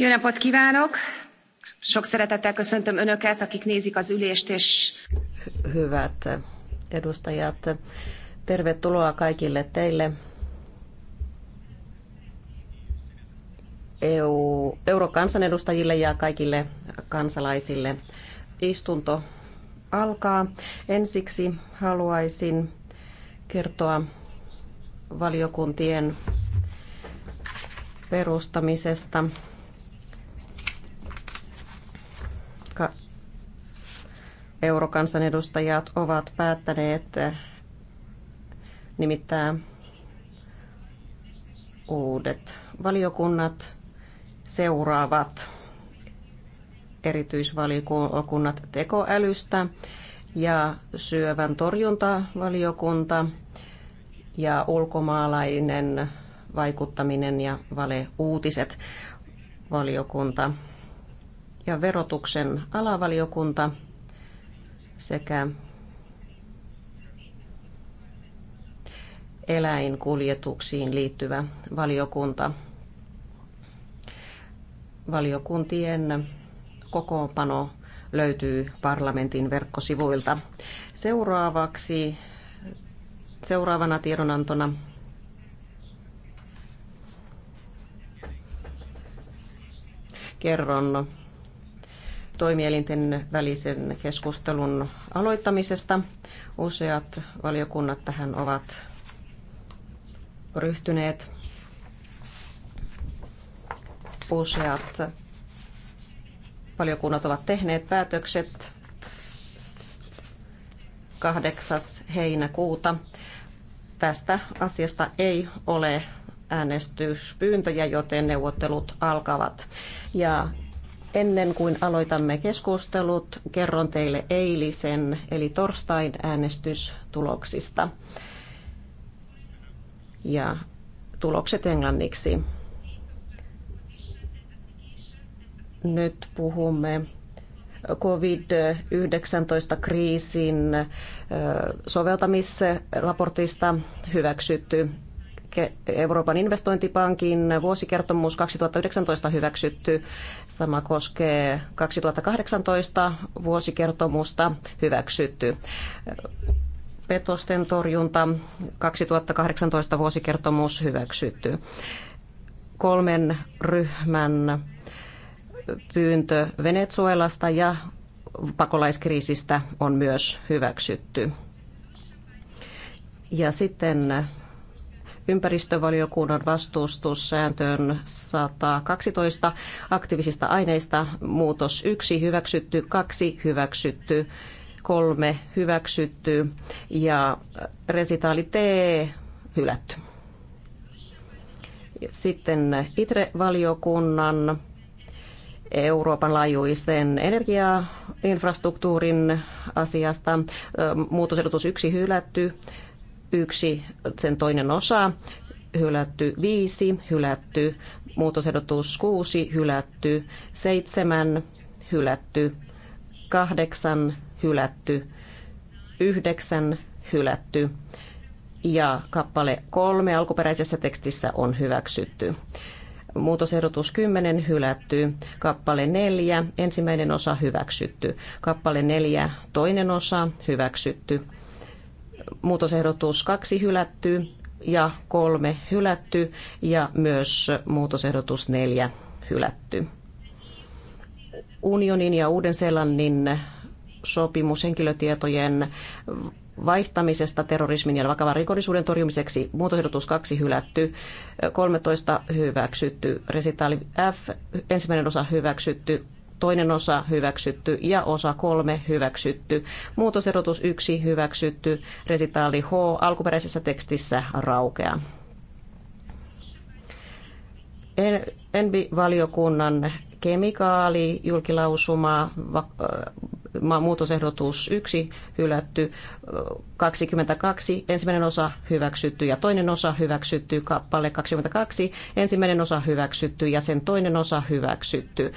Jó napot kívánok! Sok szeretettel köszöntöm Önöket, akik nézik az ülést, és... Hyvät edustajat, tervetuloa kaikille teille. EU, eurokansanedustajille ja kaikille kansalaisille istunto alkaa. Ensiksi haluaisin kertoa valiokuntien perustamisesta eurokansanedustajat ovat päättäneet nimittää uudet valiokunnat seuraavat erityisvaliokunnat tekoälystä ja syövän torjuntavaliokunta ja ulkomaalainen vaikuttaminen ja valeuutiset valiokunta ja verotuksen alavaliokunta sekä eläinkuljetuksiin liittyvä valiokunta. Valiokuntien kokoonpano löytyy parlamentin verkkosivuilta. Seuraavaksi, seuraavana tiedonantona kerron toimielinten välisen keskustelun aloittamisesta. Useat valiokunnat tähän ovat ryhtyneet. Useat valiokunnat ovat tehneet päätökset 8. heinäkuuta. Tästä asiasta ei ole äänestyspyyntöjä, joten neuvottelut alkavat. Ja Ennen kuin aloitamme keskustelut, kerron teille eilisen eli torstain äänestystuloksista. Ja tulokset englanniksi. Nyt puhumme COVID-19-kriisin soveltamisraportista hyväksytty Euroopan investointipankin vuosikertomus 2019 hyväksytty. Sama koskee 2018 vuosikertomusta hyväksytty petosten torjunta 2018 vuosikertomus hyväksytty. Kolmen ryhmän pyyntö Venezuelasta ja pakolaiskriisistä on myös hyväksytty. Ja sitten ympäristövaliokunnan vastustussääntöön 112 aktiivisista aineista muutos 1 hyväksytty, 2 hyväksytty, 3 hyväksytty ja resitaali T hylätty. Sitten ITRE-valiokunnan Euroopan laajuisen energiainfrastruktuurin asiasta. Muutosehdotus 1 hylätty, yksi, sen toinen osa, hylätty viisi, hylätty muutosehdotus kuusi, hylätty seitsemän, hylätty kahdeksan, hylätty yhdeksän, hylätty ja kappale kolme alkuperäisessä tekstissä on hyväksytty. Muutosehdotus 10 hylätty, kappale 4 ensimmäinen osa hyväksytty, kappale 4 toinen osa hyväksytty, muutosehdotus kaksi hylätty ja kolme hylätty ja myös muutosehdotus neljä hylätty. Unionin ja Uuden-Seelannin sopimus henkilötietojen vaihtamisesta terrorismin ja vakavan rikollisuuden torjumiseksi. Muutosehdotus 2 hylätty, 13 hyväksytty, resitaali F, ensimmäinen osa hyväksytty, toinen osa hyväksytty ja osa kolme hyväksytty. Muutoserotus yksi hyväksytty, resitaali H alkuperäisessä tekstissä raukea Envi-valiokunnan kemikaali, julkilausuma, äh, muutosehdotus 1 hylätty, 22 äh, ensimmäinen osa hyväksytty ja toinen osa hyväksytty, kappale 22 ensimmäinen osa hyväksytty ja sen toinen osa hyväksytty.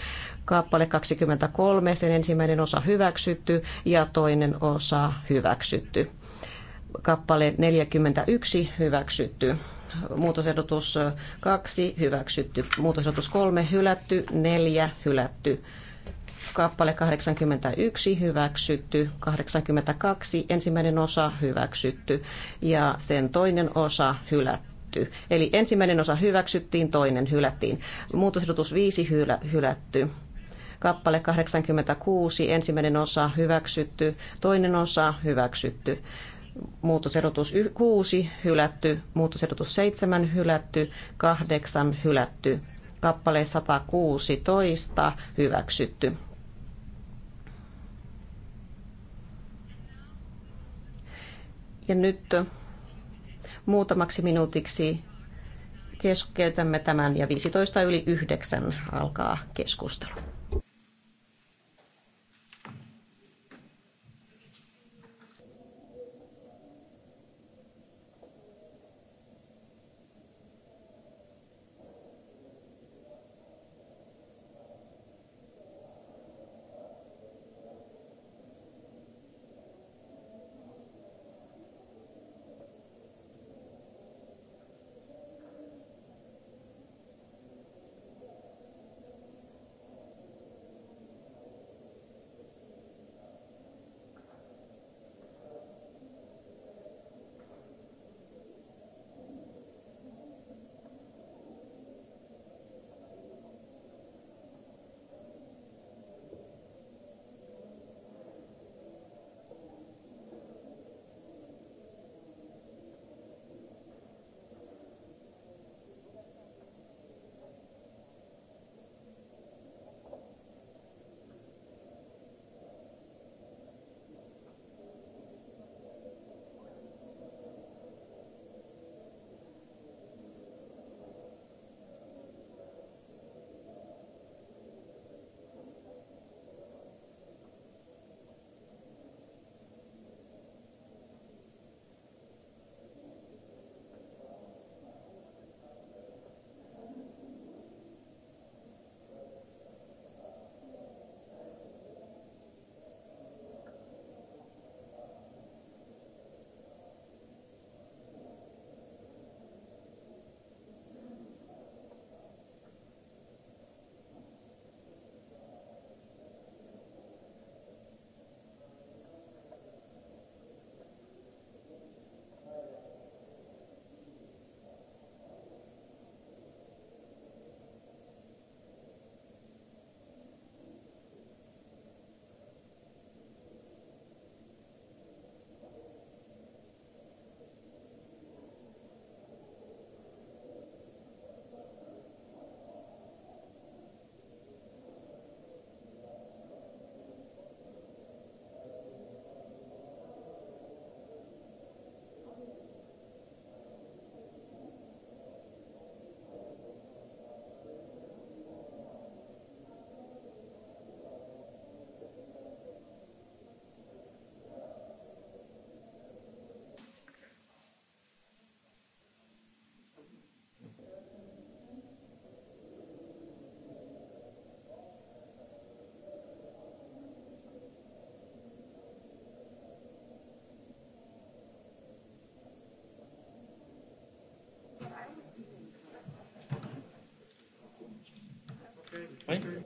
Kappale 23, sen ensimmäinen osa hyväksytty ja toinen osa hyväksytty. Kappale 41 hyväksytty muutosehdotus 2 hyväksytty, muutosehdotus 3 hylätty, 4 hylätty, kappale 81 hyväksytty, 82 ensimmäinen osa hyväksytty ja sen toinen osa hylätty hylätty. Eli ensimmäinen osa hyväksyttiin, toinen hylättiin. Muutosehdotus 5 hylä, hylätty. Kappale 86, ensimmäinen osa hyväksytty, toinen osa hyväksytty muutosehdotus 6 hylätty, muutosehdotus 7 hylätty, 8 hylätty, kappale 116 hyväksytty. Ja nyt muutamaksi minuutiksi keskeytämme tämän ja 15 yli 9 alkaa keskustelu. Right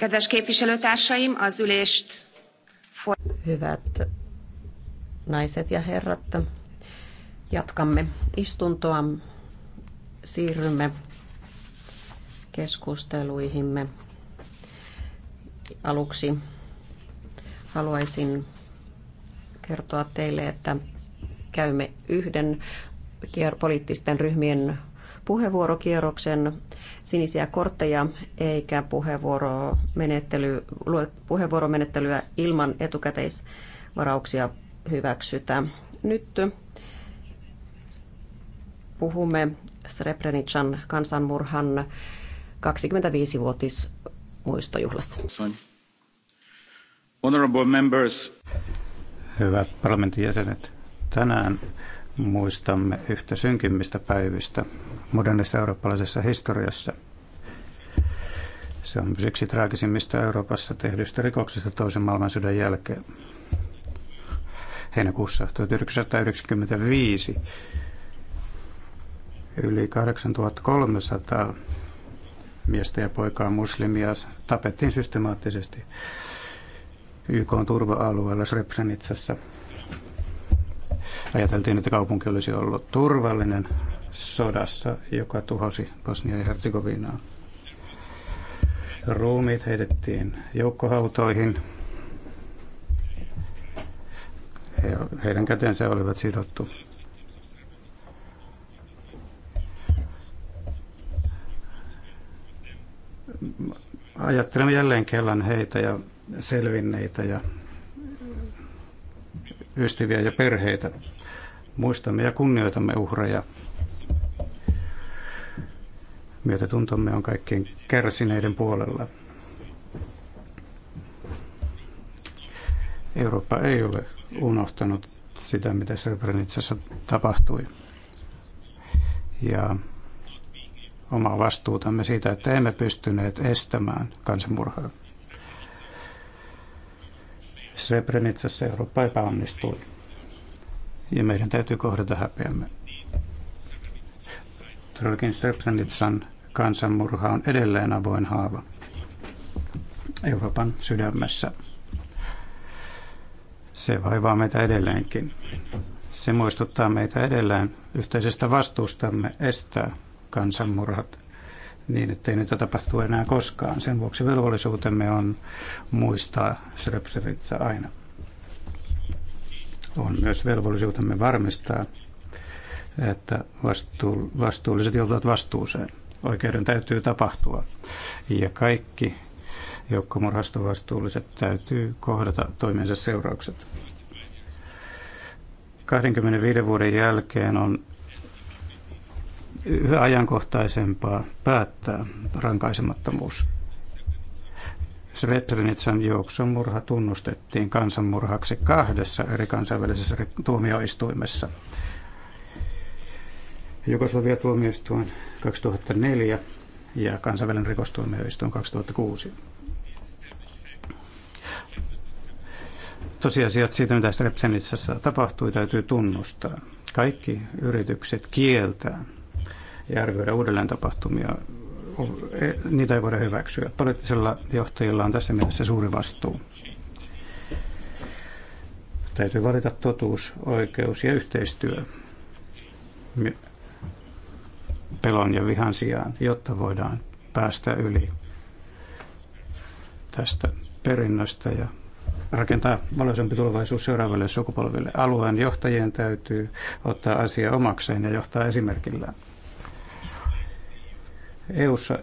Kedves képviselőtársaim, az ülést... Hyvät naiset ja herrat, jatkamme istuntoa. Siirrymme keskusteluihimme. Aluksi haluaisin kertoa teille, että käymme yhden poliittisten ryhmien puheenvuorokierroksen sinisiä kortteja eikä puheenvuoromenettely, puheenvuoromenettelyä ilman etukäteisvarauksia hyväksytä. Nyt puhumme Srebrenican kansanmurhan 25-vuotis muistojuhlassa. Honorable members. Hyvät parlamentin jäsenet, tänään muistamme yhtä synkimmistä päivistä modernissa eurooppalaisessa historiassa. Se on myös yksi traagisimmista Euroopassa tehdyistä rikoksista toisen maailmansodan jälkeen. Heinäkuussa 1995 yli 8300 miestä ja poikaa muslimia tapettiin systemaattisesti YK turva-alueella Srebrenicassa – Ajateltiin, että kaupunki olisi ollut turvallinen sodassa, joka tuhosi Bosnia ja Herzegovinaa. Ruumiit heitettiin joukkohautoihin. He, heidän kätensä olivat sidottu. Ajattelemme jälleen kellan heitä ja selvinneitä ja ystäviä ja perheitä. Muistamme ja kunnioitamme uhreja. Myötätuntomme on kaikkien kärsineiden puolella. Eurooppa ei ole unohtanut sitä, mitä Srebrenicassa tapahtui. Ja omaa vastuutamme siitä, että emme pystyneet estämään kansanmurhaa. Srebrenicassa Eurooppa epäonnistui ja meidän täytyy kohdata häpeämme. Todellakin Srebrenitsan kansanmurha on edelleen avoin haava Euroopan sydämessä. Se vaivaa meitä edelleenkin. Se muistuttaa meitä edelleen yhteisestä vastuustamme estää kansanmurhat niin, ettei niitä tapahtuu enää koskaan. Sen vuoksi velvollisuutemme on muistaa Srebrenica aina. On myös velvollisuutemme varmistaa, että vastuulliset joutuvat vastuuseen. Oikeuden täytyy tapahtua. Ja kaikki joukkomurhasta vastuulliset täytyy kohdata toimensa seuraukset. 25 vuoden jälkeen on yhä ajankohtaisempaa päättää rankaisemattomuus. Srebrenitsan murha tunnustettiin kansanmurhaksi kahdessa eri kansainvälisessä tuomioistuimessa. Jugoslavia tuomioistuin 2004 ja kansainvälinen rikostuomioistuin 2006. Tosiasiat siitä, mitä Srebrenitsassa tapahtui, täytyy tunnustaa. Kaikki yritykset kieltää ja arvioida uudelleen tapahtumia Eh, niitä ei voida hyväksyä. Poliittisilla johtajilla on tässä mielessä suuri vastuu. Täytyy valita totuus, oikeus ja yhteistyö pelon ja vihan sijaan, jotta voidaan päästä yli tästä perinnöstä ja rakentaa valoisempi tulevaisuus seuraaville sukupolville. Alueen johtajien täytyy ottaa asia omakseen ja johtaa esimerkillään. EUssa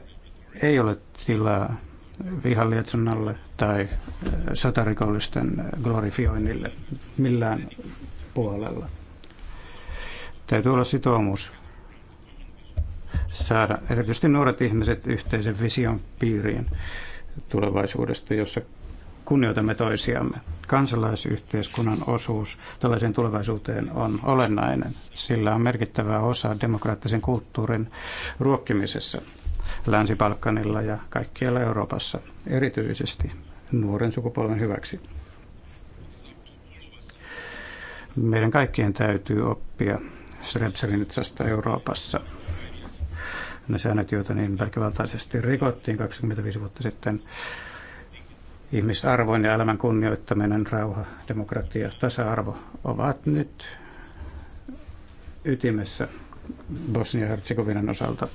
ei ole tilaa vihanlietsonnalle tai äh, sotarikollisten glorifioinnille millään puolella. Täytyy olla sitoumus saada erityisesti nuoret ihmiset yhteisen vision piiriin tulevaisuudesta, jossa kunnioitamme toisiamme. Kansalaisyhteiskunnan osuus tällaiseen tulevaisuuteen on olennainen. Sillä on merkittävä osa demokraattisen kulttuurin ruokkimisessa Länsi-Balkanilla ja kaikkialla Euroopassa, erityisesti nuoren sukupolven hyväksi. Meidän kaikkien täytyy oppia Srebrenicasta Euroopassa ne säännöt, joita niin väkivaltaisesti rikottiin 25 vuotta sitten, ihmisarvon ja elämän kunnioittaminen, rauha, demokratia, tasa-arvo ovat nyt ytimessä Bosnia-Herzegovinan osalta.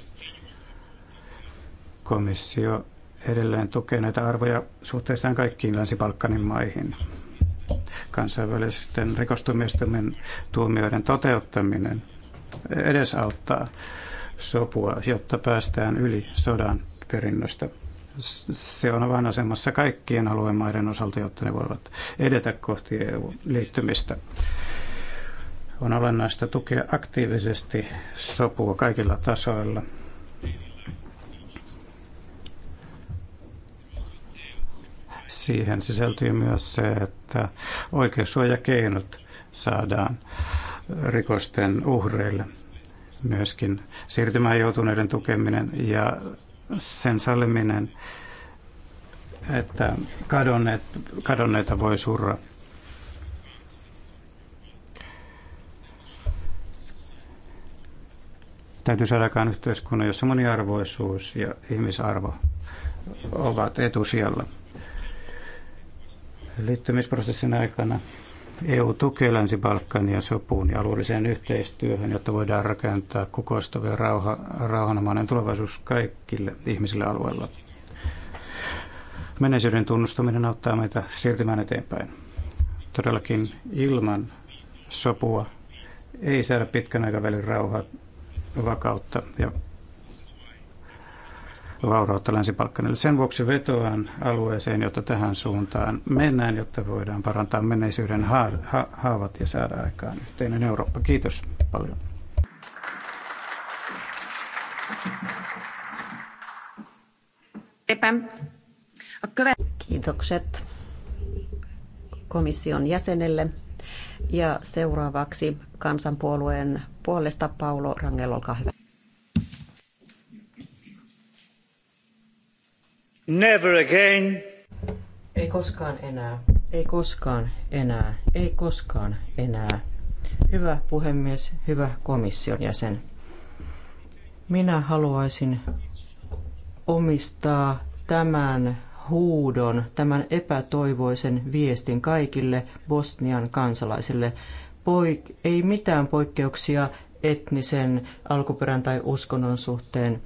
Komissio edelleen tukee näitä arvoja suhteessaan kaikkiin Länsi-Balkanin maihin. Kansainvälisten rikostumistumien tuomioiden toteuttaminen edesauttaa sopua, jotta päästään yli sodan perinnöstä – se on avainasemassa kaikkien aluemaiden osalta, jotta ne voivat edetä kohti EU-liittymistä. On olennaista tukea aktiivisesti sopua kaikilla tasoilla. Siihen sisältyy myös se, että oikeussuojakeinot saadaan rikosten uhreille myöskin siirtymään joutuneiden tukeminen ja sen salliminen, että kadonneet, kadonneita voi surra. Täytyy saada aikaan yhteiskunnan, jossa moniarvoisuus ja ihmisarvo ovat etusijalla. Liittymisprosessin aikana EU tukee Länsi-Balkania sopuun ja alueelliseen yhteistyöhön, jotta voidaan rakentaa kukoistava ja rauha, rauhanomainen tulevaisuus kaikille ihmisille alueella. Menneisyyden tunnustaminen auttaa meitä siirtymään eteenpäin. Todellakin ilman sopua ei saada pitkän aikavälin rauhaa, vakautta ja vaurautta länsi -Balkanille. Sen vuoksi vetoan alueeseen, jotta tähän suuntaan mennään, jotta voidaan parantaa menneisyyden haavat ja saada aikaan yhteinen Eurooppa. Kiitos paljon. Kiitokset komission jäsenelle. Ja seuraavaksi kansanpuolueen puolesta Paulo Rangel, olkaa hyvä. Never again. Ei koskaan enää. Ei koskaan enää. Ei koskaan enää. Hyvä puhemies, hyvä komission jäsen. Minä haluaisin omistaa tämän huudon, tämän epätoivoisen viestin kaikille Bosnian kansalaisille. Poik- ei mitään poikkeuksia etnisen alkuperän tai uskonnon suhteen.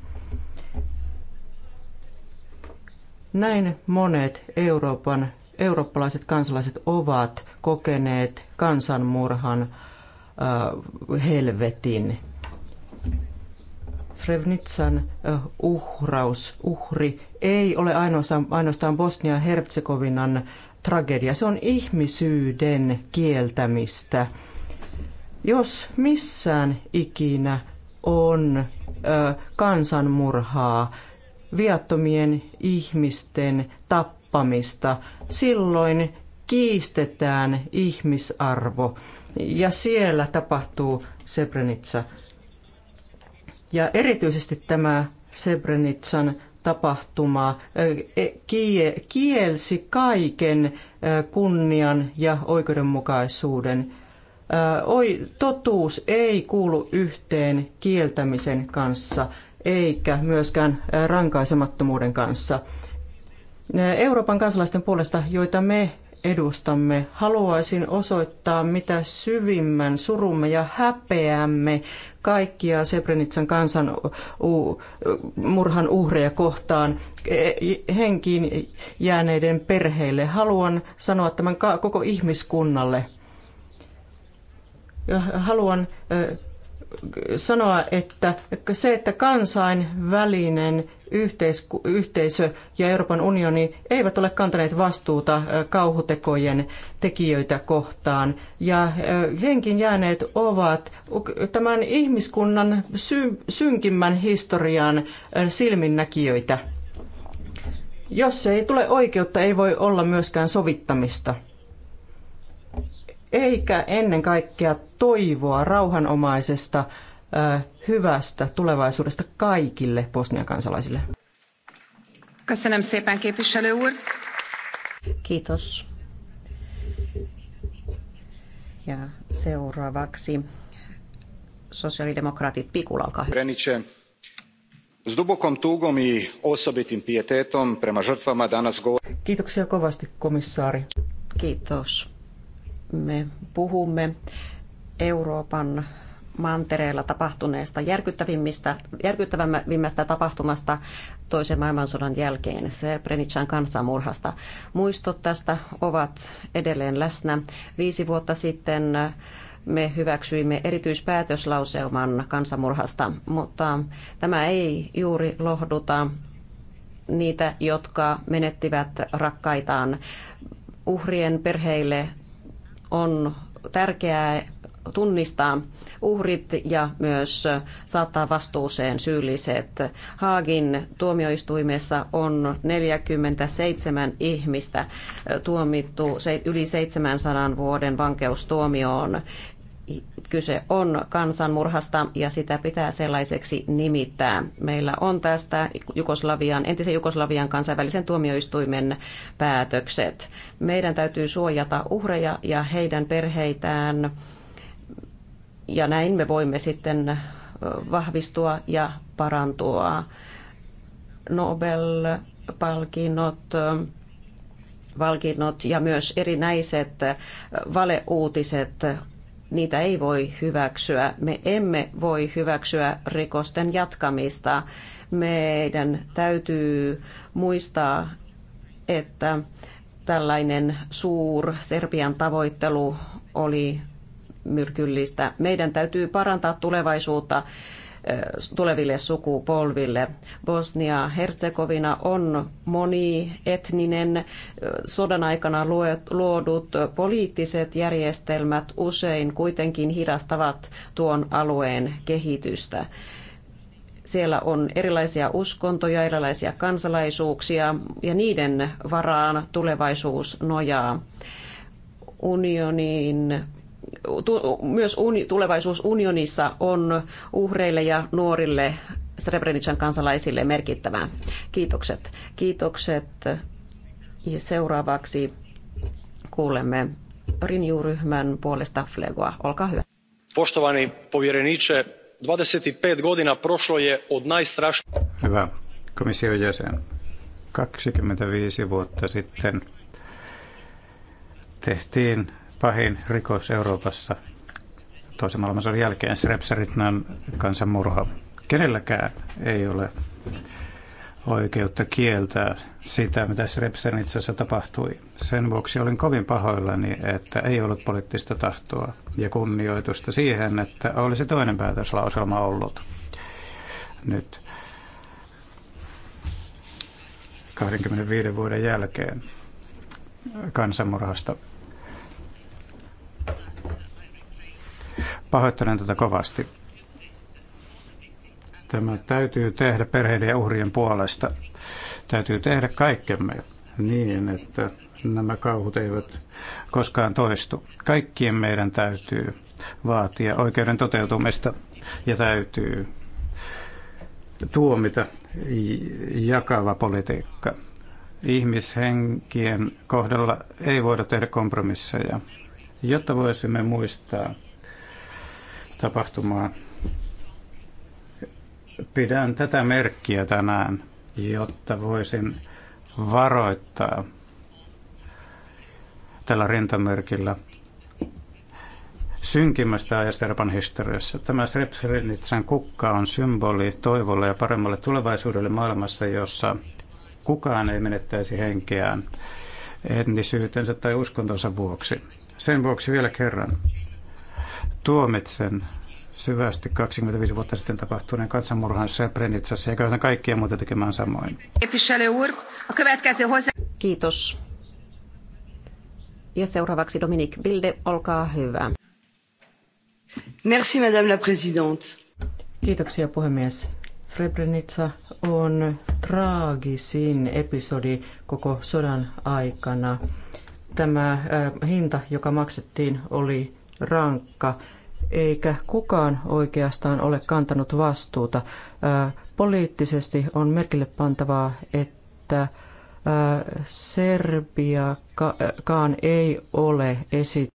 Näin monet Euroopan, eurooppalaiset kansalaiset ovat kokeneet kansanmurhan äh, helvetin. Srebrenitsan äh, uhraus, uhri ei ole ainoastaan, ainoastaan Bosnia-Herzegovinan tragedia. Se on ihmisyyden kieltämistä. Jos missään ikinä on ö, äh, kansanmurhaa, viattomien ihmisten tappamista. Silloin kiistetään ihmisarvo ja siellä tapahtuu Srebrenica. Ja erityisesti tämä Srebrenitsan tapahtuma e, kielsi kaiken kunnian ja oikeudenmukaisuuden. Totuus ei kuulu yhteen kieltämisen kanssa eikä myöskään rankaisemattomuuden kanssa. Euroopan kansalaisten puolesta, joita me edustamme, haluaisin osoittaa mitä syvimmän surumme ja häpeämme kaikkia Srebrenitsan kansan murhan uhreja kohtaan e, e, henkiin jääneiden perheille. Haluan sanoa tämän koko ihmiskunnalle. Haluan sanoa, että se, että kansainvälinen yhteisö ja Euroopan unioni eivät ole kantaneet vastuuta kauhutekojen tekijöitä kohtaan. Ja henkin jääneet ovat tämän ihmiskunnan synkimmän historian silminnäkijöitä. Jos ei tule oikeutta, ei voi olla myöskään sovittamista eikä ennen kaikkea toivoa rauhanomaisesta hyvästä tulevaisuudesta kaikille Bosnian kansalaisille. Köszönöm szépen, képviselő Kiitos. Ja seuraavaksi sosiaalidemokraatit Pikula, olkaa hyvä. s dubokom tugom i osobitim pietetom prema žrtvama danas govor... Kiitoksia kovasti, komissaari. Kiitos me puhumme Euroopan mantereella tapahtuneesta järkyttävimmistä, järkyttävimmästä tapahtumasta toisen maailmansodan jälkeen, Srebrenican kansanmurhasta. Muistot tästä ovat edelleen läsnä. Viisi vuotta sitten me hyväksyimme erityispäätöslauselman kansanmurhasta, mutta tämä ei juuri lohduta niitä, jotka menettivät rakkaitaan uhrien perheille on tärkeää tunnistaa uhrit ja myös saattaa vastuuseen syylliset. Haagin tuomioistuimessa on 47 ihmistä tuomittu yli 700 vuoden vankeustuomioon kyse on kansanmurhasta ja sitä pitää sellaiseksi nimittää. Meillä on tästä Jugoslavian, entisen Jugoslavian kansainvälisen tuomioistuimen päätökset. Meidän täytyy suojata uhreja ja heidän perheitään ja näin me voimme sitten vahvistua ja parantua. Nobel-palkinnot, palkinnot ja myös erinäiset valeuutiset niitä ei voi hyväksyä. Me emme voi hyväksyä rikosten jatkamista. Meidän täytyy muistaa, että tällainen suur Serbian tavoittelu oli myrkyllistä. Meidän täytyy parantaa tulevaisuutta tuleville sukupolville. Bosnia-Herzegovina on monietninen. Sodan aikana luodut poliittiset järjestelmät usein kuitenkin hidastavat tuon alueen kehitystä siellä on erilaisia uskontoja, erilaisia kansalaisuuksia ja niiden varaan tulevaisuus nojaa. Unionin myös uni, tulevaisuus unionissa on uhreille ja nuorille Srebrenican kansalaisille merkittävää. Kiitokset. Kiitokset. Ja seuraavaksi kuulemme Rinju-ryhmän puolesta Flegoa. Olkaa hyvä. Poštovani povjereniče, 25 godina prošlo je od najstrašnijeg... Hyvä komission jäsen. 25 vuotta sitten tehtiin pahin rikos Euroopassa toisen maailmansodan jälkeen, Srebrenicaan kansanmurha. Kenelläkään ei ole oikeutta kieltää sitä, mitä Srebrenicassa tapahtui. Sen vuoksi olin kovin pahoillani, että ei ollut poliittista tahtoa ja kunnioitusta siihen, että olisi toinen päätöslauselma ollut. Nyt 25 vuoden jälkeen kansanmurhasta. Pahoittelen tätä kovasti. Tämä täytyy tehdä perheiden ja uhrien puolesta. Täytyy tehdä kaikkemme niin, että nämä kauhut eivät koskaan toistu. Kaikkien meidän täytyy vaatia oikeuden toteutumista ja täytyy tuomita jakava politiikka. Ihmishenkien kohdalla ei voida tehdä kompromisseja. Jotta voisimme muistaa Tapahtumaan Pidän tätä merkkiä tänään, jotta voisin varoittaa tällä rintamerkillä synkimmästä ajasta Euroopan historiassa. Tämä Srebrenitsan kukka on symboli toivolle ja paremmalle tulevaisuudelle maailmassa, jossa kukaan ei menettäisi henkeään etnisyytensä tai uskontonsa vuoksi. Sen vuoksi vielä kerran tuomitsen syvästi 25 vuotta sitten tapahtuneen kansanmurhan Srebrenicassa ja käytän kaikkia muuta tekemään samoin. Kiitos. Ja seuraavaksi Dominik Bilde, olkaa hyvä. Merci, Madame la Présidente. Kiitoksia puhemies. Srebrenica on traagisin episodi koko sodan aikana. Tämä äh, hinta, joka maksettiin, oli rankka eikä kukaan oikeastaan ole kantanut vastuuta. Poliittisesti on merkille pantavaa, että Serbiakaan ei ole esittänyt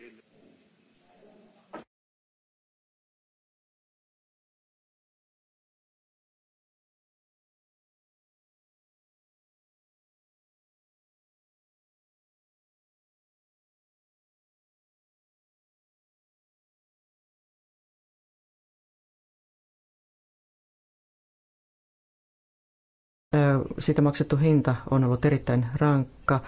till siitä maksettu hinta on ollut erittäin rankka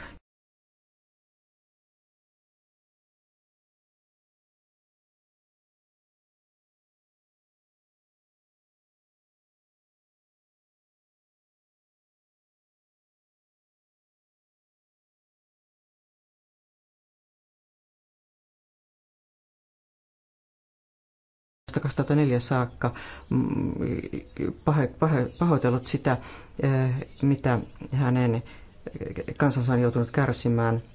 vuodesta 2004 saakka mm, pahoitellut sitä, eh, mitä hänen kansansa on joutunut kärsimään –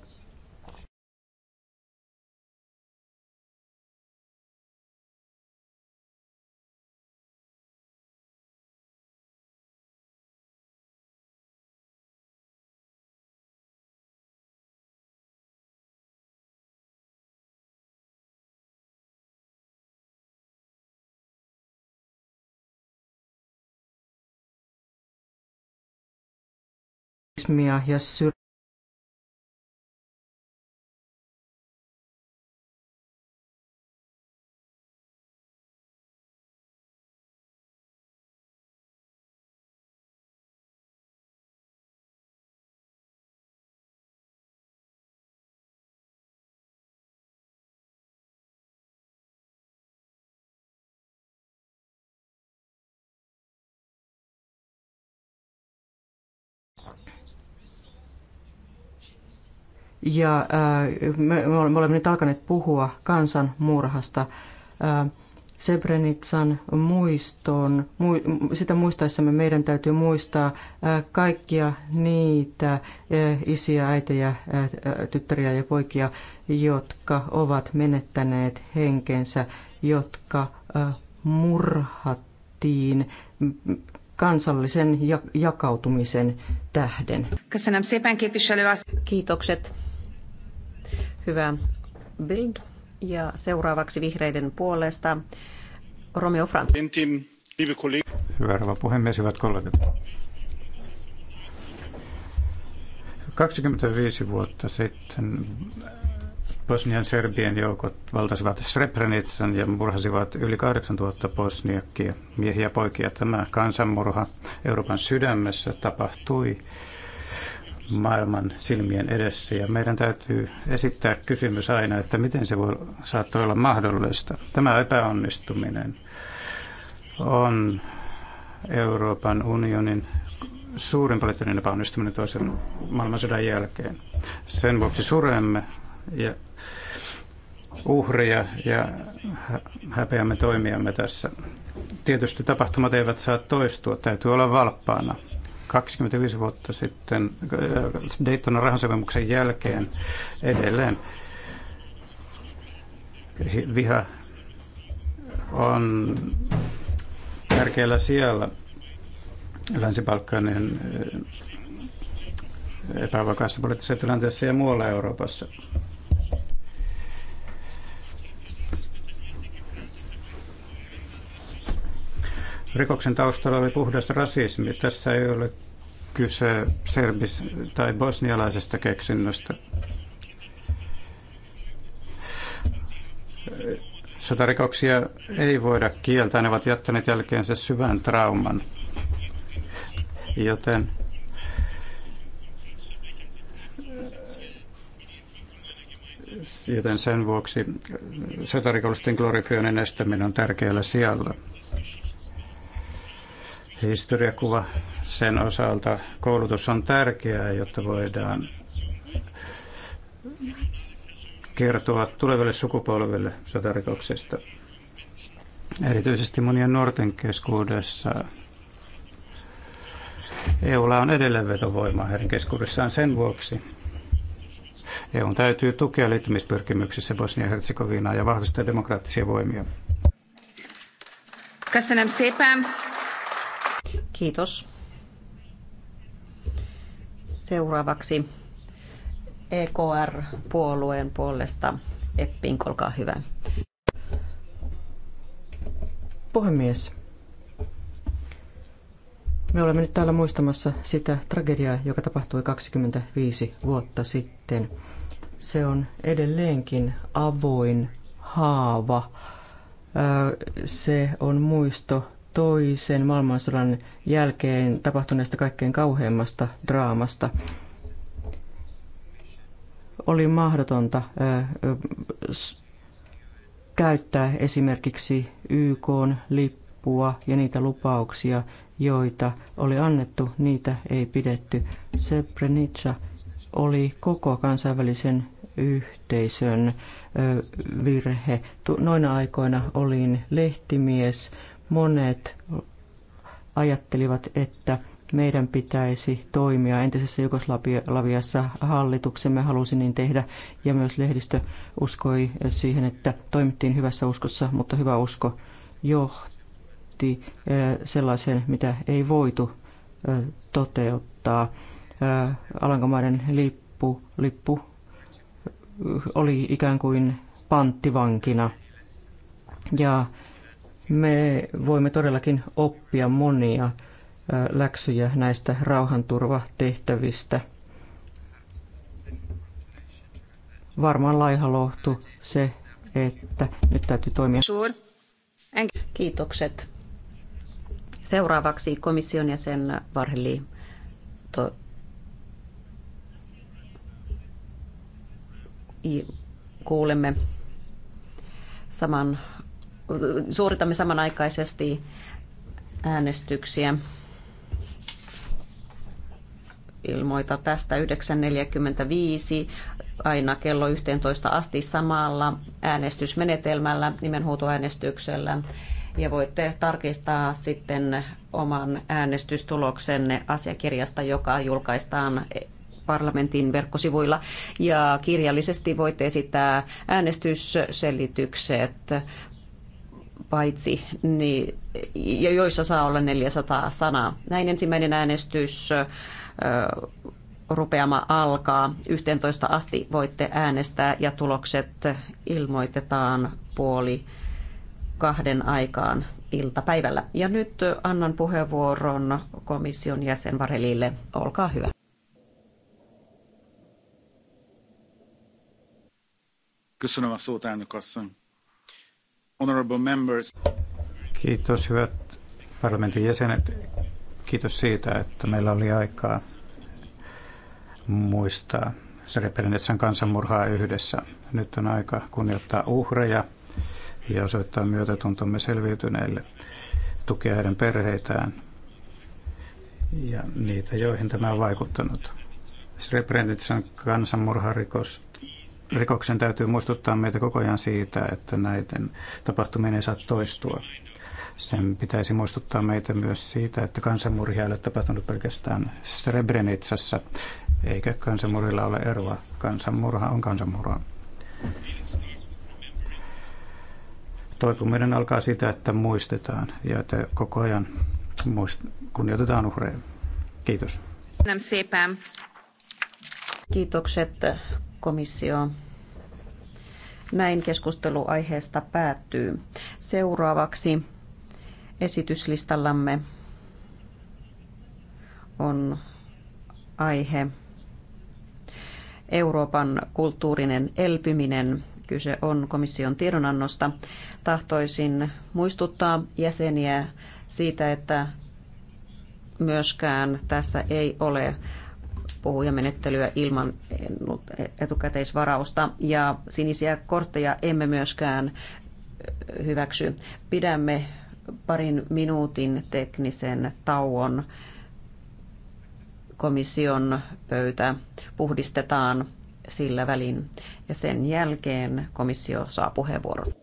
rasismia ja ja äh, me, me olemme nyt alkaneet puhua kansanmurhasta. Äh, Sebrenitsan muistoon, sitä muistaessamme meidän täytyy muistaa äh, kaikkia niitä isiä, äitejä, tyttäriä ja poikia, jotka ovat menettäneet henkensä, jotka murhattiin kansallisen jakautumisen tähden. Kiitokset Hyvä Bild. Ja seuraavaksi vihreiden puolesta Romeo Franz. Hyvä rouva puhemies, hyvät kollegat. 25 vuotta sitten Bosnian Serbian joukot valtasivat Srebrenitsan ja murhasivat yli 8000 bosniakkia, miehiä ja poikia. Tämä kansanmurha Euroopan sydämessä tapahtui maailman silmien edessä. Ja meidän täytyy esittää kysymys aina, että miten se voi, saattaa olla mahdollista. Tämä epäonnistuminen on Euroopan unionin suurin poliittinen epäonnistuminen toisen maailmansodan jälkeen. Sen vuoksi suremme ja uhria ja häpeämme toimiamme tässä. Tietysti tapahtumat eivät saa toistua, täytyy olla valppaana – 25 vuotta sitten äh, Daytonan rahansopimuksen jälkeen edelleen viha on tärkeällä siellä Länsi-Balkanin äh, epävakaassa poliittisessa tilanteessa ja muualla Euroopassa. Rikoksen taustalla oli puhdas rasismi. Tässä ei ole kyse serbis- tai bosnialaisesta keksinnöstä. Sotarikoksia ei voida kieltää, ne ovat jättäneet jälkeensä syvän trauman. Joten joten sen vuoksi sotarikollisten glorifioinnin estäminen on tärkeällä sijalla historiakuva sen osalta. Koulutus on tärkeää, jotta voidaan kertoa tuleville sukupolville sotarikoksesta. Erityisesti monien nuorten keskuudessa EUlla on edelleen vetovoimaa heidän keskuudessaan sen vuoksi. EU täytyy tukea liittymispyrkimyksissä Bosnia-Herzegovinaa ja vahvistaa demokraattisia voimia. Köszönöm szépen! Kiitos. Seuraavaksi EKR-puolueen puolesta Eppin, olkaa hyvä. Puhemies, me olemme nyt täällä muistamassa sitä tragediaa, joka tapahtui 25 vuotta sitten. Se on edelleenkin avoin haava. Se on muisto toisen maailmansodan jälkeen tapahtuneesta kaikkein kauheimmasta draamasta. Oli mahdotonta käyttää esimerkiksi YK lippua ja niitä lupauksia, joita oli annettu, niitä ei pidetty. Srebrenica oli koko kansainvälisen yhteisön virhe. Noina aikoina olin lehtimies Monet ajattelivat, että meidän pitäisi toimia. Entisessä Jugoslaviassa hallituksemme halusi niin tehdä ja myös lehdistö uskoi siihen, että toimittiin hyvässä uskossa, mutta hyvä usko johti eh, sellaiseen, mitä ei voitu eh, toteuttaa. Eh, Alankomaiden lippu, lippu oli ikään kuin panttivankina ja me voimme todellakin oppia monia läksyjä näistä rauhanturvatehtävistä. Varmaan laihalohtu se, että nyt täytyy toimia. Kiitokset. Seuraavaksi komission jäsen Varheli. To- kuulemme saman suoritamme samanaikaisesti äänestyksiä. Ilmoita tästä 9.45 aina kello 11 asti samalla äänestysmenetelmällä, nimenhuutoäänestyksellä. Ja voitte tarkistaa sitten oman äänestystuloksenne asiakirjasta, joka julkaistaan parlamentin verkkosivuilla. Ja kirjallisesti voitte esittää äänestysselitykset paitsi, niin, joissa saa olla 400 sanaa. Näin ensimmäinen äänestys rupeama alkaa. 11 asti voitte äänestää ja tulokset ilmoitetaan puoli kahden aikaan iltapäivällä. Ja nyt annan puheenvuoron komission jäsen Varelille. Olkaa hyvä. Köszönöm a szót, elnök asszony. Honorable members. Kiitos hyvät parlamentin jäsenet. Kiitos siitä, että meillä oli aikaa muistaa Srebrenitsan kansanmurhaa yhdessä. Nyt on aika kunnioittaa uhreja ja osoittaa myötätuntomme selviytyneille, tukea heidän perheitään ja niitä, joihin tämä on vaikuttanut. Srebrenitsan kansanmurharikos rikoksen täytyy muistuttaa meitä koko ajan siitä, että näiden tapahtumien ei saa toistua. Sen pitäisi muistuttaa meitä myös siitä, että kansanmurhia ei ole tapahtunut pelkästään Srebrenitsassa, eikä kansanmurhilla ole eroa. Kansanmurha on kansanmurha. Toipuminen alkaa siitä, että muistetaan ja että koko ajan muist- kunnioitetaan uhreja. Kiitos. Kiitokset komissio. Näin keskustelu aiheesta päättyy. Seuraavaksi esityslistallamme on aihe Euroopan kulttuurinen elpyminen. Kyse on komission tiedonannosta. Tahtoisin muistuttaa jäseniä siitä, että myöskään tässä ei ole puhujamenettelyä ilman etukäteisvarausta ja sinisiä kortteja emme myöskään hyväksy. Pidämme parin minuutin teknisen tauon. Komission pöytä puhdistetaan sillä välin ja sen jälkeen komissio saa puheenvuoron.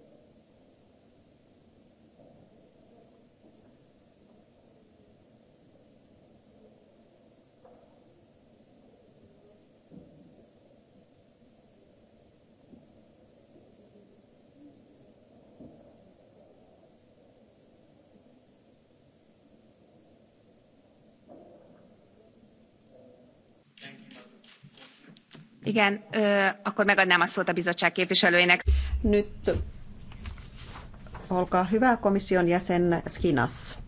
Igen, ö, akkor megadnám a szót a bizottság képviselőjének. Nyt olkaa hyvä komission jäsen Skinas.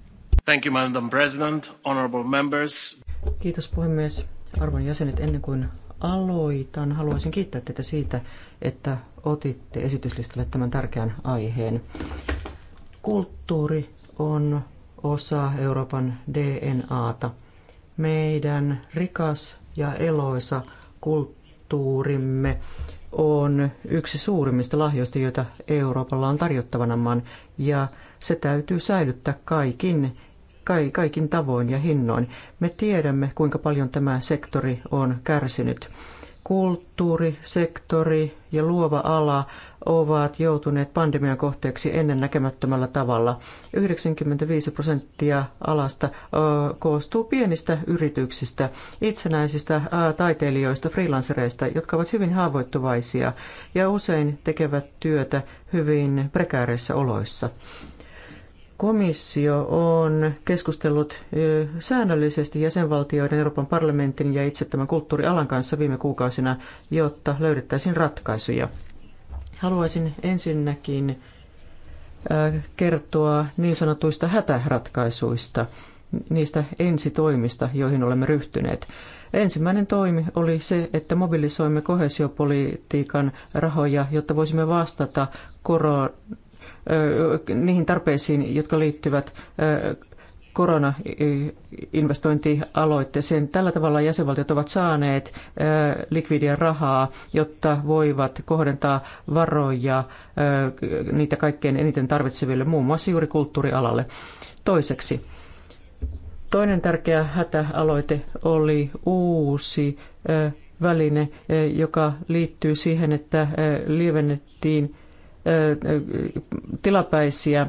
Thank you, Madam President, honorable members. Kiitos puhemies. Arvon jäsenet, ennen kuin aloitan, haluaisin kiittää teitä siitä, että otitte esityslistalle tämän tärkeän aiheen. Kulttuuri on osa Euroopan DNAta. Meidän rikas ja eloisa kulttuuri kulttuurimme on yksi suurimmista lahjoista, joita Euroopalla on maan, ja se täytyy säilyttää kaikin, kaikin tavoin ja hinnoin. Me tiedämme, kuinka paljon tämä sektori on kärsinyt. Kulttuurisektori ja luova ala ovat joutuneet pandemian kohteeksi ennen näkemättömällä tavalla. 95 prosenttia alasta koostuu pienistä yrityksistä, itsenäisistä taiteilijoista, freelancereista, jotka ovat hyvin haavoittuvaisia ja usein tekevät työtä hyvin prekääreissä oloissa komissio on keskustellut säännöllisesti jäsenvaltioiden, Euroopan parlamentin ja itse tämän kulttuurialan kanssa viime kuukausina, jotta löydettäisiin ratkaisuja. Haluaisin ensinnäkin kertoa niin sanotuista hätäratkaisuista, niistä ensitoimista, joihin olemme ryhtyneet. Ensimmäinen toimi oli se, että mobilisoimme kohesiopolitiikan rahoja, jotta voisimme vastata koro, niihin tarpeisiin, jotka liittyvät korona-investointialoitteeseen. Tällä tavalla jäsenvaltiot ovat saaneet likvidia rahaa, jotta voivat kohdentaa varoja niitä kaikkein eniten tarvitseville, muun muassa juuri kulttuurialalle. Toiseksi, toinen tärkeä hätäaloite oli uusi väline, joka liittyy siihen, että lievennettiin tilapäisiä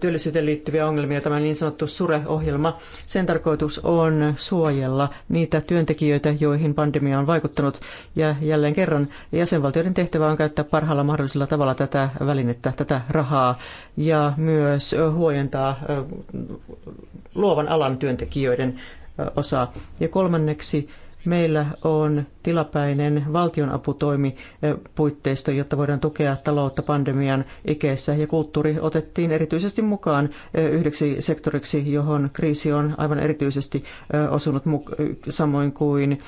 työllisyyteen liittyviä ongelmia, tämä niin sanottu SURE-ohjelma. Sen tarkoitus on suojella niitä työntekijöitä, joihin pandemia on vaikuttanut. Ja jälleen kerran jäsenvaltioiden tehtävä on käyttää parhaalla mahdollisella tavalla tätä välinettä, tätä rahaa ja myös huojentaa luovan alan työntekijöiden osaa. Ja kolmanneksi Meillä on tilapäinen valtionaputoimi eh, puitteisto, jotta voidaan tukea taloutta pandemian ikeessä. Ja kulttuuri otettiin erityisesti mukaan eh, yhdeksi sektoriksi, johon kriisi on aivan erityisesti eh, osunut samoin kuin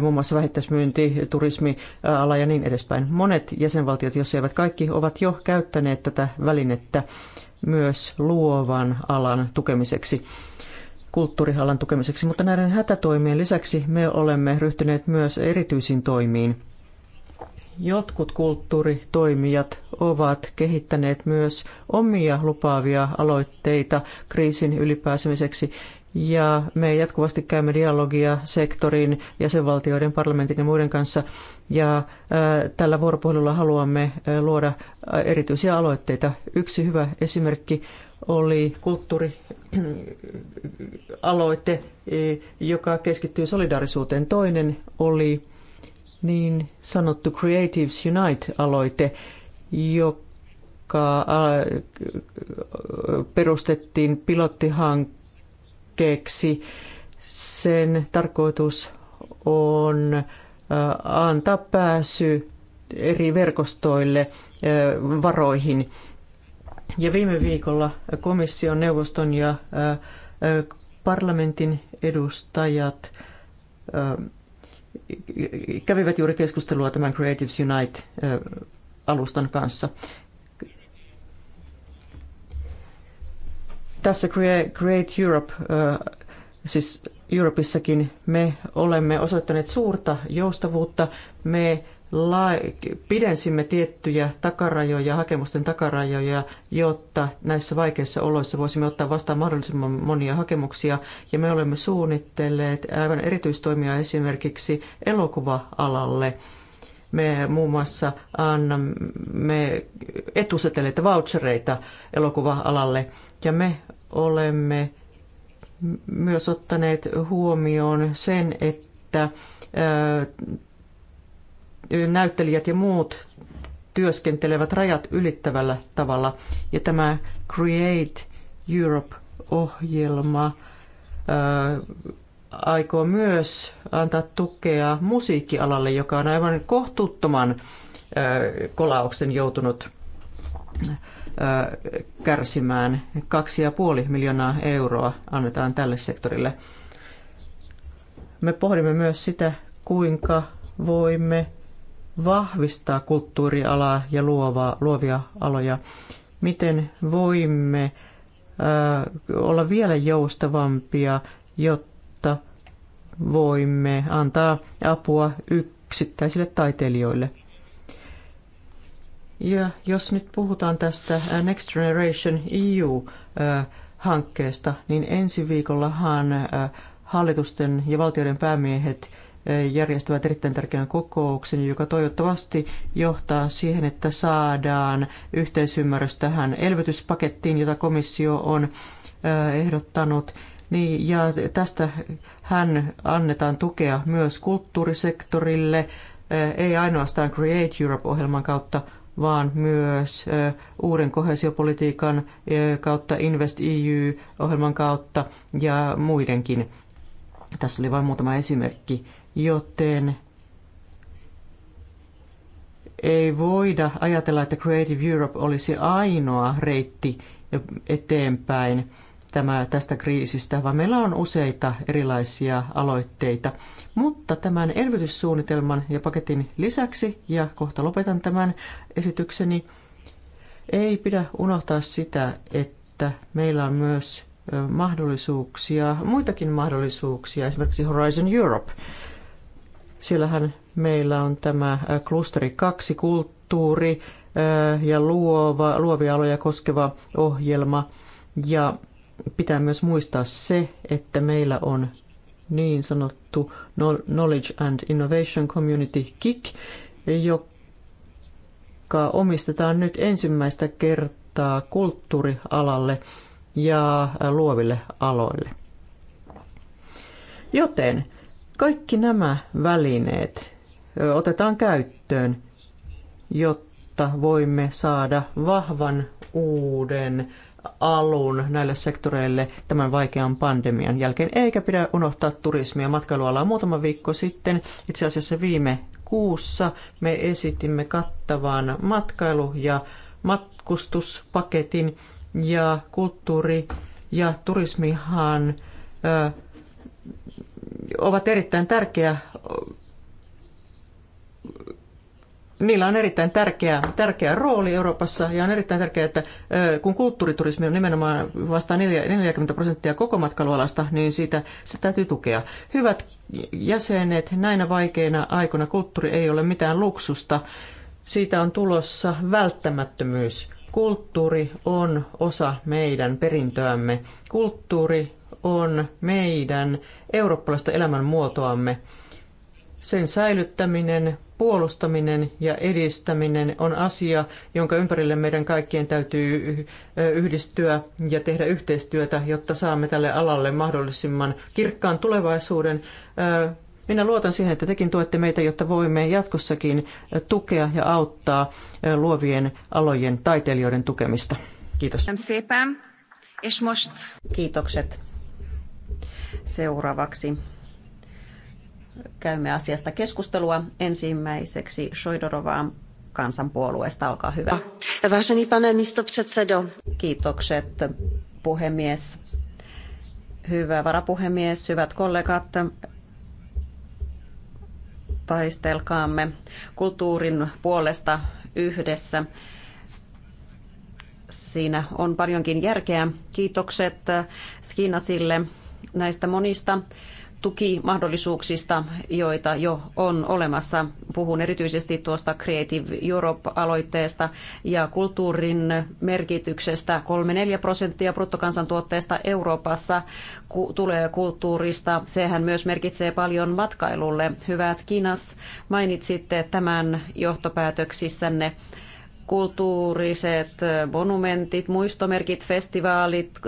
muun muassa vähittäismyynti, turismiala ja niin edespäin. Monet jäsenvaltiot, jos eivät kaikki, ovat jo käyttäneet tätä välinettä myös luovan alan tukemiseksi kulttuurihallan tukemiseksi, mutta näiden hätätoimien lisäksi me olemme ryhtyneet myös erityisiin toimiin. Jotkut kulttuuritoimijat ovat kehittäneet myös omia lupaavia aloitteita kriisin ylipääsemiseksi ja me jatkuvasti käymme dialogia sektorin, jäsenvaltioiden, parlamentin ja muiden kanssa. Ja tällä vuoropuhelulla haluamme luoda erityisiä aloitteita. Yksi hyvä esimerkki oli kulttuurialoite, joka keskittyy solidaarisuuteen. Toinen oli niin sanottu Creatives Unite-aloite, joka perustettiin pilottihankkeeksi. Sen tarkoitus on antaa pääsy eri verkostoille varoihin ja viime viikolla komission, neuvoston ja parlamentin edustajat kävivät juuri keskustelua tämän Creatives Unite-alustan kanssa. Tässä Create Europe, siis Europissakin me olemme osoittaneet suurta joustavuutta. Me pidensimme tiettyjä takarajoja, hakemusten takarajoja, jotta näissä vaikeissa oloissa voisimme ottaa vastaan mahdollisimman monia hakemuksia. Ja me olemme suunnitelleet aivan erityistoimia esimerkiksi elokuva-alalle. Me muun muassa annamme etuseteleitä, vouchereita elokuva-alalle. Ja me olemme myös ottaneet huomioon sen, että näyttelijät ja muut työskentelevät rajat ylittävällä tavalla. Ja tämä Create Europe-ohjelma aikoo myös antaa tukea musiikkialalle, joka on aivan kohtuuttoman kolauksen joutunut kärsimään. 2,5 miljoonaa euroa annetaan tälle sektorille. Me pohdimme myös sitä, kuinka voimme vahvistaa kulttuurialaa ja luovaa, luovia aloja? Miten voimme äh, olla vielä joustavampia, jotta voimme antaa apua yksittäisille taiteilijoille? Ja jos nyt puhutaan tästä äh, Next Generation EU-hankkeesta, äh, niin ensi viikollahan hallitusten ja valtioiden päämiehet – järjestävät erittäin tärkeän kokouksen, joka toivottavasti johtaa siihen, että saadaan yhteisymmärrys tähän elvytyspakettiin, jota komissio on äh, ehdottanut. Niin, ja tästä hän annetaan tukea myös kulttuurisektorille, äh, ei ainoastaan Create Europe-ohjelman kautta, vaan myös äh, uuden kohesiopolitiikan kautta, Invest EU-ohjelman kautta ja muidenkin. Tässä oli vain muutama esimerkki joten ei voida ajatella, että Creative Europe olisi ainoa reitti eteenpäin tämä, tästä kriisistä, vaan meillä on useita erilaisia aloitteita. Mutta tämän elvytyssuunnitelman ja paketin lisäksi, ja kohta lopetan tämän esitykseni, ei pidä unohtaa sitä, että meillä on myös mahdollisuuksia, muitakin mahdollisuuksia, esimerkiksi Horizon Europe – Siellähän meillä on tämä äh, klusteri 2 kulttuuri äh, ja luova, luovia aloja koskeva ohjelma. Ja pitää myös muistaa se, että meillä on niin sanottu Knowledge and Innovation Community KIK, joka omistetaan nyt ensimmäistä kertaa kulttuurialalle ja luoville aloille. Joten kaikki nämä välineet otetaan käyttöön, jotta voimme saada vahvan uuden alun näille sektoreille tämän vaikean pandemian jälkeen. Eikä pidä unohtaa turismia matkailualaa. Muutama viikko sitten, itse asiassa viime kuussa, me esitimme kattavan matkailu- ja matkustuspaketin ja kulttuuri- ja turismihan ovat erittäin tärkeä niillä on erittäin tärkeä, tärkeä rooli Euroopassa ja on erittäin tärkeää, että kun kulttuuriturismi on nimenomaan vastaan 40 prosenttia koko matkailualasta, niin siitä se täytyy tukea. Hyvät jäsenet, näinä vaikeina aikoina kulttuuri ei ole mitään luksusta. Siitä on tulossa välttämättömyys. Kulttuuri on osa meidän perintöämme. Kulttuuri on meidän eurooppalaista elämänmuotoamme. Sen säilyttäminen, puolustaminen ja edistäminen on asia, jonka ympärille meidän kaikkien täytyy yhdistyä ja tehdä yhteistyötä, jotta saamme tälle alalle mahdollisimman kirkkaan tulevaisuuden. Minä luotan siihen, että tekin tuette meitä, jotta voimme jatkossakin tukea ja auttaa luovien alojen taiteilijoiden tukemista. Kiitos. Kiitokset seuraavaksi. Käymme asiasta keskustelua ensimmäiseksi Shoidorovaan kansanpuolueesta. Olkaa hyvä. Vážený pane místopředsedo. Kiitokset puhemies. Hyvä varapuhemies, hyvät kollegat, taistelkaamme kulttuurin puolesta yhdessä. Siinä on paljonkin järkeä. Kiitokset Skinasille näistä monista tukimahdollisuuksista, joita jo on olemassa. Puhun erityisesti tuosta Creative Europe-aloitteesta ja kulttuurin merkityksestä. 3-4 prosenttia bruttokansantuotteesta Euroopassa tulee kulttuurista. Sehän myös merkitsee paljon matkailulle. Hyvä Skinas, mainitsitte tämän johtopäätöksissänne kulttuuriset äh, monumentit, muistomerkit, festivaalit, äh,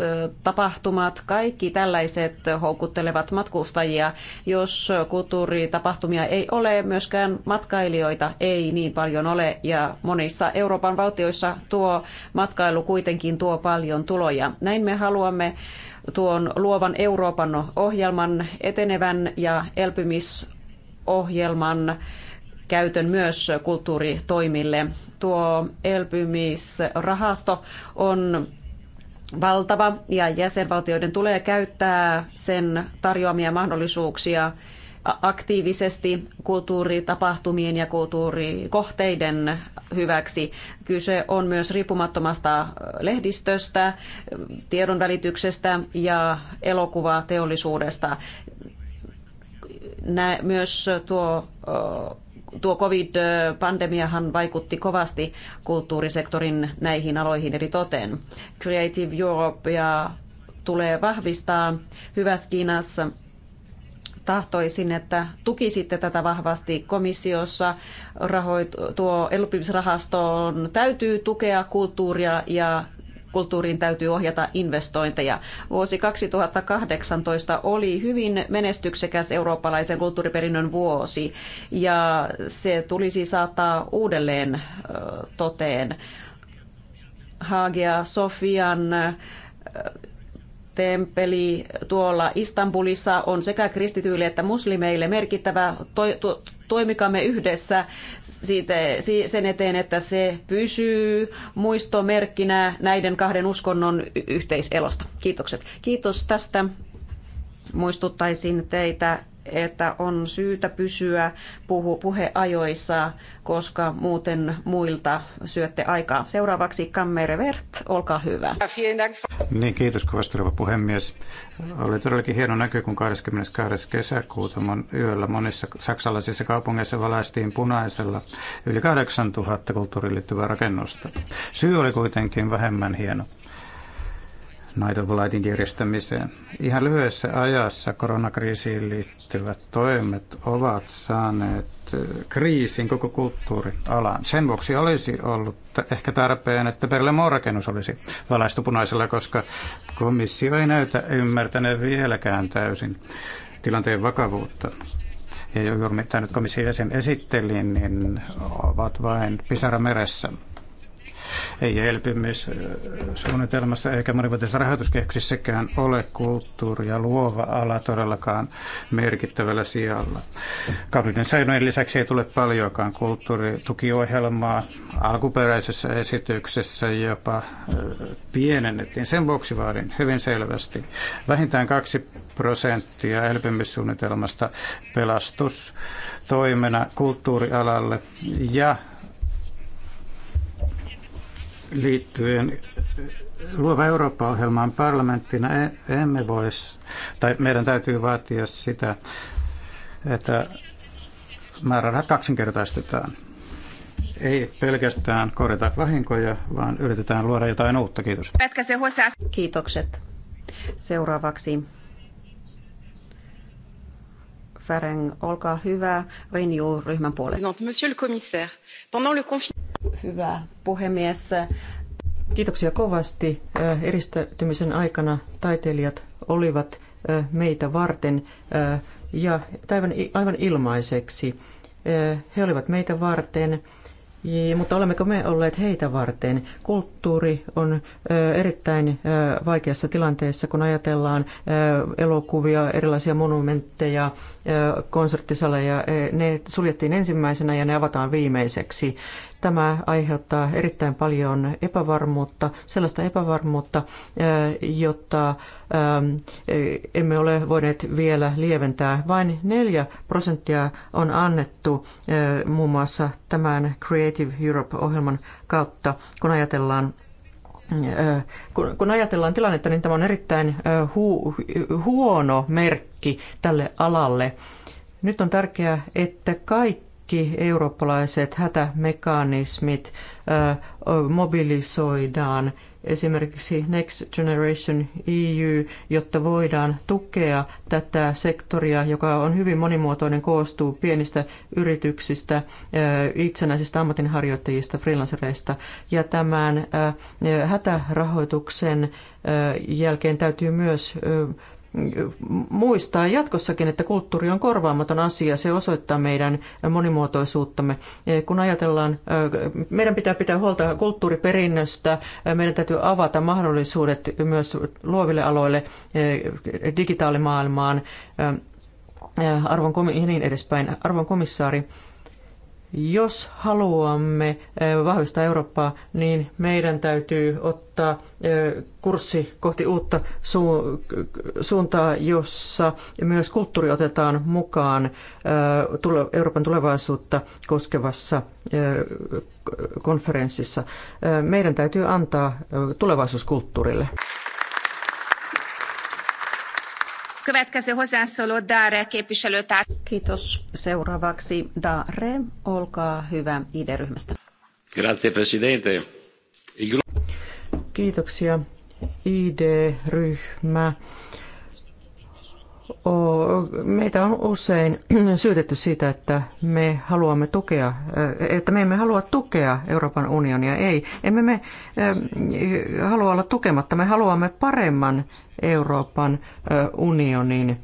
tapahtumat, kaikki tällaiset houkuttelevat matkustajia. Jos kulttuuritapahtumia ei ole, myöskään matkailijoita ei niin paljon ole ja monissa Euroopan valtioissa tuo matkailu kuitenkin tuo paljon tuloja. Näin me haluamme tuon luovan Euroopan ohjelman etenevän ja elpymisohjelman käytön myös kulttuuritoimille. Tuo elpymisrahasto on valtava ja jäsenvaltioiden tulee käyttää sen tarjoamia mahdollisuuksia aktiivisesti kulttuuritapahtumien ja kulttuurikohteiden hyväksi. Kyse on myös riippumattomasta lehdistöstä, tiedonvälityksestä ja elokuvateollisuudesta. Nä, myös tuo tuo COVID-pandemiahan vaikutti kovasti kulttuurisektorin näihin aloihin eri toteen. Creative Europea tulee vahvistaa hyvässä Kiinassa tahtoisin, että tukisitte tätä vahvasti komissiossa. Rahoit, tuo elpymisrahastoon täytyy tukea kulttuuria ja kulttuuriin täytyy ohjata investointeja. Vuosi 2018 oli hyvin menestyksekäs eurooppalaisen kulttuuriperinnön vuosi ja se tulisi saattaa uudelleen toteen. Hagia Sofian temppeli tuolla Istanbulissa on sekä kristityille että muslimeille merkittävä. to, toimikamme yhdessä siitä, sen eteen, että se pysyy muistomerkkinä näiden kahden uskonnon yhteiselosta. Kiitokset. Kiitos tästä. Muistuttaisin teitä että on syytä pysyä puhu puheajoissa, koska muuten muilta syötte aikaa. Seuraavaksi Kammere Vert, olkaa hyvä. Niin, kiitos kovasti rouva puhemies. Oli todellakin hieno näky, kun 22. kesäkuuta mon, yöllä monissa saksalaisissa kaupungeissa valaistiin punaisella yli 8000 kulttuuriin liittyvää rakennusta. Syy oli kuitenkin vähemmän hieno. Night of Lightin järjestämiseen. Ihan lyhyessä ajassa koronakriisiin liittyvät toimet ovat saaneet kriisin koko kulttuurialan. Sen vuoksi olisi ollut ehkä tarpeen, että Berlemon rakennus olisi valaistu punaisella, koska komissio ei näytä ymmärtäneen vieläkään täysin tilanteen vakavuutta. Ja juuri mitä nyt komission jäsen esittelin, niin ovat vain pisara meressä ei elpymissuunnitelmassa eikä monivuotisessa rahoituskehyksissäkään ole kulttuuri ja luova ala todellakaan merkittävällä sijalla. Kauniden säilöjen lisäksi ei tule paljoakaan kulttuuritukiohjelmaa. Alkuperäisessä esityksessä jopa pienennettiin. Sen vuoksi vaadin hyvin selvästi vähintään kaksi prosenttia elpymissuunnitelmasta pelastustoimena kulttuurialalle ja liittyen Luova Eurooppa-ohjelmaan parlamenttina e- emme voi, tai meidän täytyy vaatia sitä, että määrärahat kaksinkertaistetaan. Ei pelkästään korjata vahinkoja, vaan yritetään luoda jotain uutta. Kiitos. Kiitokset. Seuraavaksi Färeng, olkaa hyvä Renju ryhmän puolesta. Monsieur le commissaire, pendant le confinement... Hyvä puhemies. Kiitoksia kovasti. Eristäytymisen aikana taiteilijat olivat meitä varten ja aivan ilmaiseksi. He olivat meitä varten, mutta olemmeko me olleet heitä varten? Kulttuuri on erittäin vaikeassa tilanteessa, kun ajatellaan elokuvia, erilaisia monumentteja, konserttisaleja. E, ne suljettiin ensimmäisenä ja ne avataan viimeiseksi. Tämä aiheuttaa erittäin paljon epävarmuutta, sellaista epävarmuutta, jota emme ole voineet vielä lieventää. Vain 4 prosenttia on annettu muun muassa tämän Creative Europe-ohjelman kautta, kun ajatellaan kun, ajatellaan tilannetta, niin tämä on erittäin hu, huono merkki tälle alalle. Nyt on tärkeää, että kaikki kaikki eurooppalaiset hätämekanismit mobilisoidaan, esimerkiksi Next Generation EU, jotta voidaan tukea tätä sektoria, joka on hyvin monimuotoinen, koostuu pienistä yrityksistä, itsenäisistä ammatinharjoittajista, freelancereista. Ja tämän hätärahoituksen jälkeen täytyy myös muistaa jatkossakin, että kulttuuri on korvaamaton asia. Se osoittaa meidän monimuotoisuuttamme. Kun ajatellaan, meidän pitää pitää huolta kulttuuriperinnöstä, meidän täytyy avata mahdollisuudet myös luoville aloille, digitaalimaailmaan, arvon, ja niin edespäin. Arvon komissaari, jos haluamme eh, vahvistaa Eurooppaa, niin meidän täytyy ottaa eh, kurssi kohti uutta suuntaa, jossa myös kulttuuri otetaan mukaan eh, Euroopan tulevaisuutta koskevassa konferenssissa. Meidän täytyy antaa tulevaisuuskulttuurille. Kiitos. Seuraavaksi Dare, olkaa hyvä ID-ryhmästä. Grazie, presidente. Kiitoksia. ID-ryhmä meitä on usein syytetty siitä, että me haluamme tukea, eh, että me emme halua tukea Euroopan unionia. Ei, emme me eh, halua olla tukematta. Me haluamme paremman Euroopan eh, unionin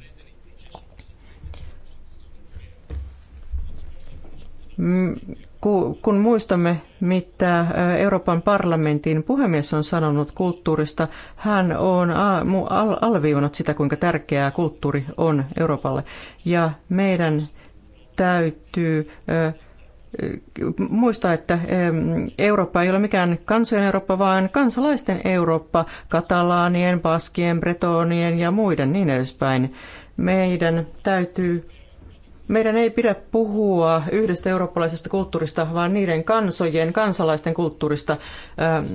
kun muistamme, mitä äh, Euroopan parlamentin puhemies on sanonut kulttuurista, hän on äh, alviivannut sitä, kuinka tärkeää kulttuuri on Euroopalle. Ja meidän täytyy äh, muistaa, että ähm, Eurooppa ei ole mikään kansojen Eurooppa, vaan kansalaisten Eurooppa, katalaanien, baskien, bretonien ja muiden niin edespäin. Meidän täytyy meidän ei pidä puhua yhdestä eurooppalaisesta kulttuurista, vaan niiden kansojen, kansalaisten kulttuurista, ähm,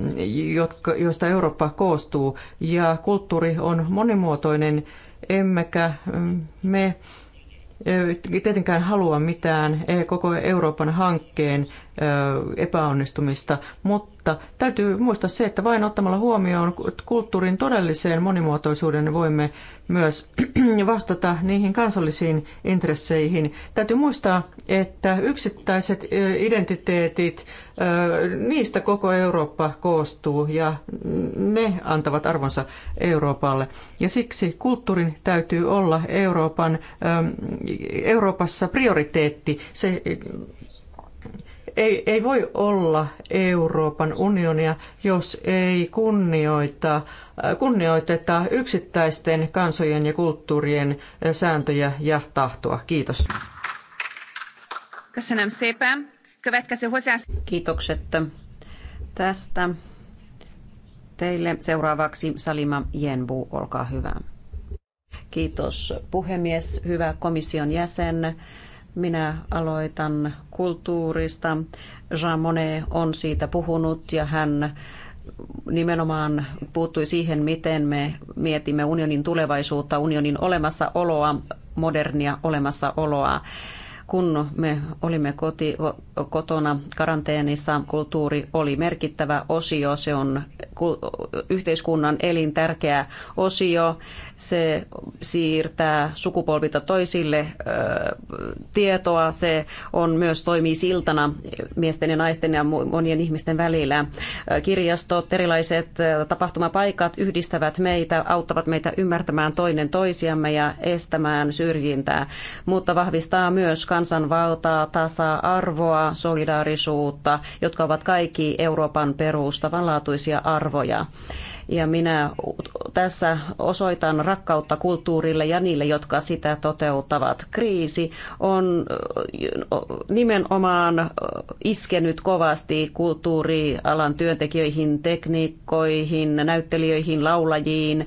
jotka, joista Eurooppa koostuu. Ja kulttuuri on monimuotoinen, emmekä ähm, me äh, tietenkään halua mitään äh, koko Euroopan hankkeen äh, epäonnistumista, mutta täytyy muistaa se, että vain ottamalla huomioon kulttuurin todellisen monimuotoisuuden voimme myös vastata niihin kansallisiin intresseihin. Täytyy muistaa, että yksittäiset identiteetit, niistä koko Eurooppa koostuu ja ne antavat arvonsa Euroopalle. Ja siksi kulttuurin täytyy olla Euroopan, Euroopassa prioriteetti. Se ei, ei voi olla Euroopan unionia, jos ei kunnioita, kunnioiteta yksittäisten kansojen ja kulttuurien sääntöjä ja tahtoa. Kiitos. Kiitokset tästä. Teille seuraavaksi Salima Jenbu, olkaa hyvä. Kiitos puhemies, hyvä komission jäsen minä aloitan kulttuurista. Jean Monnet on siitä puhunut ja hän nimenomaan puuttui siihen, miten me mietimme unionin tulevaisuutta, unionin olemassaoloa, modernia olemassaoloa. Kun me olimme koti, kotona karanteenissa, kulttuuri oli merkittävä osio. Se on yhteiskunnan elintärkeä osio. Se siirtää sukupolvilta toisille tietoa. Se on myös toimii siltana miesten ja naisten ja monien ihmisten välillä. Kirjastot, erilaiset tapahtumapaikat yhdistävät meitä, auttavat meitä ymmärtämään toinen toisiamme ja estämään syrjintää, mutta vahvistaa myös kansanvaltaa, tasa-arvoa, solidaarisuutta, jotka ovat kaikki Euroopan perustavanlaatuisia arvoja. Ja minä tässä osoitan rakkautta kulttuurille ja niille, jotka sitä toteuttavat. Kriisi on äh, nimenomaan äh, iskenyt kovasti kulttuurialan työntekijöihin, tekniikkoihin, näyttelijöihin, laulajiin,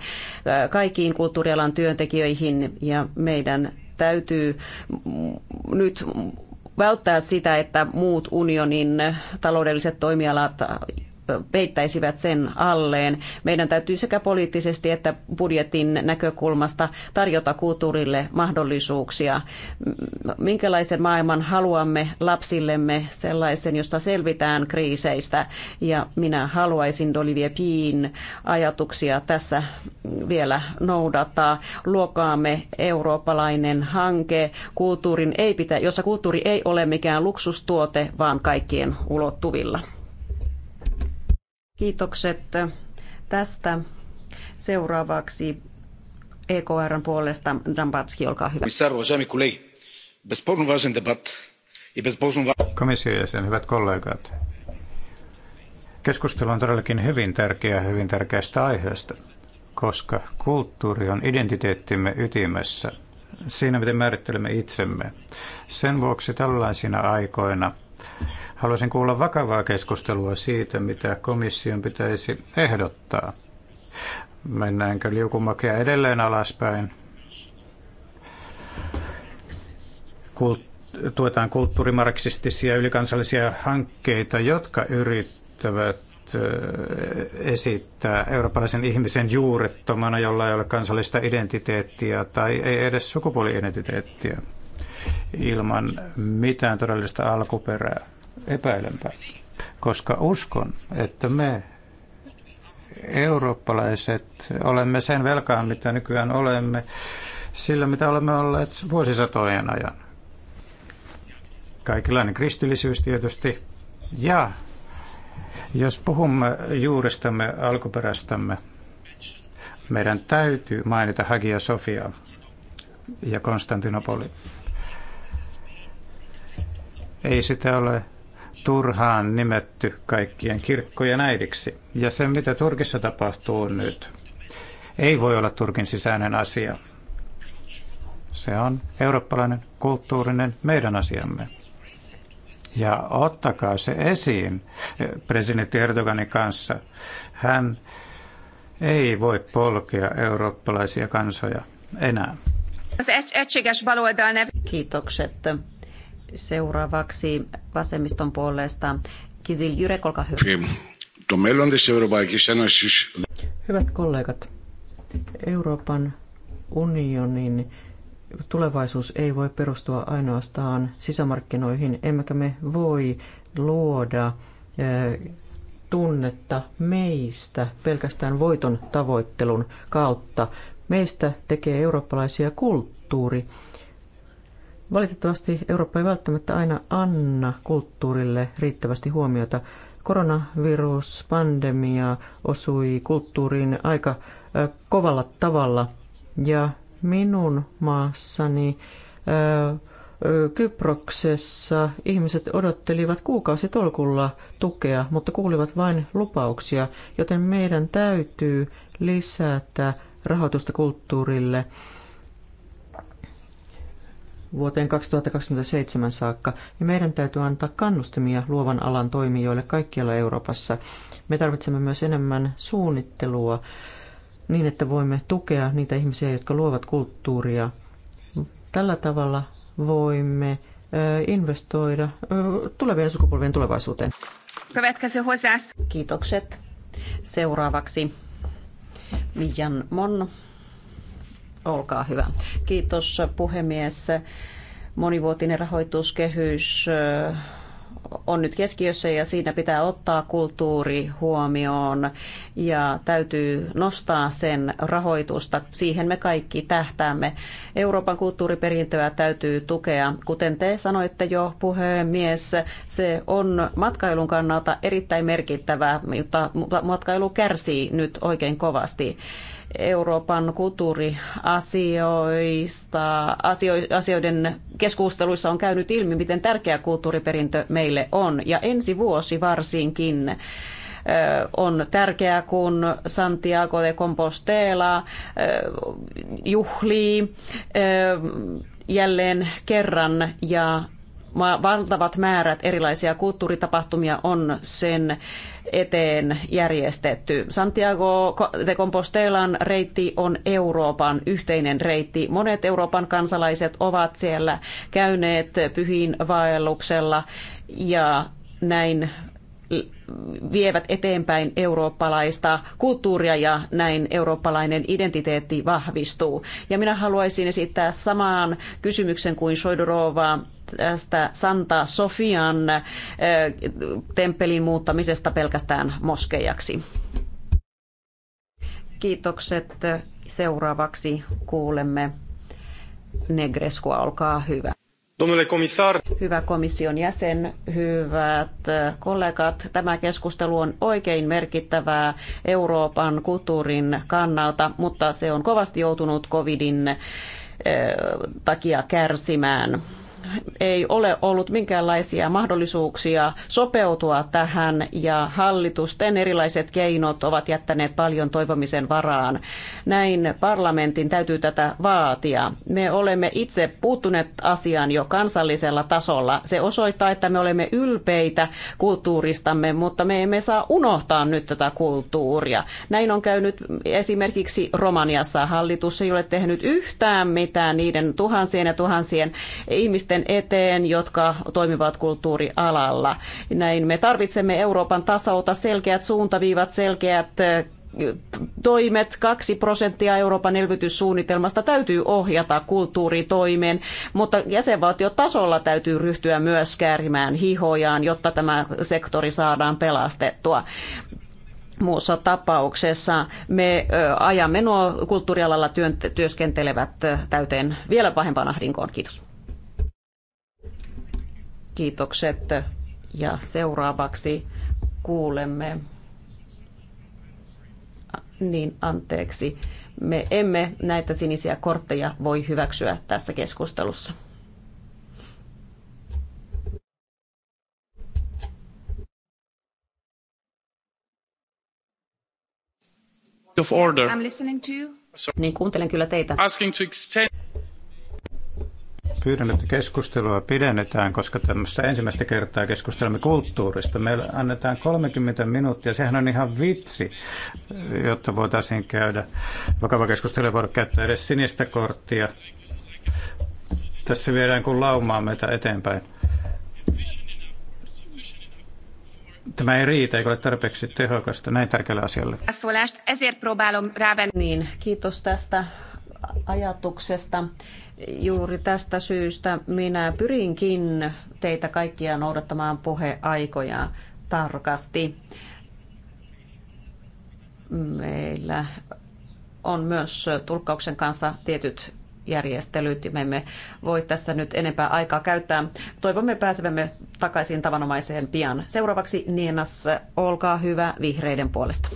äh, kaikkiin kulttuurialan työntekijöihin ja meidän täytyy nyt välttää sitä, että muut unionin taloudelliset toimialat peittäisivät sen alleen. Meidän täytyy sekä poliittisesti että budjetin näkökulmasta tarjota kulttuurille mahdollisuuksia. Minkälaisen maailman haluamme lapsillemme sellaisen, josta selvitään kriiseistä. Ja minä haluaisin Dolivie Piin ajatuksia tässä vielä noudattaa. Luokaamme eurooppalainen hanke, kulttuurin ei pitä, jossa kulttuuri ei ole mikään luksustuote, vaan kaikkien ulottuvilla. Kiitokset tästä. Seuraavaksi EKRn puolesta Dambatski, olkaa hyvä. Komission jäsen, hyvät kollegat. Keskustelu on todellakin hyvin tärkeä hyvin tärkeästä aiheesta, koska kulttuuri on identiteettimme ytimessä, siinä miten määrittelemme itsemme. Sen vuoksi tällaisina aikoina – Haluaisin kuulla vakavaa keskustelua siitä, mitä komission pitäisi ehdottaa. Mennäänkö liukumakea edelleen alaspäin? Kult- tuetaan kulttuurimarksistisia ylikansallisia hankkeita, jotka yrittävät eh, esittää eurooppalaisen ihmisen juurettomana, jolla ei ole kansallista identiteettiä tai ei edes sukupuoli-identiteettiä ilman mitään todellista alkuperää. Epäilenpä, koska uskon, että me eurooppalaiset olemme sen velkaan, mitä nykyään olemme, sillä mitä olemme olleet vuosisatojen ajan. Kaikilainen kristillisyys tietysti. Ja jos puhumme juuristamme, alkuperästämme, meidän täytyy mainita Hagia Sofia ja Konstantinopoli. Ei sitä ole turhaan nimetty kaikkien kirkkojen äidiksi. Ja se, mitä Turkissa tapahtuu nyt, ei voi olla Turkin sisäinen asia. Se on eurooppalainen, kulttuurinen meidän asiamme. Ja ottakaa se esiin presidentti Erdoganin kanssa. Hän ei voi polkea eurooppalaisia kansoja enää. Kiitokset Seuraavaksi vasemmiston puolesta Kizil Jurek, olkaa hyvä. Hyvät kollegat, Euroopan unionin tulevaisuus ei voi perustua ainoastaan sisämarkkinoihin, emmekä me voi luoda eh, tunnetta meistä pelkästään voiton tavoittelun kautta. Meistä tekee eurooppalaisia kulttuuri Valitettavasti Eurooppa ei välttämättä aina anna kulttuurille riittävästi huomiota. Koronaviruspandemia osui kulttuuriin aika kovalla tavalla ja minun maassani Kyproksessa ihmiset odottelivat kuukausitolkulla tukea, mutta kuulivat vain lupauksia, joten meidän täytyy lisätä rahoitusta kulttuurille vuoteen 2027 saakka, ja meidän täytyy antaa kannustimia luovan alan toimijoille kaikkialla Euroopassa. Me tarvitsemme myös enemmän suunnittelua niin, että voimme tukea niitä ihmisiä, jotka luovat kulttuuria. Tällä tavalla voimme investoida tulevien sukupolvien tulevaisuuteen. Kiitokset. Seuraavaksi Mijan Monno. Olkaa hyvä. Kiitos puhemies. Monivuotinen rahoituskehys on nyt keskiössä ja siinä pitää ottaa kulttuuri huomioon ja täytyy nostaa sen rahoitusta. Siihen me kaikki tähtäämme. Euroopan kulttuuriperintöä täytyy tukea. Kuten te sanoitte jo, puhemies, se on matkailun kannalta erittäin merkittävä, mutta matkailu kärsii nyt oikein kovasti. Euroopan kulttuuriasioista, asio, asioiden keskusteluissa on käynyt ilmi, miten tärkeä kulttuuriperintö meille on. Ja ensi vuosi varsinkin on tärkeää, kun Santiago de Compostela juhlii jälleen kerran ja valtavat määrät erilaisia kulttuuritapahtumia on sen eteen järjestetty. Santiago de Compostelan reitti on Euroopan yhteinen reitti. Monet Euroopan kansalaiset ovat siellä käyneet pyhiinvaelluksella ja näin vievät eteenpäin eurooppalaista kulttuuria ja näin eurooppalainen identiteetti vahvistuu. Ja minä haluaisin esittää samaan kysymyksen kuin Soidorova tästä Santa Sofian äh, temppelin muuttamisesta pelkästään moskejaksi. Kiitokset. Seuraavaksi kuulemme Negreskoa, olkaa hyvä. Hyvä komission jäsen, hyvät kollegat, tämä keskustelu on oikein merkittävää Euroopan kulttuurin kannalta, mutta se on kovasti joutunut covidin eh, takia kärsimään ei ole ollut minkäänlaisia mahdollisuuksia sopeutua tähän ja hallitusten erilaiset keinot ovat jättäneet paljon toivomisen varaan. Näin parlamentin täytyy tätä vaatia. Me olemme itse puuttuneet asiaan jo kansallisella tasolla. Se osoittaa, että me olemme ylpeitä kulttuuristamme, mutta me emme saa unohtaa nyt tätä kulttuuria. Näin on käynyt esimerkiksi Romaniassa. Hallitus ei ole tehnyt yhtään mitään niiden tuhansien ja tuhansien ihmisten ihmisten eteen, jotka toimivat kulttuurialalla. Näin me tarvitsemme Euroopan tasolta selkeät suuntaviivat, selkeät toimet, kaksi prosenttia Euroopan elvytyssuunnitelmasta täytyy ohjata kulttuuritoimeen, mutta jäsenvaltiotasolla täytyy ryhtyä myös käärimään hihojaan, jotta tämä sektori saadaan pelastettua. Muussa tapauksessa me ajamme nuo kulttuurialalla työskentelevät täyteen vielä pahempaan ahdinkoon. Kiitos. Kiitokset. Ja seuraavaksi kuulemme. Niin, anteeksi. Me emme näitä sinisiä kortteja voi hyväksyä tässä keskustelussa. Of order. Yes, I'm listening to you. Niin kuuntelen kyllä teitä. Asking to extend pyydän, että keskustelua pidennetään, koska tämmöistä ensimmäistä kertaa keskustelemme kulttuurista. Meillä annetaan 30 minuuttia, sehän on ihan vitsi, jotta voitaisiin käydä vakava keskustelu ja voida käyttää edes sinistä korttia. Tässä viedään kuin laumaa meitä eteenpäin. tämä ei riitä, eikö ole tarpeeksi tehokasta näin tärkeällä asialla. Niin, kiitos tästä ajatuksesta. Juuri tästä syystä minä pyrinkin teitä kaikkia noudattamaan puheaikoja tarkasti. Meillä on myös tulkkauksen kanssa tietyt järjestelyt ja me emme voi tässä nyt enempää aikaa käyttää. Toivomme pääsevämme takaisin tavanomaiseen pian. Seuraavaksi Nienas, olkaa hyvä vihreiden puolesta.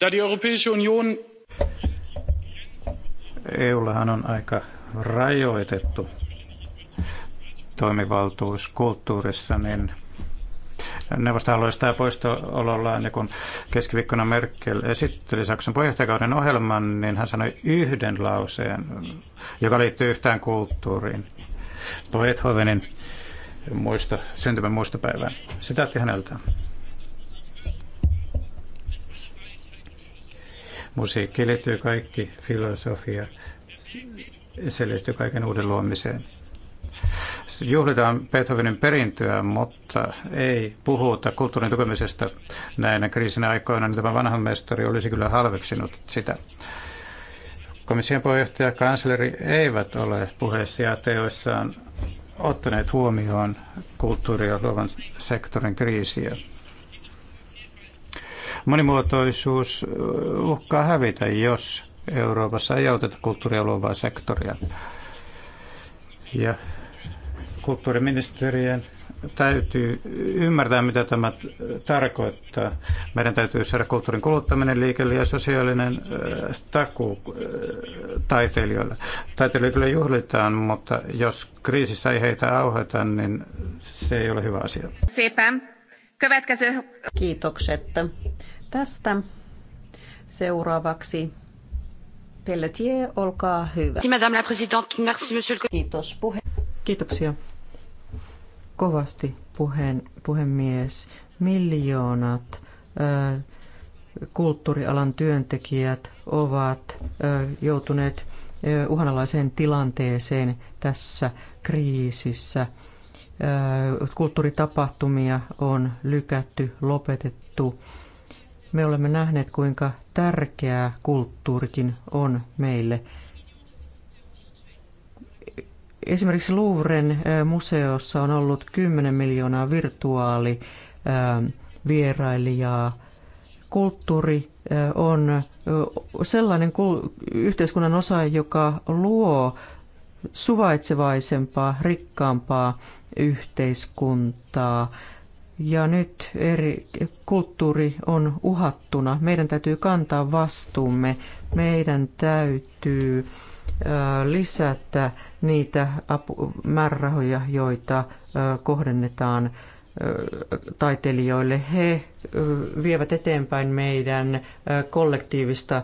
Da die Europäische Union EUllahan on aika rajoitettu toimivaltuus kulttuurissa, niin neuvosto haluaisi sitä poistoolollaan ja kun keskiviikkona Merkel esitteli Saksan puheenjohtajakauden ohjelman, niin hän sanoi yhden lauseen, joka liittyy yhtään kulttuuriin. Beethovenin muisto, syntymän muistopäivään. Sitaatti häneltä. Musiikki liittyy kaikki filosofia, se liittyy kaiken uuden luomiseen. Juhlitaan Beethovenin perintöä, mutta ei puhuta kulttuurin tukemisesta näinä kriisin aikoina, niin tämä vanha mestari olisi kyllä halveksinut sitä. Komission puheenjohtaja ja kansleri eivät ole puheessa ja teoissaan ottaneet huomioon kulttuuri- ja luovan sektorin kriisiä. Monimuotoisuus uhkaa hävitä, jos Euroopassa ei auteta kulttuuria luovaa sektoria. Ja kulttuuriministeriön täytyy ymmärtää, mitä tämä tarkoittaa. Meidän täytyy saada kulttuurin kuluttaminen liikelle ja sosiaalinen äh, takuu äh, taiteilijoille. Taiteilijoille kyllä juhlitaan, mutta jos kriisissä ei heitä auheta, niin se ei ole hyvä asia. Sepä. Kiitokset tästä. Seuraavaksi Pelletier, olkaa hyvä. Madame la présidente, merci monsieur Kiitos puhe. Kiitoksia kovasti puheen, puhemies. Miljoonat kulttuurialan työntekijät ovat joutuneet ö, uhanalaiseen tilanteeseen tässä kriisissä – kulttuuritapahtumia on lykätty, lopetettu. Me olemme nähneet, kuinka tärkeää kulttuurikin on meille. Esimerkiksi Louvren museossa on ollut 10 miljoonaa virtuaalivierailijaa. Kulttuuri on sellainen yhteiskunnan osa, joka luo suvaitsevaisempaa, rikkaampaa yhteiskuntaa. Ja nyt eri, kulttuuri on uhattuna. Meidän täytyy kantaa vastuumme. Meidän täytyy lisätä niitä apu, määrärahoja, joita kohdennetaan taiteilijoille. He vievät eteenpäin meidän kollektiivista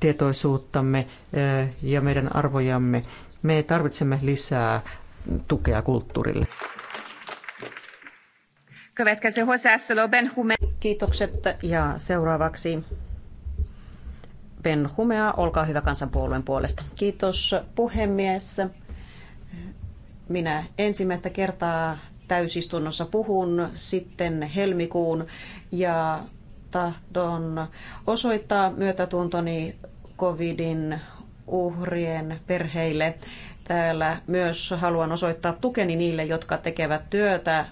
tietoisuuttamme ja meidän arvojamme. Me tarvitsemme lisää tukea kulttuurille. Kiitokset ja seuraavaksi Ben Humea, olkaa hyvä kansanpuolueen puolesta. Kiitos puhemies. Minä ensimmäistä kertaa täysistunnossa puhun sitten helmikuun ja tahdon osoittaa myötätuntoni covidin uhrien perheille Täällä myös haluan osoittaa tukeni niille, jotka tekevät työtä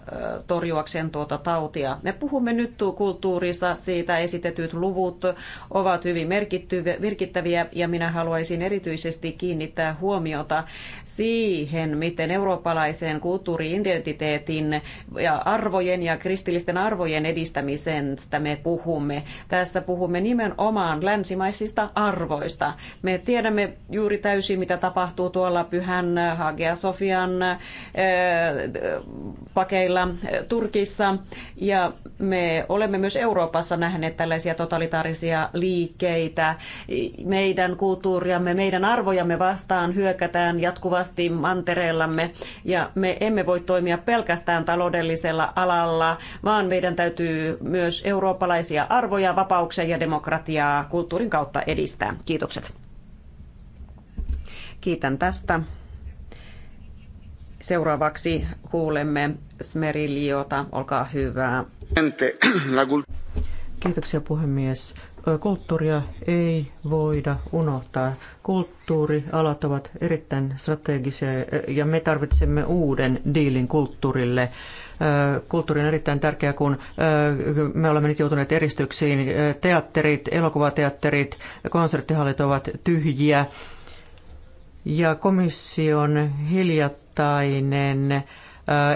torjuakseen tuota tautia. Me puhumme nyt kulttuurissa, siitä esitetyt luvut ovat hyvin merkittäviä ja minä haluaisin erityisesti kiinnittää huomiota siihen, miten eurooppalaisen kulttuuriidentiteetin ja arvojen ja kristillisten arvojen edistämisestä me puhumme. Tässä puhumme nimenomaan länsimaisista arvoista. Me tiedämme juuri täysin, mitä tapahtuu tuolla pyhä Nythän Hagia Sofian äh, pakeilla äh, Turkissa ja me olemme myös Euroopassa nähneet tällaisia totalitaarisia liikkeitä. Meidän kulttuuriamme, meidän arvojamme vastaan hyökätään jatkuvasti mantereellamme ja me emme voi toimia pelkästään taloudellisella alalla, vaan meidän täytyy myös eurooppalaisia arvoja, vapauksia ja demokratiaa kulttuurin kautta edistää. Kiitokset. Kiitän tästä. Seuraavaksi kuulemme Smeriliota. Olkaa hyvä. Kiitoksia puhemies. Kulttuuria ei voida unohtaa. Kulttuurialat ovat erittäin strategisia ja me tarvitsemme uuden diilin kulttuurille. Kulttuuri on erittäin tärkeää, kun me olemme nyt joutuneet eristyksiin. Teatterit, elokuvateatterit, konserttihallit ovat tyhjiä ja komission hiljattainen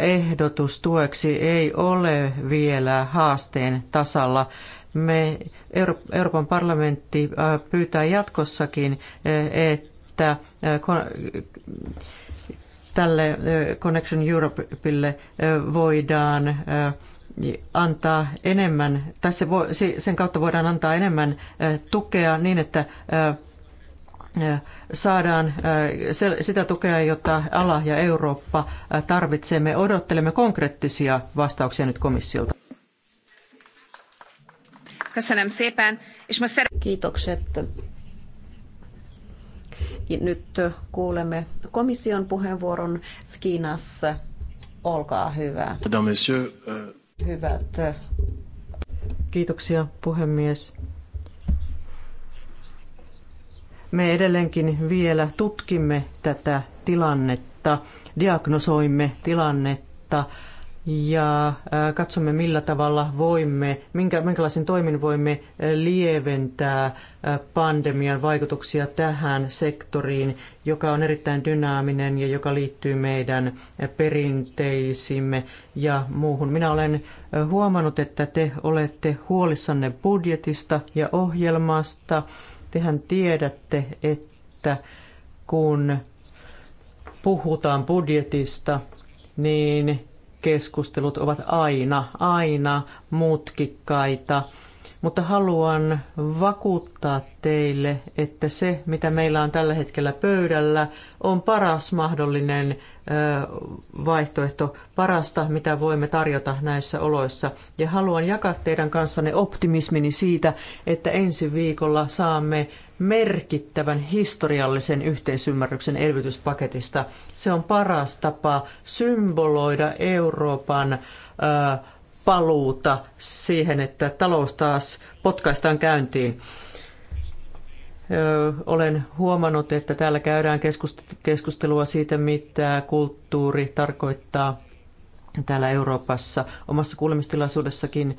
ehdotus tueksi ei ole vielä haasteen tasalla. Me Euroopan parlamentti pyytää jatkossakin, että tälle Connection Europeille voidaan antaa enemmän, tai se voi, sen kautta voidaan antaa enemmän tukea niin, että saadaan sitä tukea, jota ala ja Eurooppa tarvitsemme. Odottelemme konkreettisia vastauksia nyt komissiolta. Kiitokset. Nyt kuulemme komission puheenvuoron Skinassa. Olkaa hyvä. Euh- Hyvät. Kiitoksia puhemies. Me edelleenkin vielä tutkimme tätä tilannetta, diagnosoimme tilannetta ja katsomme millä tavalla voimme, minkä, minkälaisin toimin voimme lieventää pandemian vaikutuksia tähän sektoriin, joka on erittäin dynaaminen ja joka liittyy meidän perinteisimme ja muuhun. Minä olen huomannut, että te olette huolissanne budjetista ja ohjelmasta. Tehän tiedätte, että kun puhutaan budjetista, niin keskustelut ovat aina, aina mutkikkaita. Mutta haluan vakuuttaa teille, että se, mitä meillä on tällä hetkellä pöydällä, on paras mahdollinen vaihtoehto parasta, mitä voimme tarjota näissä oloissa. Ja haluan jakaa teidän kanssanne optimismini siitä, että ensi viikolla saamme merkittävän historiallisen yhteisymmärryksen elvytyspaketista. Se on paras tapa symboloida Euroopan paluuta siihen, että talous taas potkaistaan käyntiin olen huomannut, että täällä käydään keskustelua siitä, mitä kulttuuri tarkoittaa täällä Euroopassa. Omassa kuulemistilaisuudessakin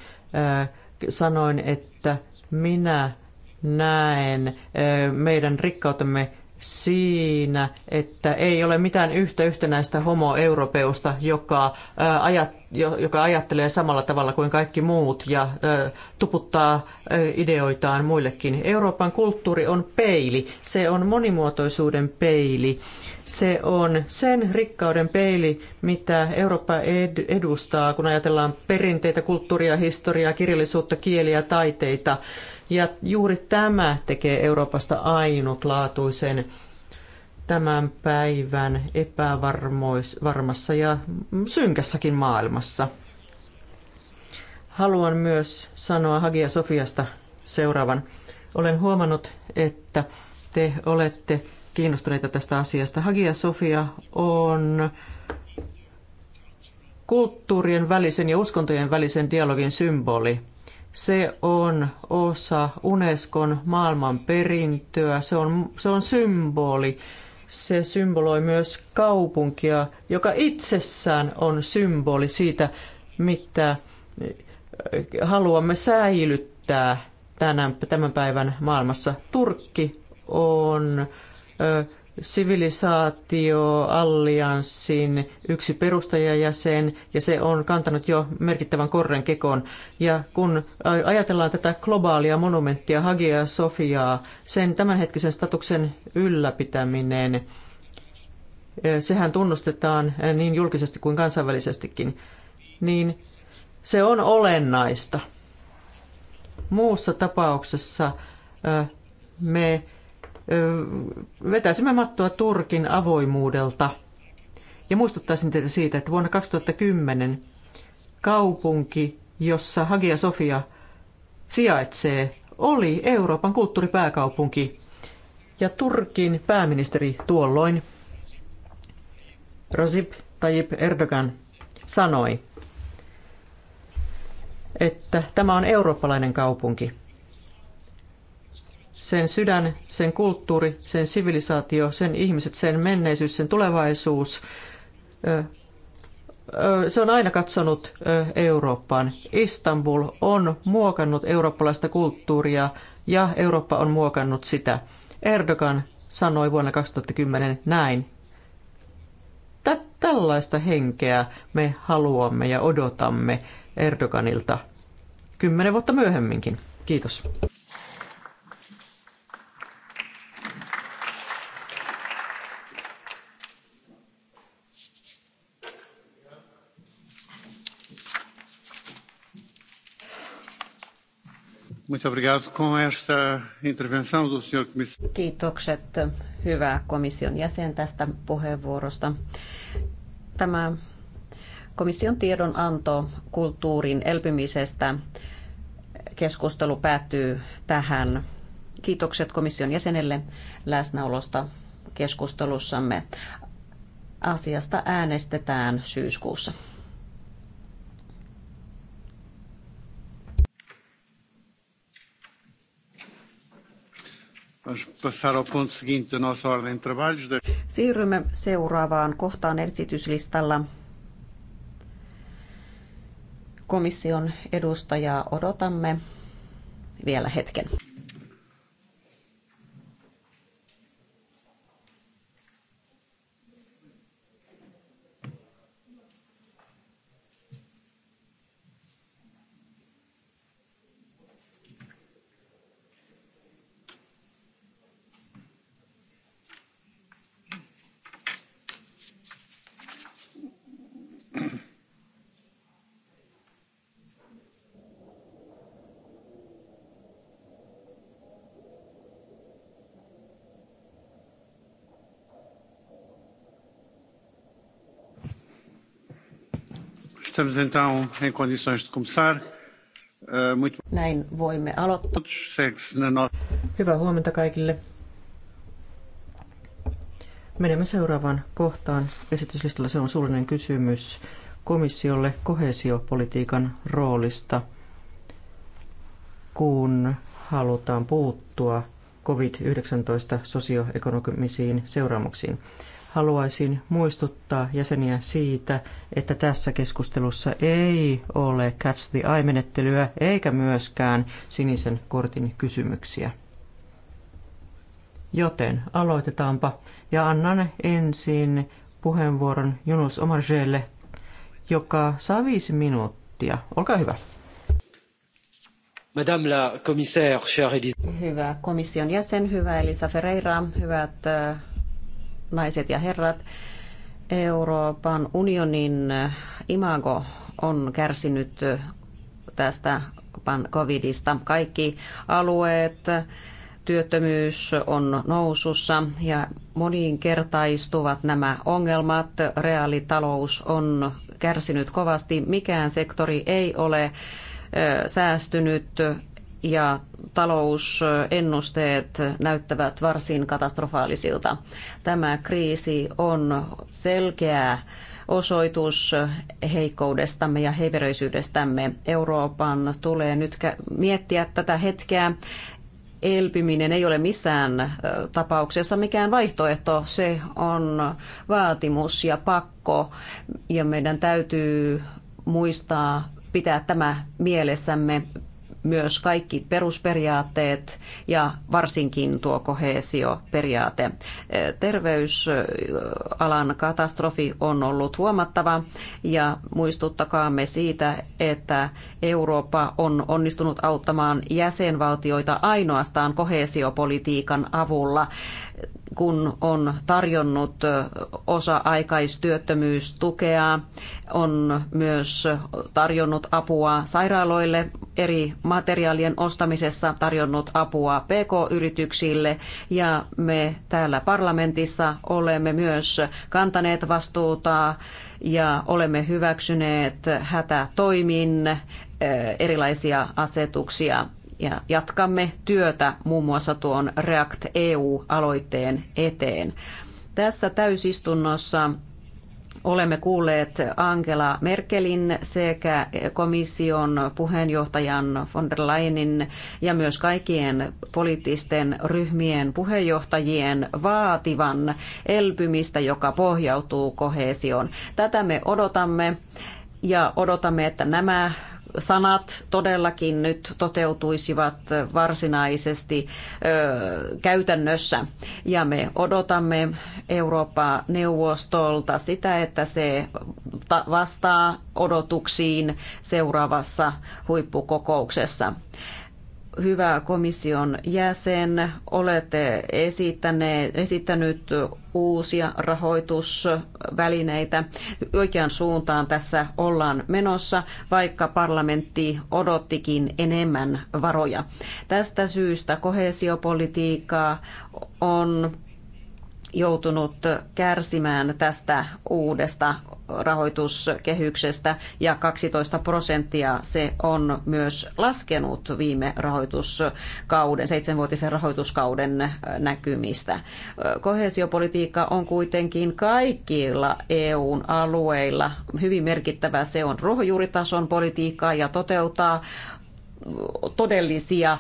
sanoin, että minä näen meidän rikkautemme siinä, että ei ole mitään yhtä yhtenäistä homoeuropeusta, joka ajat, joka ajattelee samalla tavalla kuin kaikki muut ja tuputtaa ideoitaan muillekin. Euroopan kulttuuri on peili. Se on monimuotoisuuden peili. Se on sen rikkauden peili, mitä Eurooppa edustaa, kun ajatellaan perinteitä, kulttuuria, historiaa, kirjallisuutta, kieliä, taiteita. Ja juuri tämä tekee Euroopasta ainutlaatuisen tämän päivän epävarmassa ja synkässäkin maailmassa. Haluan myös sanoa Hagia Sofiasta seuraavan. Olen huomannut, että te olette kiinnostuneita tästä asiasta. Hagia Sofia on kulttuurien välisen ja uskontojen välisen dialogin symboli. Se on osa Unescon maailmanperintöä, se on, se on symboli se symboloi myös kaupunkia, joka itsessään on symboli siitä, mitä haluamme säilyttää tänä tämän päivän maailmassa. Turkki on sivilisaatioallianssin yksi perustajajäsen, ja se on kantanut jo merkittävän korren kekoon. Ja kun ajatellaan tätä globaalia monumenttia Hagia Sofiaa, sen tämänhetkisen statuksen ylläpitäminen, sehän tunnustetaan niin julkisesti kuin kansainvälisestikin, niin se on olennaista. Muussa tapauksessa me vetäisimme mattoa Turkin avoimuudelta. Ja muistuttaisin teitä siitä, että vuonna 2010 kaupunki, jossa Hagia Sofia sijaitsee, oli Euroopan kulttuuripääkaupunki. Ja Turkin pääministeri tuolloin, Recep Tayyip Erdogan, sanoi, että tämä on eurooppalainen kaupunki sen sydän, sen kulttuuri, sen sivilisaatio, sen ihmiset, sen menneisyys, sen tulevaisuus. Se on aina katsonut Eurooppaan. Istanbul on muokannut eurooppalaista kulttuuria ja Eurooppa on muokannut sitä. Erdogan sanoi vuonna 2010 näin. Tällaista henkeä me haluamme ja odotamme Erdoganilta kymmenen vuotta myöhemminkin. Kiitos. Kiitokset hyvä komission jäsen tästä puheenvuorosta. Tämä komission tiedonanto kulttuurin elpymisestä keskustelu päättyy tähän. Kiitokset komission jäsenelle läsnäolosta keskustelussamme. Asiasta äänestetään syyskuussa. Siirrymme seuraavaan kohtaan esityslistalla. Komission edustajaa odotamme vielä hetken. Eh, Näin voimme aloittaa. No- Hyvää huomenta kaikille. Menemme seuraavaan kohtaan. Esityslistalla se on suullinen kysymys komissiolle kohesiopolitiikan roolista, kun halutaan puuttua COVID-19 sosioekonomisiin seuraamuksiin haluaisin muistuttaa jäseniä siitä, että tässä keskustelussa ei ole catch the eye-menettelyä eikä myöskään sinisen kortin kysymyksiä. Joten aloitetaanpa ja annan ensin puheenvuoron Junus Omarjelle, joka saa viisi minuuttia. Olkaa hyvä. Madame la commissaire, chère Elisa. Hyvä komission jäsen, hyvä Elisa Ferreira, hyvät äh, naiset ja herrat, Euroopan unionin imago on kärsinyt tästä covidista. Kaikki alueet, työttömyys on nousussa ja moninkertaistuvat nämä ongelmat. Reaalitalous on kärsinyt kovasti. Mikään sektori ei ole säästynyt ja talousennusteet näyttävät varsin katastrofaalisilta. Tämä kriisi on selkeä osoitus heikkoudestamme ja heiveröisyydestämme. Euroopan tulee nyt miettiä tätä hetkeä. Elpyminen ei ole missään tapauksessa mikään vaihtoehto, se on vaatimus ja pakko ja meidän täytyy muistaa pitää tämä mielessämme myös kaikki perusperiaatteet ja varsinkin tuo kohesioperiaate. Terveysalan katastrofi on ollut huomattava ja muistuttakaamme siitä, että Eurooppa on onnistunut auttamaan jäsenvaltioita ainoastaan kohesiopolitiikan avulla kun on tarjonnut osa-aikaistyöttömyystukea, on myös tarjonnut apua sairaaloille eri materiaalien ostamisessa, tarjonnut apua PK-yrityksille ja me täällä parlamentissa olemme myös kantaneet vastuuta ja olemme hyväksyneet hätätoimin erilaisia asetuksia ja jatkamme työtä muun muassa tuon React EU-aloitteen eteen. Tässä täysistunnossa olemme kuulleet Angela Merkelin sekä komission puheenjohtajan von der Leyenin ja myös kaikkien poliittisten ryhmien puheenjohtajien vaativan elpymistä, joka pohjautuu kohesioon. Tätä me odotamme ja odotamme, että nämä sanat todellakin nyt toteutuisivat varsinaisesti käytännössä. Ja me odotamme Eurooppa-neuvostolta sitä, että se vastaa odotuksiin seuraavassa huippukokouksessa hyvä komission jäsen, olette esittäneet, esittänyt uusia rahoitusvälineitä. Oikean suuntaan tässä ollaan menossa, vaikka parlamentti odottikin enemmän varoja. Tästä syystä kohesiopolitiikkaa on joutunut kärsimään tästä uudesta rahoituskehyksestä ja 12 prosenttia se on myös laskenut viime rahoituskauden, seitsemänvuotisen rahoituskauden näkymistä. Kohesiopolitiikka on kuitenkin kaikilla EUn alueilla hyvin merkittävä. Se on ruohonjuuritason politiikkaa ja toteuttaa todellisia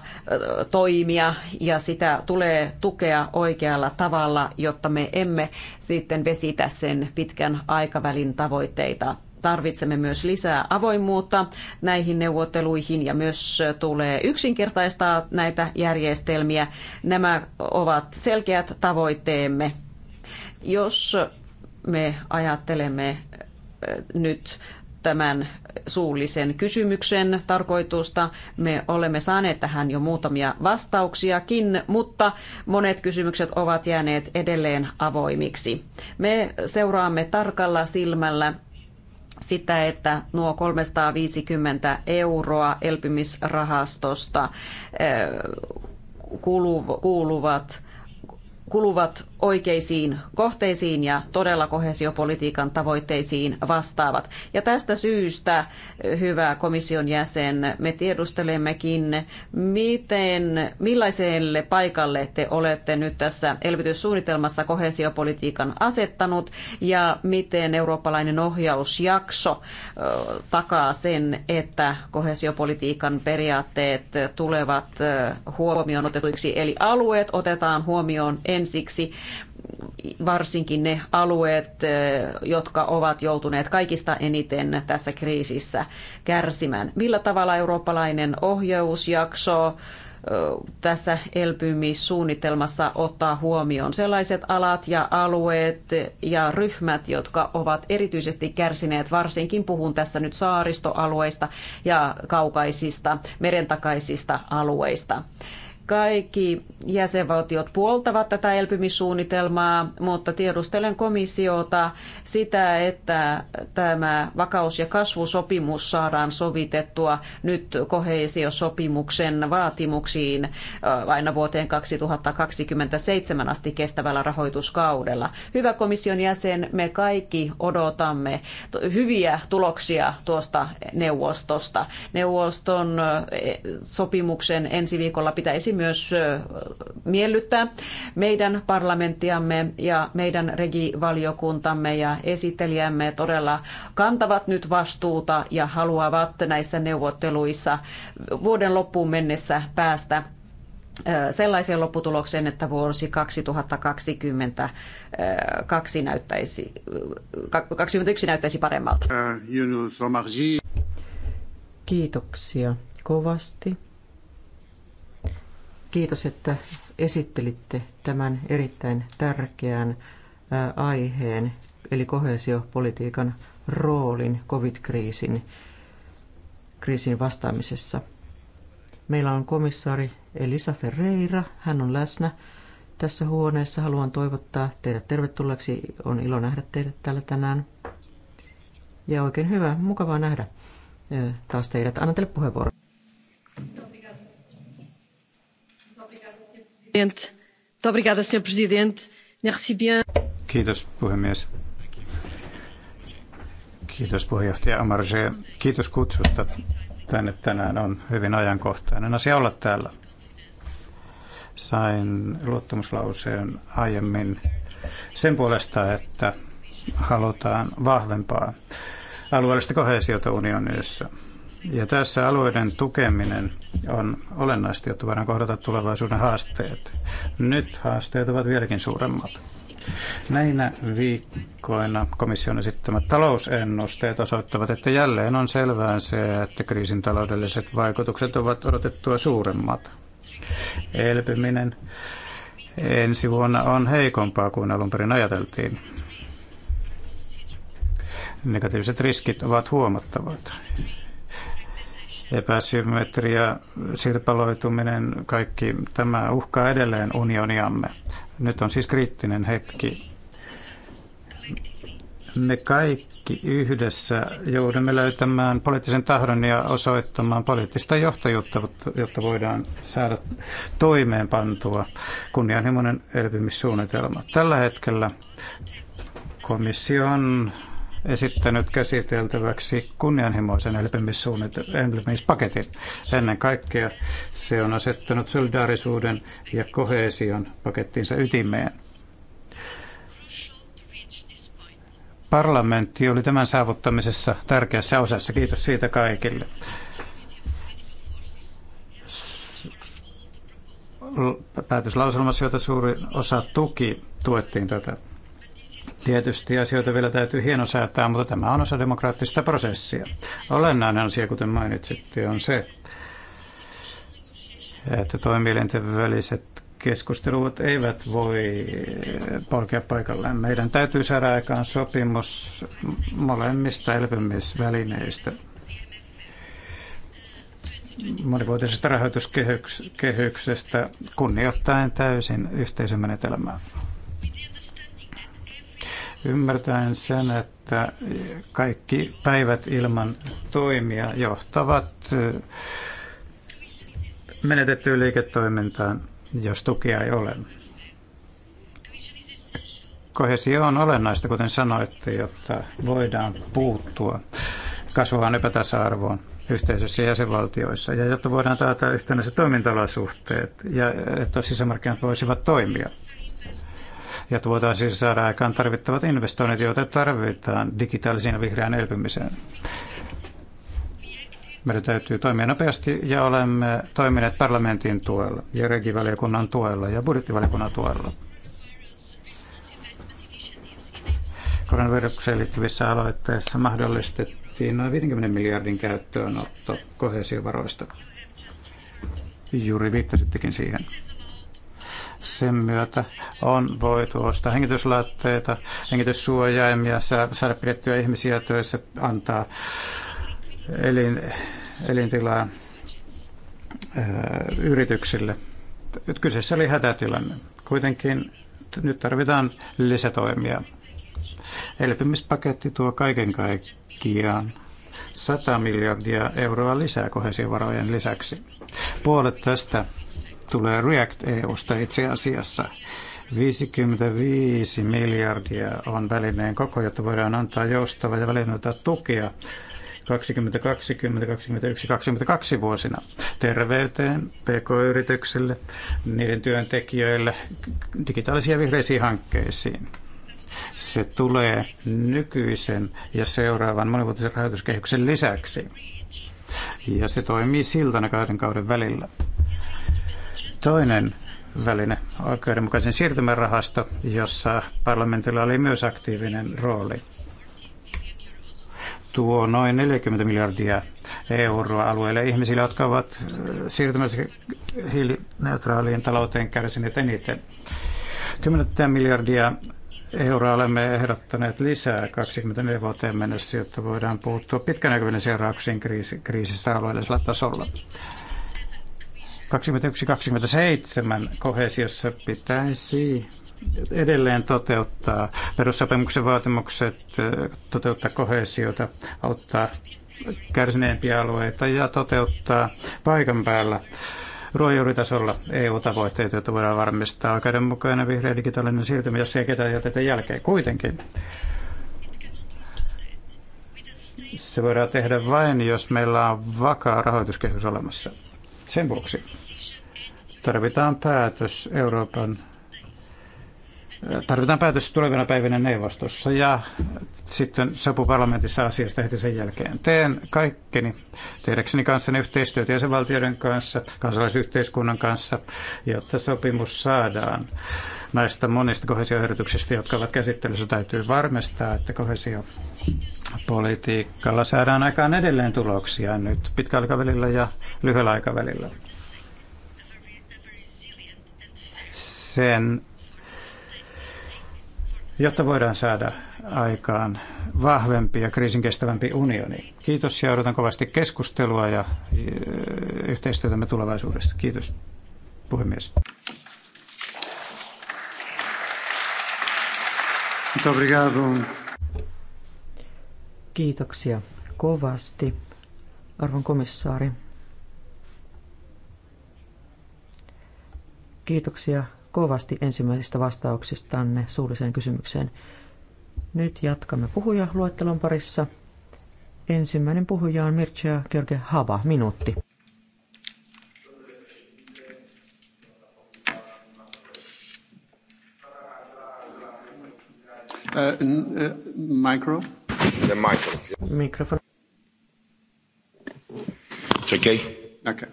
toimia ja sitä tulee tukea oikealla tavalla, jotta me emme sitten vesitä sen pitkän aikavälin tavoitteita tarvitsemme myös lisää avoimuutta näihin neuvotteluihin ja myös tulee yksinkertaistaa näitä järjestelmiä. Nämä ovat selkeät tavoitteemme. Jos me ajattelemme nyt tämän suullisen kysymyksen tarkoitusta. Me olemme saaneet tähän jo muutamia vastauksiakin, mutta monet kysymykset ovat jääneet edelleen avoimiksi. Me seuraamme tarkalla silmällä sitä, että nuo 350 euroa elpymisrahastosta eh, kuuluvat, kuluvat oikeisiin kohteisiin ja todella kohesiopolitiikan tavoitteisiin vastaavat. Ja tästä syystä, hyvä komission jäsen, me tiedustelemmekin, miten, millaiselle paikalle te olette nyt tässä elvytyssuunnitelmassa kohesiopolitiikan asettanut ja miten eurooppalainen ohjausjakso takaa sen, että kohesiopolitiikan periaatteet tulevat huomioon otetuiksi, eli alueet otetaan huomioon ensiksi varsinkin ne alueet, eh, jotka ovat joutuneet kaikista eniten tässä kriisissä kärsimään. Millä tavalla eurooppalainen ohjausjakso eh, tässä elpymissuunnitelmassa ottaa huomioon sellaiset alat ja alueet ja ryhmät, jotka ovat erityisesti kärsineet, varsinkin puhun tässä nyt saaristoalueista ja kaukaisista merentakaisista alueista. Kaikki jäsenvaltiot puoltavat tätä elpymissuunnitelmaa, mutta tiedustelen komissiota sitä, että tämä vakaus- ja kasvusopimus saadaan sovitettua nyt kohesiosopimuksen vaatimuksiin äh, aina vuoteen 2027 asti kestävällä rahoituskaudella. Hyvä komission jäsen, me kaikki odotamme hyviä tuloksia tuosta neuvostosta. Neuvoston äh, sopimuksen ensi viikolla pitäisi myös miellyttää meidän parlamenttiamme ja meidän regivaliokuntamme ja esittelijämme todella kantavat nyt vastuuta ja haluavat näissä neuvotteluissa vuoden loppuun mennessä päästä sellaiseen lopputulokseen, että vuosi 2022 näyttäisi, 2021 näyttäisi paremmalta. Uh, Kiitoksia kovasti. Kiitos, että esittelitte tämän erittäin tärkeän aiheen, eli kohesiopolitiikan roolin COVID-kriisin kriisin vastaamisessa. Meillä on komissaari Elisa Ferreira, hän on läsnä tässä huoneessa. Haluan toivottaa teidät tervetulleeksi. On ilo nähdä teidät täällä tänään. Ja oikein hyvä, mukavaa nähdä taas teidät. Annan teille puheenvuoron. Kiitos puhemies. Kiitos puheenjohtaja Kiitos kutsusta tänne tänään. On hyvin ajankohtainen asia olla täällä. Sain luottamuslauseen aiemmin sen puolesta, että halutaan vahvempaa alueellista kohesiota unionissa ja tässä alueiden tukeminen on olennaista, jotta voidaan kohdata tulevaisuuden haasteet. Nyt haasteet ovat vieläkin suuremmat. Näinä viikkoina komission esittämät talousennusteet osoittavat, että jälleen on selvää se, että kriisin taloudelliset vaikutukset ovat odotettua suuremmat. Elpyminen ensi vuonna on heikompaa kuin alun perin ajateltiin. Negatiiviset riskit ovat huomattavat epäsymmetria, sirpaloituminen, kaikki tämä uhkaa edelleen unioniamme. Nyt on siis kriittinen hetki. Me kaikki yhdessä joudumme löytämään poliittisen tahdon ja osoittamaan poliittista johtajuutta, jotta voidaan saada toimeenpantua kunnianhimoinen elpymissuunnitelma. Tällä hetkellä komissio on esittänyt käsiteltäväksi kunnianhimoisen elpymispaketin. Ennen kaikkea se on asettanut solidaarisuuden ja kohesion pakettiinsa ytimeen. Parlamentti oli tämän saavuttamisessa tärkeässä osassa. Kiitos siitä kaikille. Päätöslauselmassa, jota suuri osa tuki, tuettiin tätä Tietysti asioita vielä täytyy hienosäätää, mutta tämä on osa demokraattista prosessia. Olennainen asia, kuten mainitsitte, on se, että toimielinten väliset keskustelut eivät voi polkea paikalleen. Meidän täytyy saada aikaan sopimus molemmista elpymisvälineistä monivuotisesta rahoituskehyksestä kunnioittain täysin yhteisömenetelmää ymmärtäen sen, että kaikki päivät ilman toimia johtavat eh, menetettyyn liiketoimintaan, jos tukia ei ole. Kohesio on olennaista, kuten sanoitte, jotta voidaan puuttua kasvavaan epätasa-arvoon yhteisössä jäsenvaltioissa, ja jotta voidaan taata yhtenäiset toimintalaisuhteet ja että sisämarkkinat voisivat toimia ja siis saada aikaan tarvittavat investoinnit, joita tarvitaan digitaalisen ja vihreän elpymiseen. Meidän täytyy toimia nopeasti ja olemme toimineet parlamentin tuella ja regivaliokunnan tuella ja budjettivaliokunnan tuella. Koronavirukseen liittyvissä aloitteissa mahdollistettiin noin 50 miljardin käyttöönotto kohesiovaroista. Juuri viittasittekin siihen. Sen myötä on voitu ostaa hengityslaitteita, hengityssuojaimia, saada pidettyä ihmisiä töissä, antaa elin, elintilaa öö, yrityksille. Kyseessä oli hätätilanne. Kuitenkin nyt tarvitaan lisätoimia. Elpymispaketti tuo kaiken kaikkiaan 100 miljardia euroa lisää kohesiovarojen lisäksi. Puolet tästä tulee React EUsta itse asiassa. 55 miljardia on välineen koko, jotta voidaan antaa joustava ja välineitä tukea 2020, 2021, 2022 vuosina terveyteen, pk-yrityksille, niiden työntekijöille, digitaalisiin ja vihreisiin hankkeisiin. Se tulee nykyisen ja seuraavan monivuotisen rahoituskehyksen lisäksi. Ja se toimii siltana kahden kauden välillä. Toinen väline, oikeudenmukaisen siirtymän rahasto, jossa parlamentilla oli myös aktiivinen rooli. Tuo noin 40 miljardia euroa alueille ihmisille, jotka ovat siirtymässä hiilineutraaliin talouteen kärsineet eniten. 10 miljardia euroa olemme ehdottaneet lisää 24 vuoteen mennessä, jotta voidaan puuttua pitkän näkyvyyden seurauksiin kriisistä alueellisella tasolla. 21-27 kohesiossa pitäisi edelleen toteuttaa perussopimuksen vaatimukset, toteuttaa kohesiota, auttaa kärsineempiä alueita ja toteuttaa paikan päällä ruohonjuuritasolla EU-tavoitteita, joita voidaan varmistaa oikeudenmukainen vihreä digitaalinen siirtymä, jos ei ketään jätetä jälkeen. Kuitenkin se voidaan tehdä vain, jos meillä on vakaa rahoituskehys olemassa. Sen vuoksi tarvitaan päätös Euroopan Tarvitaan päätös tulevina päivinä neuvostossa ja sitten sopu parlamentissa asiasta heti sen jälkeen. Teen kaikkeni tehdäkseni kanssa yhteistyötä jäsenvaltioiden kanssa, kansalaisyhteiskunnan kanssa, jotta sopimus saadaan. Näistä monista kohesioehdotuksista, jotka ovat käsittelyssä, täytyy varmistaa, että kohesio politiikalla saadaan aikaan edelleen tuloksia nyt pitkällä aikavälillä ja lyhyellä aikavälillä. Sen, jotta voidaan saada aikaan vahvempi ja kriisin kestävämpi unioni. Kiitos ja odotan kovasti keskustelua ja e, yhteistyötämme tulevaisuudessa. Kiitos puhemies. Muito obrigado. Kiitoksia kovasti, arvon komissaari. Kiitoksia kovasti ensimmäisistä vastauksistanne suulliseen kysymykseen. Nyt jatkamme luettelon parissa. Ensimmäinen puhuja on Mircea George Hava, minuutti. Uh, uh, micro. Michael. Mikrofon. It's okay? Okay.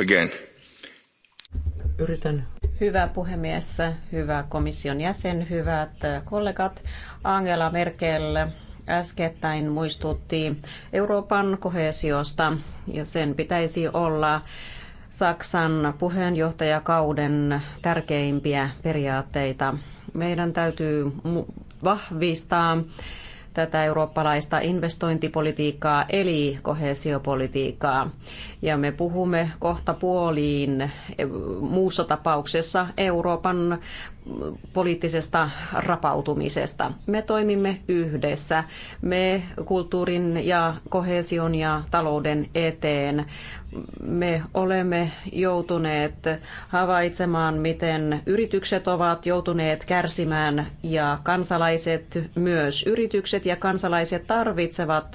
Again. Yritän. Hyvä puhemies, hyvä komission jäsen, hyvät kollegat. Angela Merkel äskettäin muistutti Euroopan kohesiosta ja sen pitäisi olla Saksan puheenjohtajakauden tärkeimpiä periaatteita. Meidän täytyy vahvistaa tätä eurooppalaista investointipolitiikkaa eli kohesiopolitiikkaa. Ja me puhumme kohta puoliin eh, muussa tapauksessa Euroopan poliittisesta rapautumisesta. Me toimimme yhdessä. Me kulttuurin ja kohesion ja talouden eteen. Me olemme joutuneet havaitsemaan, miten yritykset ovat joutuneet kärsimään ja kansalaiset myös. Yritykset ja kansalaiset tarvitsevat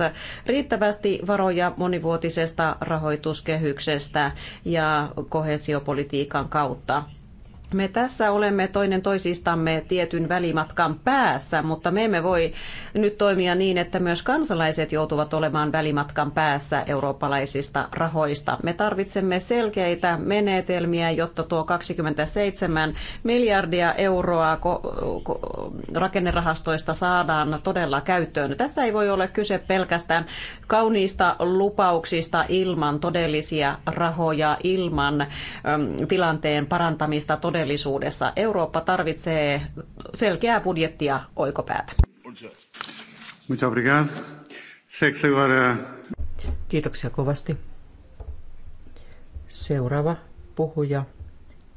riittävästi varoja monivuotisesta rahoituskehyksestä ja kohesiopolitiikan kautta me tässä olemme toinen toisistamme tietyn välimatkan päässä, mutta me emme voi nyt toimia niin, että myös kansalaiset joutuvat olemaan välimatkan päässä eurooppalaisista rahoista. Me tarvitsemme selkeitä menetelmiä, jotta tuo 27 miljardia euroa rakennerahastoista saadaan todella käyttöön. Tässä ei voi olla kyse pelkästään kauniista lupauksista ilman todellisia rahoja, ilman tilanteen parantamista todella todellisuudessa. Eurooppa tarvitsee selkeää budjettia oikopäätä. Kiitoksia kovasti. Seuraava puhuja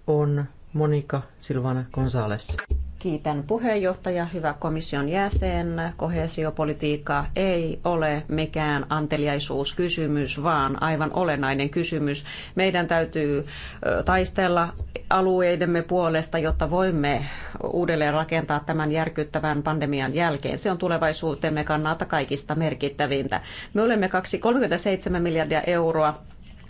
on Monika Silvana González. Kiitän puheenjohtaja, hyvä komission jäsen. Kohesiopolitiikka ei ole mikään anteliaisuuskysymys, vaan aivan olennainen kysymys. Meidän täytyy taistella alueidemme puolesta, jotta voimme uudelleen rakentaa tämän järkyttävän pandemian jälkeen. Se on tulevaisuutemme kannalta kaikista merkittävintä. Me olemme 2,37 miljardia euroa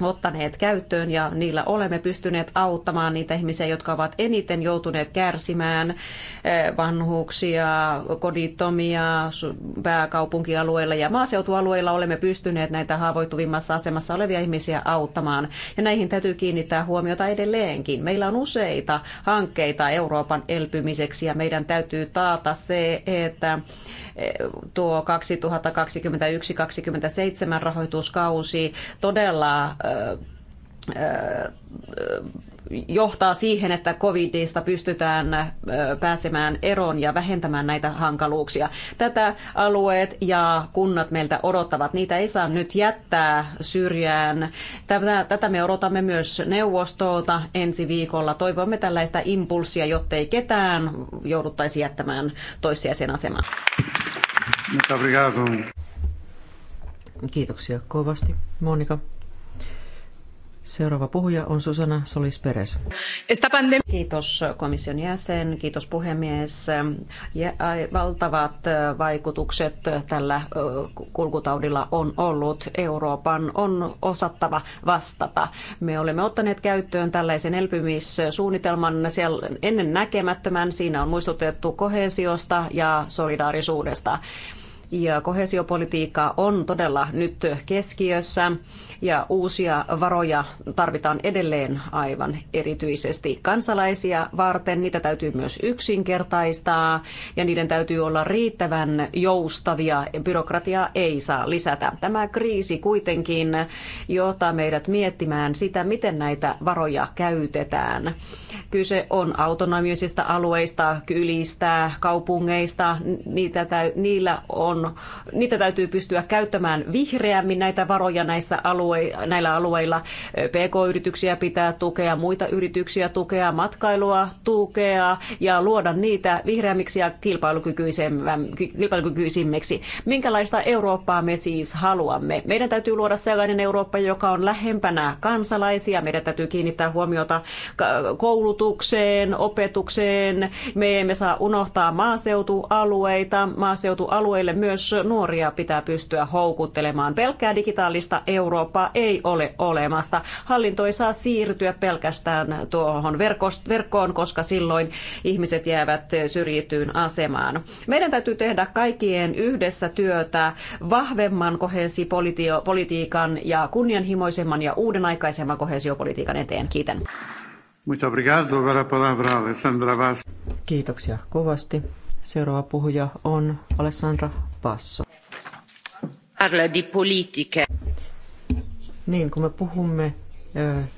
ottaneet käyttöön ja niillä olemme pystyneet auttamaan niitä ihmisiä, jotka ovat eniten joutuneet kärsimään eh, vanhuksia, kodittomia pääkaupunkialueilla ja maaseutualueilla olemme pystyneet näitä haavoittuvimmassa asemassa olevia ihmisiä auttamaan. Ja näihin täytyy kiinnittää huomiota edelleenkin. Meillä on useita hankkeita Euroopan elpymiseksi ja meidän täytyy taata se, että tuo 2021-2027 rahoituskausi todella johtaa siihen, että covidista pystytään pääsemään eroon ja vähentämään näitä hankaluuksia. Tätä alueet ja kunnat meiltä odottavat. Niitä ei saa nyt jättää syrjään. Tätä, me odotamme myös neuvostolta ensi viikolla. Toivomme tällaista impulssia, jottei ketään jouduttaisi jättämään toissijaisen asemaan. Kiitoksia kovasti, Monika. Seuraava puhuja on Susana Solis Peres. Kiitos komission jäsen, kiitos puhemies. Ja valtavat vaikutukset tällä kulkutaudilla on ollut. Euroopan on osattava vastata. Me olemme ottaneet käyttöön tällaisen elpymissuunnitelman siellä ennen näkemättömän. Siinä on muistutettu kohesiosta ja solidaarisuudesta ja kohesiopolitiikka on todella nyt keskiössä ja uusia varoja tarvitaan edelleen aivan erityisesti kansalaisia varten. Niitä täytyy myös yksinkertaistaa ja niiden täytyy olla riittävän joustavia. Byrokratiaa ei saa lisätä. Tämä kriisi kuitenkin johtaa meidät miettimään sitä, miten näitä varoja käytetään. Kyse on autonomisista alueista, kylistä, kaupungeista. Niitä täy- niillä on niitä täytyy pystyä käyttämään vihreämmin näitä varoja näissä alue, näillä alueilla. PK-yrityksiä pitää tukea, muita yrityksiä tukea, matkailua tukea ja luoda niitä vihreämmiksi ja kilpailukykyisimmiksi. Minkälaista Eurooppaa me siis haluamme? Meidän täytyy luoda sellainen Eurooppa, joka on lähempänä kansalaisia. Meidän täytyy kiinnittää huomiota koulutukseen, opetukseen. Me emme saa unohtaa maaseutualueita. Maaseutualueille myös nuoria pitää pystyä houkuttelemaan. Pelkkää digitaalista Eurooppaa ei ole olemasta. Hallinto ei saa siirtyä pelkästään tuohon verkkoon, koska silloin ihmiset jäävät syrjityyn asemaan. Meidän täytyy tehdä kaikkien yhdessä työtä vahvemman kohesiopolitiikan ja kunnianhimoisemman ja uuden aikaisemman kohesiopolitiikan eteen. Kiitän. Kiitoksia kovasti. Seuraava puhuja on Alessandra Passo. Parla di Niin, kun me puhumme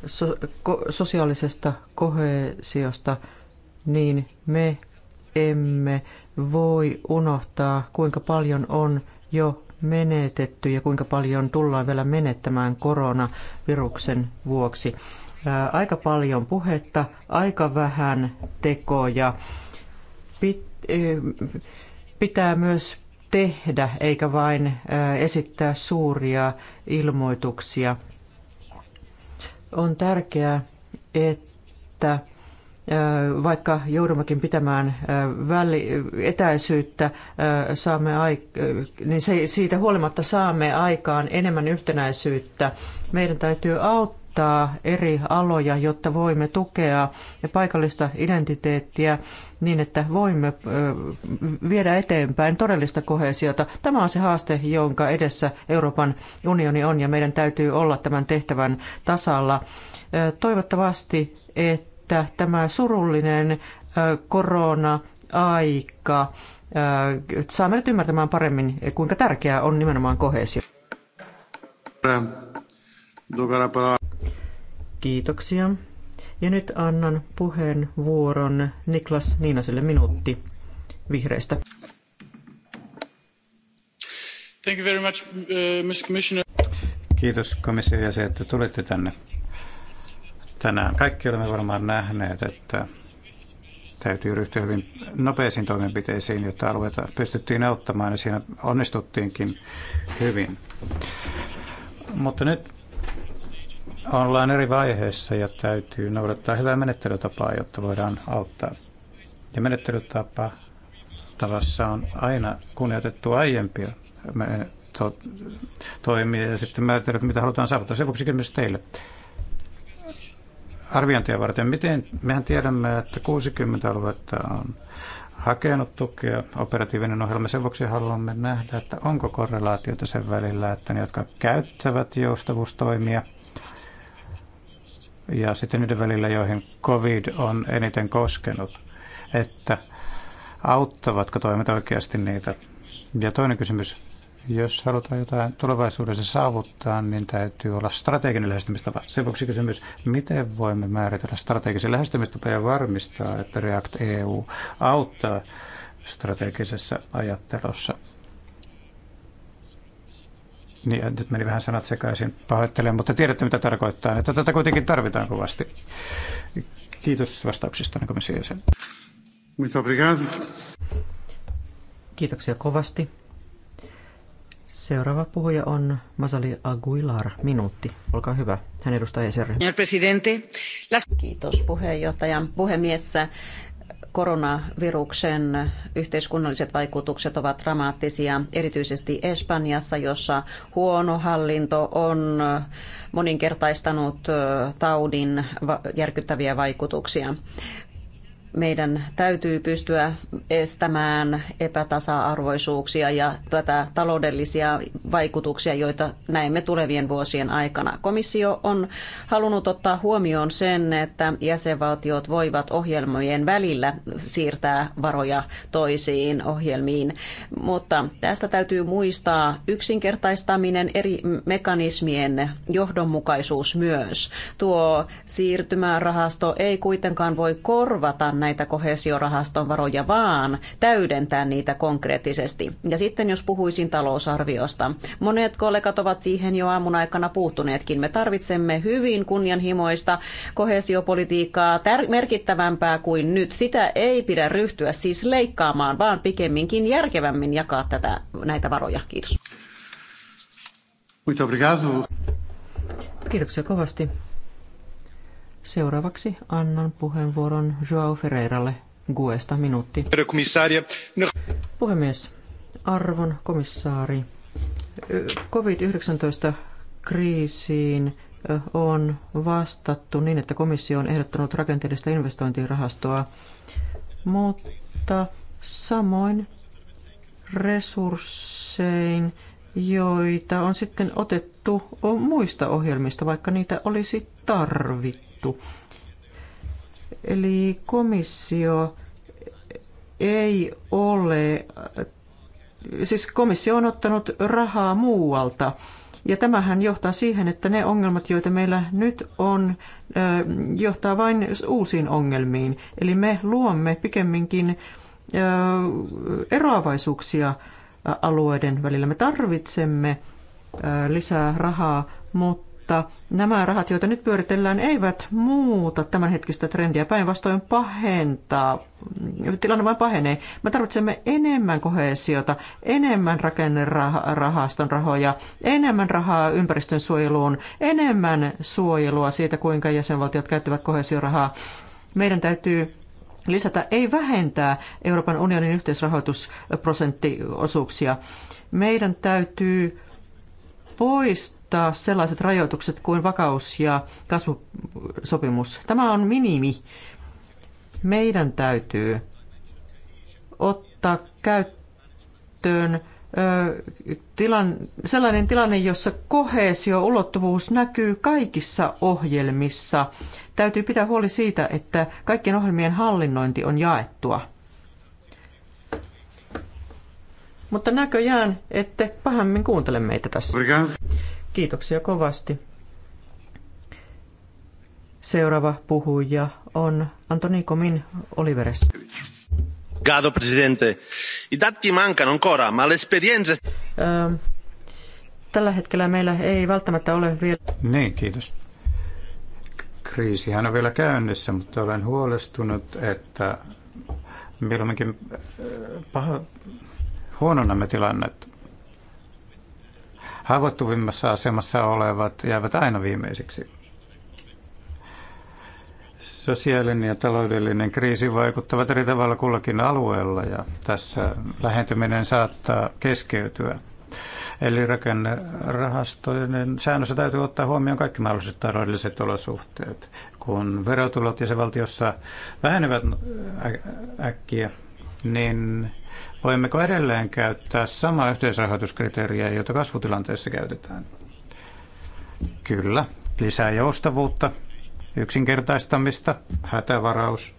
so, ko, sosiaalisesta kohesiosta, niin me emme voi unohtaa, kuinka paljon on jo menetetty ja kuinka paljon tullaan vielä menettämään koronaviruksen vuoksi. Aika paljon puhetta, aika vähän tekoja. Pit- pitää myös tehdä, eikä vain esittää suuria ilmoituksia. On tärkeää, että vaikka joudummekin pitämään väli, etäisyyttä, saamme niin siitä huolimatta saamme aikaan enemmän yhtenäisyyttä. Meidän täytyy auttaa kouluttaa eri aloja, jotta voimme tukea paikallista identiteettiä niin, että voimme viedä eteenpäin todellista kohesiota. Tämä on se haaste, jonka edessä Euroopan unioni on ja meidän täytyy olla tämän tehtävän tasalla. Toivottavasti, että tämä surullinen korona-aika saa meidät ymmärtämään paremmin, kuinka tärkeää on nimenomaan kohesio. Kiitoksia. Ja nyt annan puheenvuoron Niklas Niinaselle minuutti vihreistä. Thank you very much, uh, Mr. Commissioner. Kiitos komission jäsen, että tulitte tänne tänään. Kaikki olemme varmaan nähneet, että täytyy ryhtyä hyvin nopeisiin toimenpiteisiin, jotta alueita pystyttiin auttamaan ja siinä onnistuttiinkin hyvin. Mutta nyt ollaan eri vaiheessa ja täytyy noudattaa hyvää menettelytapaa, jotta voidaan auttaa. Ja menettelytapa tavassa on aina kunnioitettu aiempia to, toimia ja sitten määritellyt, mitä halutaan saavuttaa. Sen vuoksi kysymys teille. Arviointia varten, miten, mehän tiedämme, että 60 aluetta on hakenut tukea operatiivinen ohjelma. Sen vuoksi haluamme nähdä, että onko korrelaatiota sen välillä, että ne, jotka käyttävät joustavuustoimia – ja sitten niiden välillä, joihin COVID on eniten koskenut, että auttavatko toimet oikeasti niitä. Ja toinen kysymys, jos halutaan jotain tulevaisuudessa saavuttaa, niin täytyy olla strateginen lähestymistapa. Sen vuoksi kysymys, miten voimme määritellä strategisen lähestymistapa ja varmistaa, että React EU auttaa strategisessa ajattelussa niin, nyt meni vähän sanat sekaisin, pahoittelen, mutta tiedätte mitä tarkoittaa, että tätä kuitenkin tarvitaan kovasti. Kiitos vastauksista, niin komissio jäsen. Kiitoksia kovasti. Seuraava puhuja on Masali Aguilar, minuutti. Olkaa hyvä. Hän edustaa ESR. Kiitos puheenjohtajan puhemies koronaviruksen yhteiskunnalliset vaikutukset ovat dramaattisia, erityisesti Espanjassa, jossa huono hallinto on moninkertaistanut taudin järkyttäviä vaikutuksia meidän täytyy pystyä estämään epätasa-arvoisuuksia ja tätä taloudellisia vaikutuksia, joita näemme tulevien vuosien aikana. Komissio on halunnut ottaa huomioon sen, että jäsenvaltiot voivat ohjelmojen välillä siirtää varoja toisiin ohjelmiin, mutta tästä täytyy muistaa yksinkertaistaminen eri mekanismien johdonmukaisuus myös. Tuo siirtymärahasto ei kuitenkaan voi korvata näitä näitä kohesiorahaston varoja, vaan täydentää niitä konkreettisesti. Ja sitten jos puhuisin talousarviosta. Monet kollegat ovat siihen jo aamun aikana puuttuneetkin. Me tarvitsemme hyvin kunnianhimoista kohesiopolitiikkaa, merkittävämpää kuin nyt. Sitä ei pidä ryhtyä siis leikkaamaan, vaan pikemminkin järkevämmin jakaa tätä, näitä varoja. Kiitos. Muito obrigado. Kiitoksia kovasti. Seuraavaksi annan puheenvuoron Joao Ferreiralle Guesta minuutti. No- Puhemies, arvon komissaari, COVID-19 kriisiin on vastattu niin, että komissio on ehdottanut rakenteellista investointirahastoa, mutta samoin resurssein, joita on sitten otettu muista ohjelmista, vaikka niitä olisi tarvittu todettu. Eli komissio ei ole, siis komissio on ottanut rahaa muualta. Ja tämähän johtaa siihen, että ne ongelmat, joita meillä nyt on, johtaa vain uusiin ongelmiin. Eli me luomme pikemminkin eroavaisuuksia alueiden välillä. Me tarvitsemme lisää rahaa, mutta mutta nämä rahat, joita nyt pyöritellään, eivät muuta tämänhetkistä trendiä. Päinvastoin pahentaa, tilanne vain pahenee. Me tarvitsemme enemmän kohesiota, enemmän rakennerahaston rahoja, enemmän rahaa ympäristön suojeluun, enemmän suojelua siitä, kuinka jäsenvaltiot käyttävät kohesiorahaa. Meidän täytyy lisätä, ei vähentää Euroopan unionin yhteisrahoitusprosenttiosuuksia. Meidän täytyy poistaa ottaa sellaiset rajoitukset kuin vakaus- ja kasvusopimus. Tämä on minimi. Meidän täytyy ottaa käyttöön tilan, sellainen tilanne, jossa kohesio-ulottuvuus näkyy kaikissa ohjelmissa. Täytyy pitää huoli siitä, että kaikkien ohjelmien hallinnointi on jaettua. Mutta näköjään että pahemmin kuuntele meitä tässä. Kiitoksia kovasti. Seuraava puhuja on Antoni Komin Oliveres. Gado, presidente. I dati mancano ancora, ma l'esperienza... Ähm, tällä hetkellä meillä ei välttämättä ole vielä... Niin, kiitos. Kriisihän on vielä käynnissä, mutta olen huolestunut, että mieluumminkin äh, paha, huononamme tilannetta. Haavoittuvimmassa asemassa olevat jäävät aina viimeisiksi. Sosiaalinen ja taloudellinen kriisi vaikuttavat eri tavalla kullakin alueella ja tässä lähentyminen saattaa keskeytyä. Eli rakennerahastojen säännössä täytyy ottaa huomioon kaikki mahdolliset taloudelliset olosuhteet. Kun verotulot valtiossa vähenevät äkkiä, niin Voimmeko edelleen käyttää samaa yhteisrahoituskriteeriä, jota kasvutilanteessa käytetään? Kyllä, lisää joustavuutta, yksinkertaistamista, hätävaraus.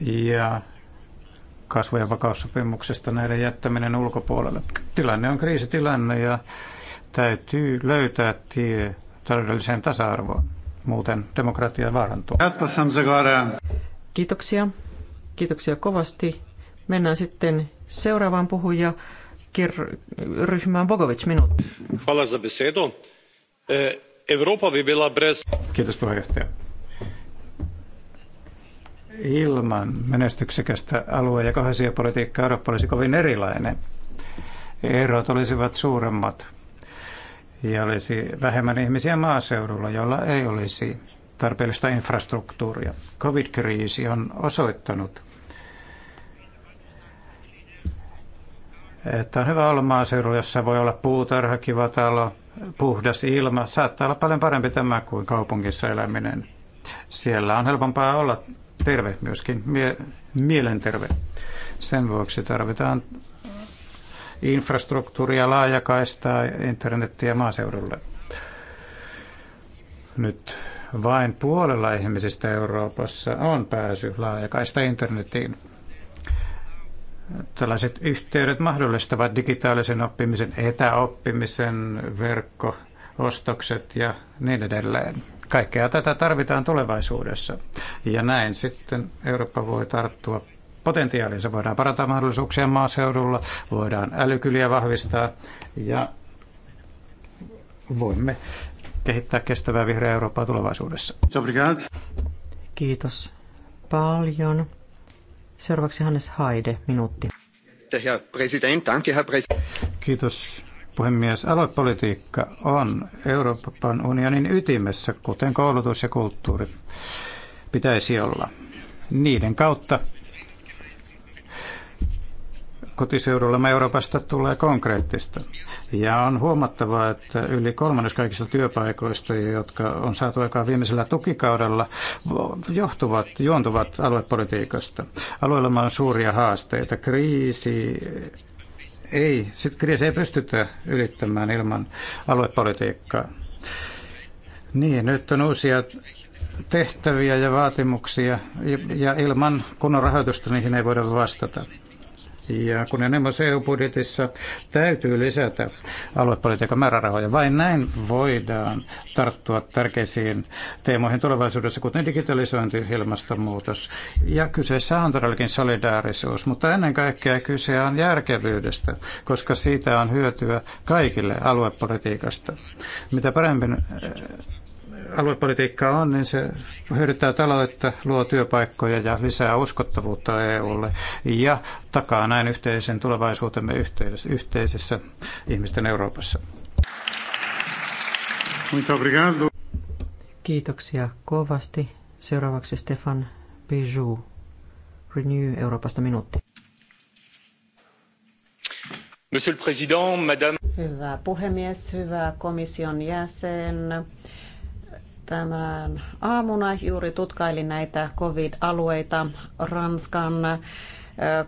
Ja kasvu- ja vakaussopimuksesta näiden jättäminen ulkopuolelle. Tilanne on kriisitilanne ja täytyy löytää tie taloudelliseen tasa-arvoon muuten demokratia vaarantuu. Kiitoksia. Kiitoksia kovasti. Mennään sitten seuraavaan puhuja ryhmään Bogovic minuutti. Hvala e, bi bila brez... Kiitos puheenjohtaja. Ilman menestyksekästä alue- ja kohesiopolitiikkaa Eurooppa olisi kovin erilainen. Erot olisivat suuremmat ja olisi vähemmän ihmisiä maaseudulla, jolla ei olisi tarpeellista infrastruktuuria. Covid-kriisi on osoittanut, että on hyvä olla maaseudulla, jossa voi olla puutarha, kiva talo, puhdas ilma. Saattaa olla paljon parempi tämä kuin kaupungissa eläminen. Siellä on helpompaa olla terve myöskin, mie- mielenterve. Sen vuoksi tarvitaan infrastruktuuria, laajakaistaa, internettiä maaseudulle. Nyt vain puolella ihmisistä Euroopassa on pääsy laajakaista internetiin. Tällaiset yhteydet mahdollistavat digitaalisen oppimisen, etäoppimisen, ostokset ja niin edelleen. Kaikkea tätä tarvitaan tulevaisuudessa. Ja näin sitten Eurooppa voi tarttua potentiaalinsa. Voidaan parantaa mahdollisuuksia maaseudulla, voidaan älykyliä vahvistaa ja voimme kehittää kestävää vihreää Eurooppaa tulevaisuudessa. Kiitos paljon. Seuraavaksi Hannes Haide, minuutti. Kiitos puhemies. Aluepolitiikka on Euroopan unionin ytimessä, kuten koulutus ja kulttuuri pitäisi olla. Niiden kautta kotiseudullamme Euroopasta tulee konkreettista. Ja on huomattavaa, että yli kolmannes kaikista työpaikoista, jotka on saatu aikaa viimeisellä tukikaudella, johtuvat, juontuvat aluepolitiikasta. Alueellamme on suuria haasteita. Kriisi, ei, sit kriisi ei pystytä ylittämään ilman aluepolitiikkaa. Niin, nyt on uusia tehtäviä ja vaatimuksia ja ilman kunnon rahoitusta niihin ei voida vastata. Ja kun enemmän EU-budjetissa täytyy lisätä aluepolitiikan määrärahoja, vain näin voidaan tarttua tärkeisiin teemoihin tulevaisuudessa, kuten digitalisointi, ilmastonmuutos. Ja kyseessä on todellakin solidaarisuus, mutta ennen kaikkea kyse on järkevyydestä, koska siitä on hyötyä kaikille aluepolitiikasta. Mitä paremmin aluepolitiikkaa on, niin se hyödyttää taloutta, luo työpaikkoja ja lisää uskottavuutta EUlle ja takaa näin yhteisen tulevaisuutemme yhteisessä, yhteisessä ihmisten Euroopassa. Kiitoksia kovasti. Seuraavaksi Stefan Bijou, Renew Euroopasta minuutti. Monsieur le Président, Madame... Hyvä puhemies, hyvä komission jäsen. Tämän aamuna juuri tutkailin näitä covid-alueita Ranskan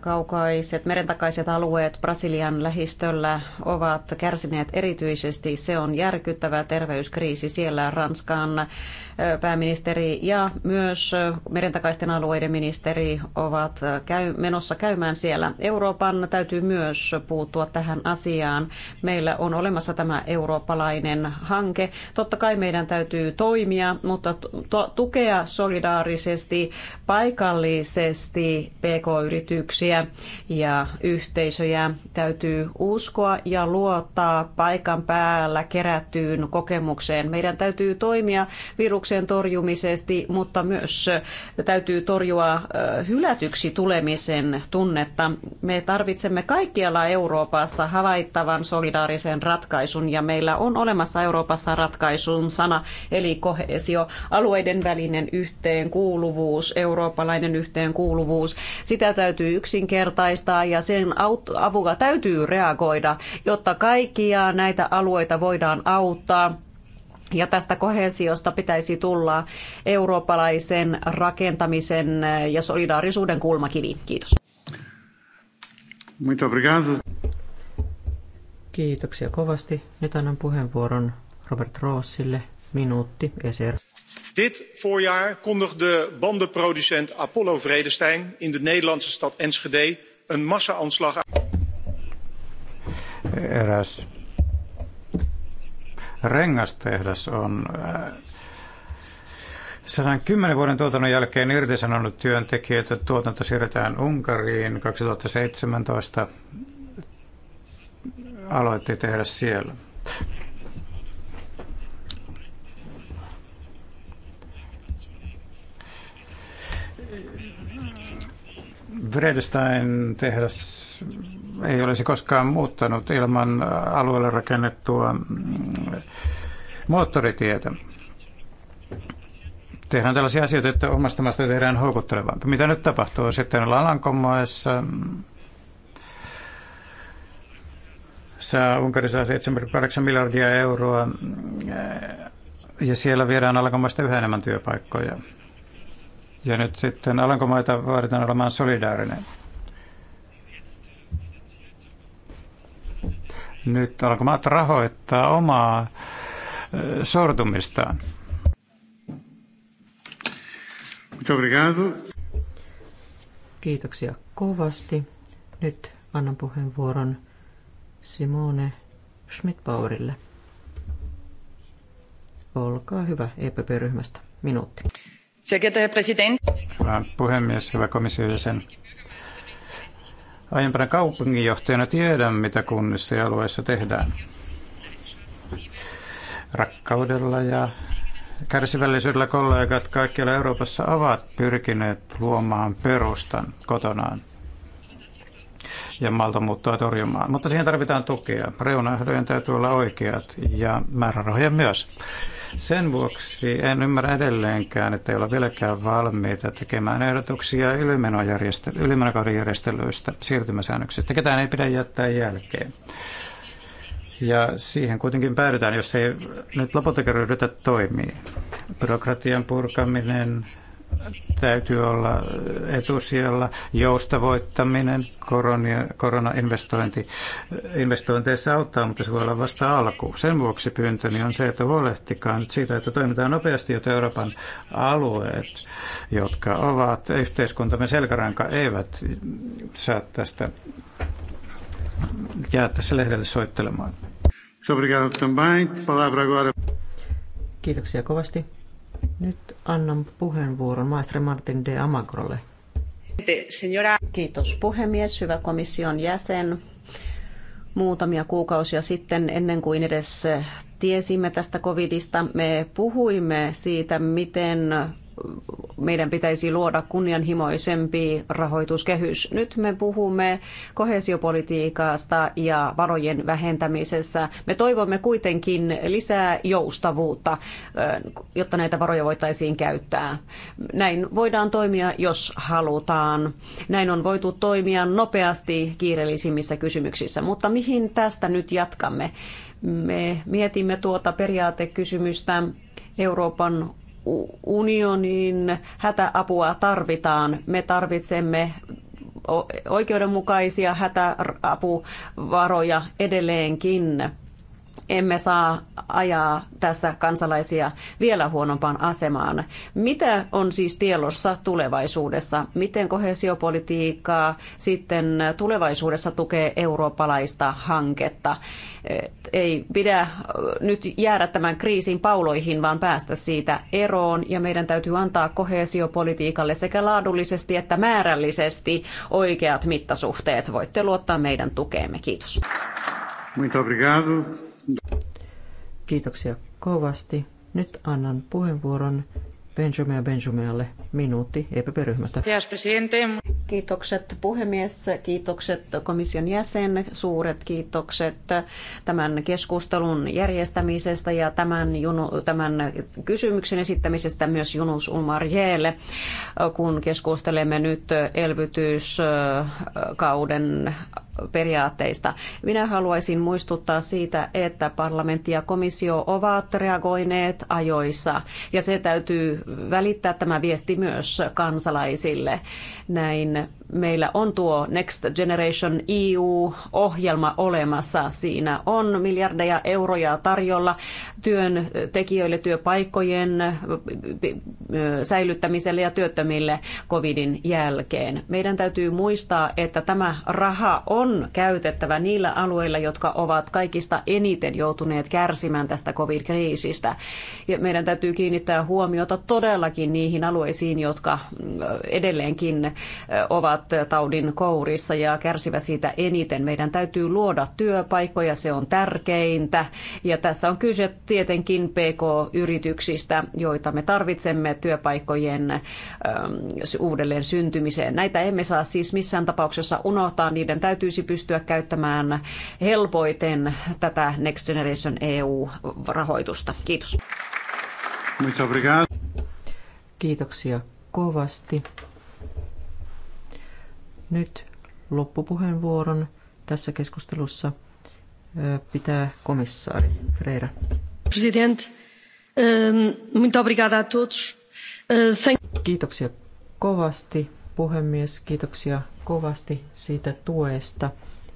kaukaiset merentakaiset alueet Brasilian lähistöllä ovat kärsineet erityisesti. Se on järkyttävä terveyskriisi siellä Ranskan pääministeri ja myös merentakaisten alueiden ministeri ovat käy, menossa käymään siellä. Euroopan täytyy myös puuttua tähän asiaan. Meillä on olemassa tämä eurooppalainen hanke. Totta kai meidän täytyy toimia, mutta tukea solidaarisesti, paikallisesti pk-yrityksiä yhteyksiä ja yhteisöjä. Täytyy uskoa ja luottaa paikan päällä kerättyyn kokemukseen. Meidän täytyy toimia viruksen torjumisesti, mutta myös täytyy torjua hylätyksi tulemisen tunnetta. Me tarvitsemme kaikkialla Euroopassa havaittavan solidaarisen ratkaisun ja meillä on olemassa Euroopassa ratkaisun sana eli kohesio, alueiden välinen yhteenkuuluvuus, eurooppalainen yhteenkuuluvuus. Sitä täytyy täytyy yksinkertaistaa ja sen avulla täytyy reagoida, jotta kaikkia näitä alueita voidaan auttaa. Ja tästä kohesiosta pitäisi tulla eurooppalaisen rakentamisen ja solidaarisuuden kulmakivi. Kiitos. Muito obrigado. Kiitoksia kovasti. Nyt annan puheenvuoron Robert Roosille. Minuutti, eser dit voorjaar kondigde bandenproducent apollo vredestein in de nederlandse stad enschede een massa aanslag Eräs rengastehdas on 110 äh, vuoden tuotannon jälkeen irtisanonut työntekijöitä. Tuotanto siirretään Unkariin 2017. Aloitti tehdä siellä. Vredestein tehdas ei olisi koskaan muuttanut ilman alueelle rakennettua moottoritietä. Tehdään tällaisia asioita, että omasta maasta tehdään houkuttelevampi. Mitä nyt tapahtuu sitten Lalankomaissa? Saa, Unkari saa 7,8 miljardia euroa ja siellä viedään alkamasta yhä enemmän työpaikkoja. Ja nyt sitten Alankomaita vaaditaan olemaan solidaarinen. Nyt Alankomaat rahoittaa omaa sortumistaan. Kiitoksia kovasti. Nyt annan puheenvuoron Simone Schmidbauerille. Olkaa hyvä EPP-ryhmästä. Minuutti. Hyvä puhemies, hyvä komission jäsen. Aiempana kaupunginjohtajana tiedän, mitä kunnissa ja alueissa tehdään. Rakkaudella ja kärsivällisyydellä kollegat kaikkialla Euroopassa ovat pyrkineet luomaan perustan kotonaan ja maahanmuuttoa torjumaan. Mutta siihen tarvitaan tukea. Reunaehdojen täytyy olla oikeat ja määrärahoja myös. Sen vuoksi en ymmärrä edelleenkään, että ei ole vieläkään valmiita tekemään ehdotuksia ylimenokauden järjestelyistä, siirtymäsäännöksistä. Ketään ei pidä jättää jälkeen. Ja siihen kuitenkin päädytään, jos ei nyt lopulta ryhdytä toimii. Byrokratian purkaminen, täytyy olla etusijalla joustavoittaminen, korona, koronainvestointi investointeissa auttaa, mutta se voi olla vasta alku. Sen vuoksi pyyntöni on se, että huolehtikaa nyt siitä, että toimitaan nopeasti, jotta Euroopan alueet, jotka ovat yhteiskuntamme selkäranka, eivät saa tästä jää tässä lehdelle soittelemaan. Kiitoksia kovasti. Nyt annan puheenvuoron maestri Martin de Amagrolle. Kiitos puhemies, hyvä komission jäsen. Muutamia kuukausia sitten, ennen kuin edes tiesimme tästä covidista, me puhuimme siitä, miten meidän pitäisi luoda kunnianhimoisempi rahoituskehys. Nyt me puhumme kohesiopolitiikasta ja varojen vähentämisessä. Me toivomme kuitenkin lisää joustavuutta, äh, jotta näitä varoja voitaisiin käyttää. Näin voidaan toimia, jos halutaan. Näin on voitu toimia nopeasti kiireellisimmissä kysymyksissä, mutta mihin tästä nyt jatkamme? Me mietimme tuota periaatekysymystä Euroopan unionin hätäapua tarvitaan. Me tarvitsemme oikeudenmukaisia hätäapuvaroja edelleenkin emme saa ajaa tässä kansalaisia vielä huonompaan asemaan. Mitä on siis tielossa tulevaisuudessa? Miten kohesiopolitiikkaa sitten tulevaisuudessa tukee eurooppalaista hanketta? Ei pidä äh, nyt jäädä tämän kriisin pauloihin, vaan päästä siitä eroon ja meidän täytyy antaa kohesiopolitiikalle sekä laadullisesti että määrällisesti oikeat mittasuhteet. Voitte luottaa meidän tukeemme. Kiitos. Muito obrigado. Kiitoksia kovasti. Nyt annan puheenvuoron Benjamia Benjamialle minuutti EPP-ryhmästä. Kiitokset puhemies, kiitokset komission jäsen, suuret kiitokset tämän keskustelun järjestämisestä ja tämän, junu, tämän kysymyksen esittämisestä myös Junus Ulmarjeelle, kun keskustelemme nyt elvytyskauden periaatteista. Minä haluaisin muistuttaa siitä, että parlamentti ja komissio ovat reagoineet ajoissa ja se täytyy välittää tämä viesti myös kansalaisille. Näin meillä on tuo Next Generation EU-ohjelma olemassa. Siinä on miljardeja euroja tarjolla työntekijöille, työpaikkojen säilyttämiselle ja työttömille covidin jälkeen. Meidän täytyy muistaa, että tämä raha on käytettävä niillä alueilla, jotka ovat kaikista eniten joutuneet kärsimään tästä covid-kriisistä. Ja meidän täytyy kiinnittää huomiota todellakin niihin alueisiin, jotka edelleenkin ovat taudin kourissa ja kärsivät siitä eniten. Meidän täytyy luoda työpaikkoja, se on tärkeintä. Ja tässä on kyse tietenkin PK-yrityksistä, joita me tarvitsemme työpaikkojen ähm, uudelleen syntymiseen. Näitä emme saa siis missään tapauksessa unohtaa. Niiden täytyisi pystyä käyttämään helpoiten tätä Next Generation EU-rahoitusta. Kiitos. Kiitoksia kovasti. Nyt loppupuheenvuoron tässä keskustelussa pitää komissaari Freira. President, muito obrigada a todos. Kiitoksia kovasti, puhemies. Kiitoksia kovasti siitä tuesta,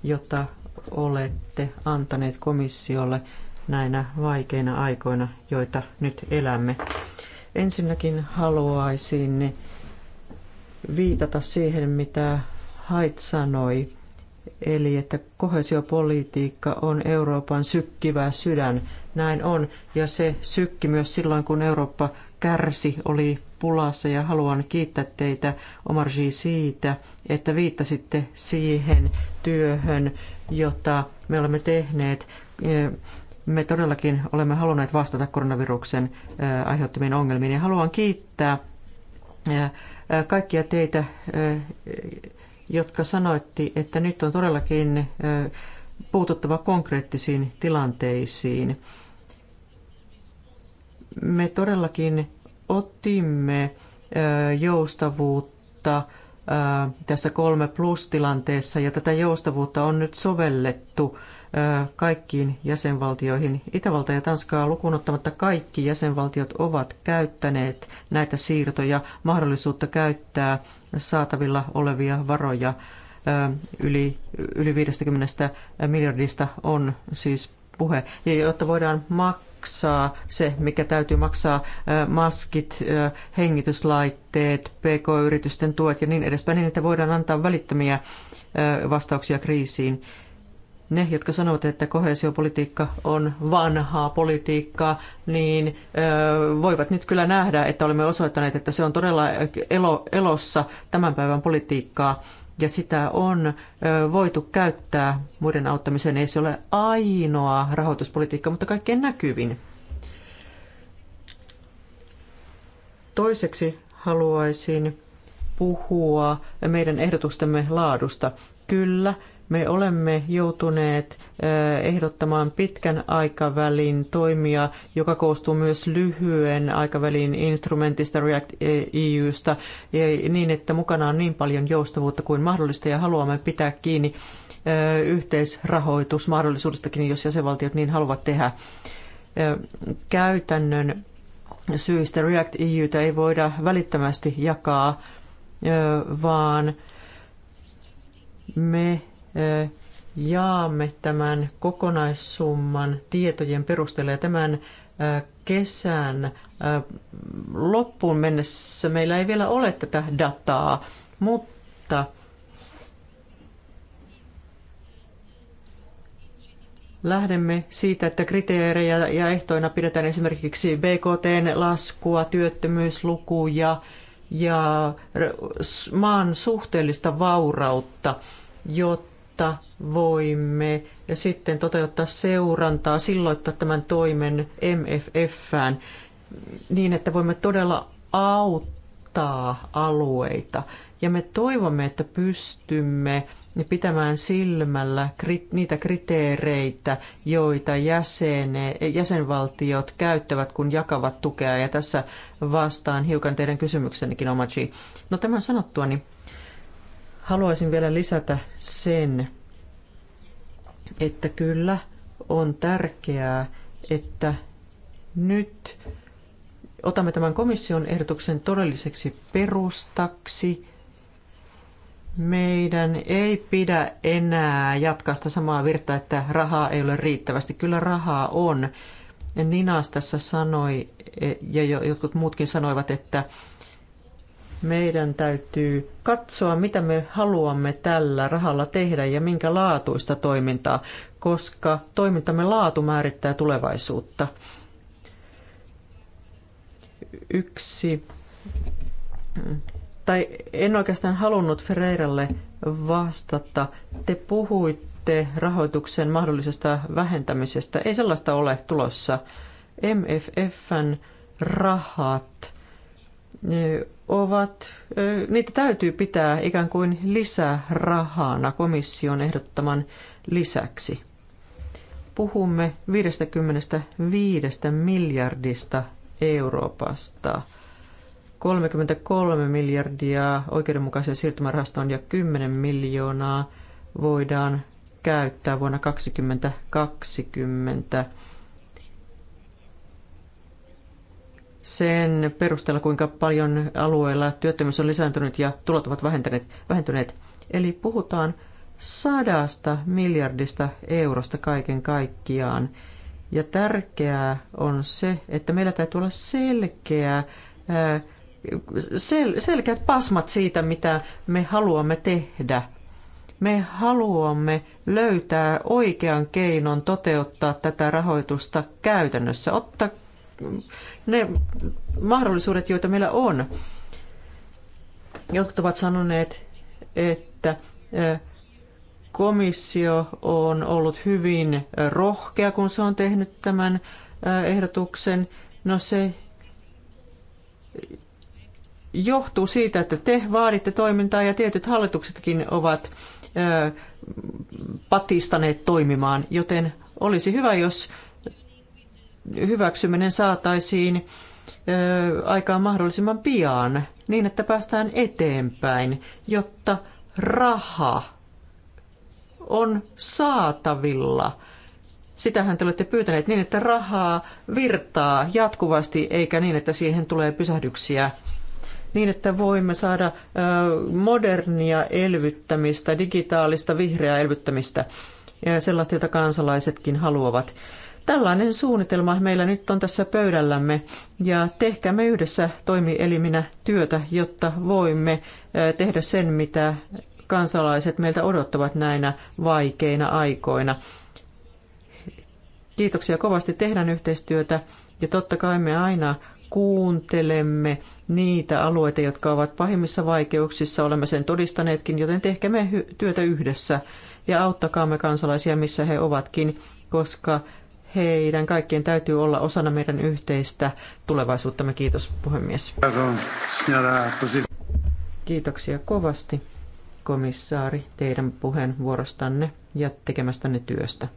jota olette antaneet komissiolle näinä vaikeina aikoina, joita nyt elämme. Ensinnäkin haluaisin viitata siihen, mitä Hait sanoi, eli että kohesiopolitiikka on Euroopan sykkivä sydän näin on. Ja se sykki myös silloin, kun Eurooppa kärsi, oli pulassa ja haluan kiittää teitä Omar G. siitä, että viittasitte siihen työhön, jota me olemme tehneet. Me todellakin olemme halunneet vastata koronaviruksen äh, aiheuttamiin ongelmiin ja haluan kiittää äh, äh, kaikkia teitä, jotka sanoitti, että nyt on todellakin puututtava konkreettisiin tilanteisiin. Me todellakin otimme joustavuutta tässä kolme plus tilanteessa ja tätä joustavuutta on nyt sovellettu kaikkiin jäsenvaltioihin. Itävalta ja Tanskaa lukuun ottamatta kaikki jäsenvaltiot ovat käyttäneet näitä siirtoja, mahdollisuutta käyttää saatavilla olevia varoja yli, yli 50 miljardista on siis puhe. Ja jotta voidaan maksaa se, mikä täytyy maksaa, maskit, hengityslaitteet, pk-yritysten tuet ja niin edespäin, niin että voidaan antaa välittömiä vastauksia kriisiin. Ne, jotka sanovat, että koheesiopolitiikka on vanhaa politiikkaa, niin voivat nyt kyllä nähdä, että olemme osoittaneet, että se on todella elossa tämän päivän politiikkaa ja sitä on voitu käyttää muiden auttamiseen. Ei se ole ainoa rahoituspolitiikka, mutta kaikkein näkyvin. Toiseksi haluaisin puhua meidän ehdotustemme laadusta. Kyllä, me olemme joutuneet ehdottamaan pitkän aikavälin toimia, joka koostuu myös lyhyen aikavälin instrumentista React EUsta, niin että mukana on niin paljon joustavuutta kuin mahdollista ja haluamme pitää kiinni yhteisrahoitusmahdollisuudestakin, jos jäsenvaltiot niin haluavat tehdä. Käytännön syistä React EUtä ei voida välittömästi jakaa, vaan me jaamme tämän kokonaissumman tietojen perusteella ja tämän kesän loppuun mennessä meillä ei vielä ole tätä dataa, mutta lähdemme siitä, että kriteerejä ja ehtoina pidetään esimerkiksi BKTn laskua, työttömyyslukuja ja maan suhteellista vaurautta, jotta jotta voimme sitten toteuttaa seurantaa, silloittaa tämän toimen MFFään niin, että voimme todella auttaa alueita. Ja me toivomme, että pystymme pitämään silmällä niitä kriteereitä, joita jäsene, jäsenvaltiot käyttävät, kun jakavat tukea. Ja tässä vastaan hiukan teidän kysymyksenikin, Omaji. No tämän sanottua, niin Haluaisin vielä lisätä sen, että kyllä on tärkeää, että nyt otamme tämän komission ehdotuksen todelliseksi perustaksi. Meidän ei pidä enää jatkaa sitä samaa virtaa, että rahaa ei ole riittävästi. Kyllä rahaa on. Ninas tässä sanoi, ja jotkut muutkin sanoivat, että meidän täytyy katsoa, mitä me haluamme tällä rahalla tehdä ja minkä laatuista toimintaa, koska toimintamme laatu määrittää tulevaisuutta. Yksi, tai en oikeastaan halunnut Ferreiralle vastata. Te puhuitte rahoituksen mahdollisesta vähentämisestä. Ei sellaista ole tulossa. MFFn rahat ovat, niitä täytyy pitää ikään kuin lisärahana komission ehdottaman lisäksi. Puhumme 55 miljardista Euroopasta. 33 miljardia oikeudenmukaisen siirtymärahastoon ja 10 miljoonaa voidaan käyttää vuonna 2020 sen perusteella, kuinka paljon alueella työttömyys on lisääntynyt ja tulot ovat vähentyneet. vähentyneet. Eli puhutaan sadasta miljardista eurosta kaiken kaikkiaan. Ja tärkeää on se, että meillä täytyy olla selkeä, sel, selkeät pasmat siitä, mitä me haluamme tehdä. Me haluamme löytää oikean keinon toteuttaa tätä rahoitusta käytännössä. Ottaa ne mahdollisuudet, joita meillä on. Jotkut ovat sanoneet, että komissio on ollut hyvin rohkea, kun se on tehnyt tämän ehdotuksen. No se johtuu siitä, että te vaaditte toimintaa ja tietyt hallituksetkin ovat patistaneet toimimaan, joten olisi hyvä, jos hyväksyminen saataisiin aikaan mahdollisimman pian, niin että päästään eteenpäin, jotta raha on saatavilla. Sitähän te olette pyytäneet niin, että rahaa virtaa jatkuvasti, eikä niin, että siihen tulee pysähdyksiä. Niin, että voimme saada modernia elvyttämistä, digitaalista, vihreää elvyttämistä, sellaista, jota kansalaisetkin haluavat. Tällainen suunnitelma meillä nyt on tässä pöydällämme ja tehkäämme yhdessä toimieliminä työtä, jotta voimme tehdä sen, mitä kansalaiset meiltä odottavat näinä vaikeina aikoina. Kiitoksia kovasti tehdään yhteistyötä ja totta kai me aina kuuntelemme niitä alueita, jotka ovat pahimmissa vaikeuksissa, olemme sen todistaneetkin, joten tehkäämme työtä yhdessä ja auttakaamme kansalaisia, missä he ovatkin, koska heidän kaikkien täytyy olla osana meidän yhteistä tulevaisuuttamme. Kiitos puhemies. Kiitoksia kovasti, komissaari, teidän puheenvuorostanne ja tekemästänne työstä.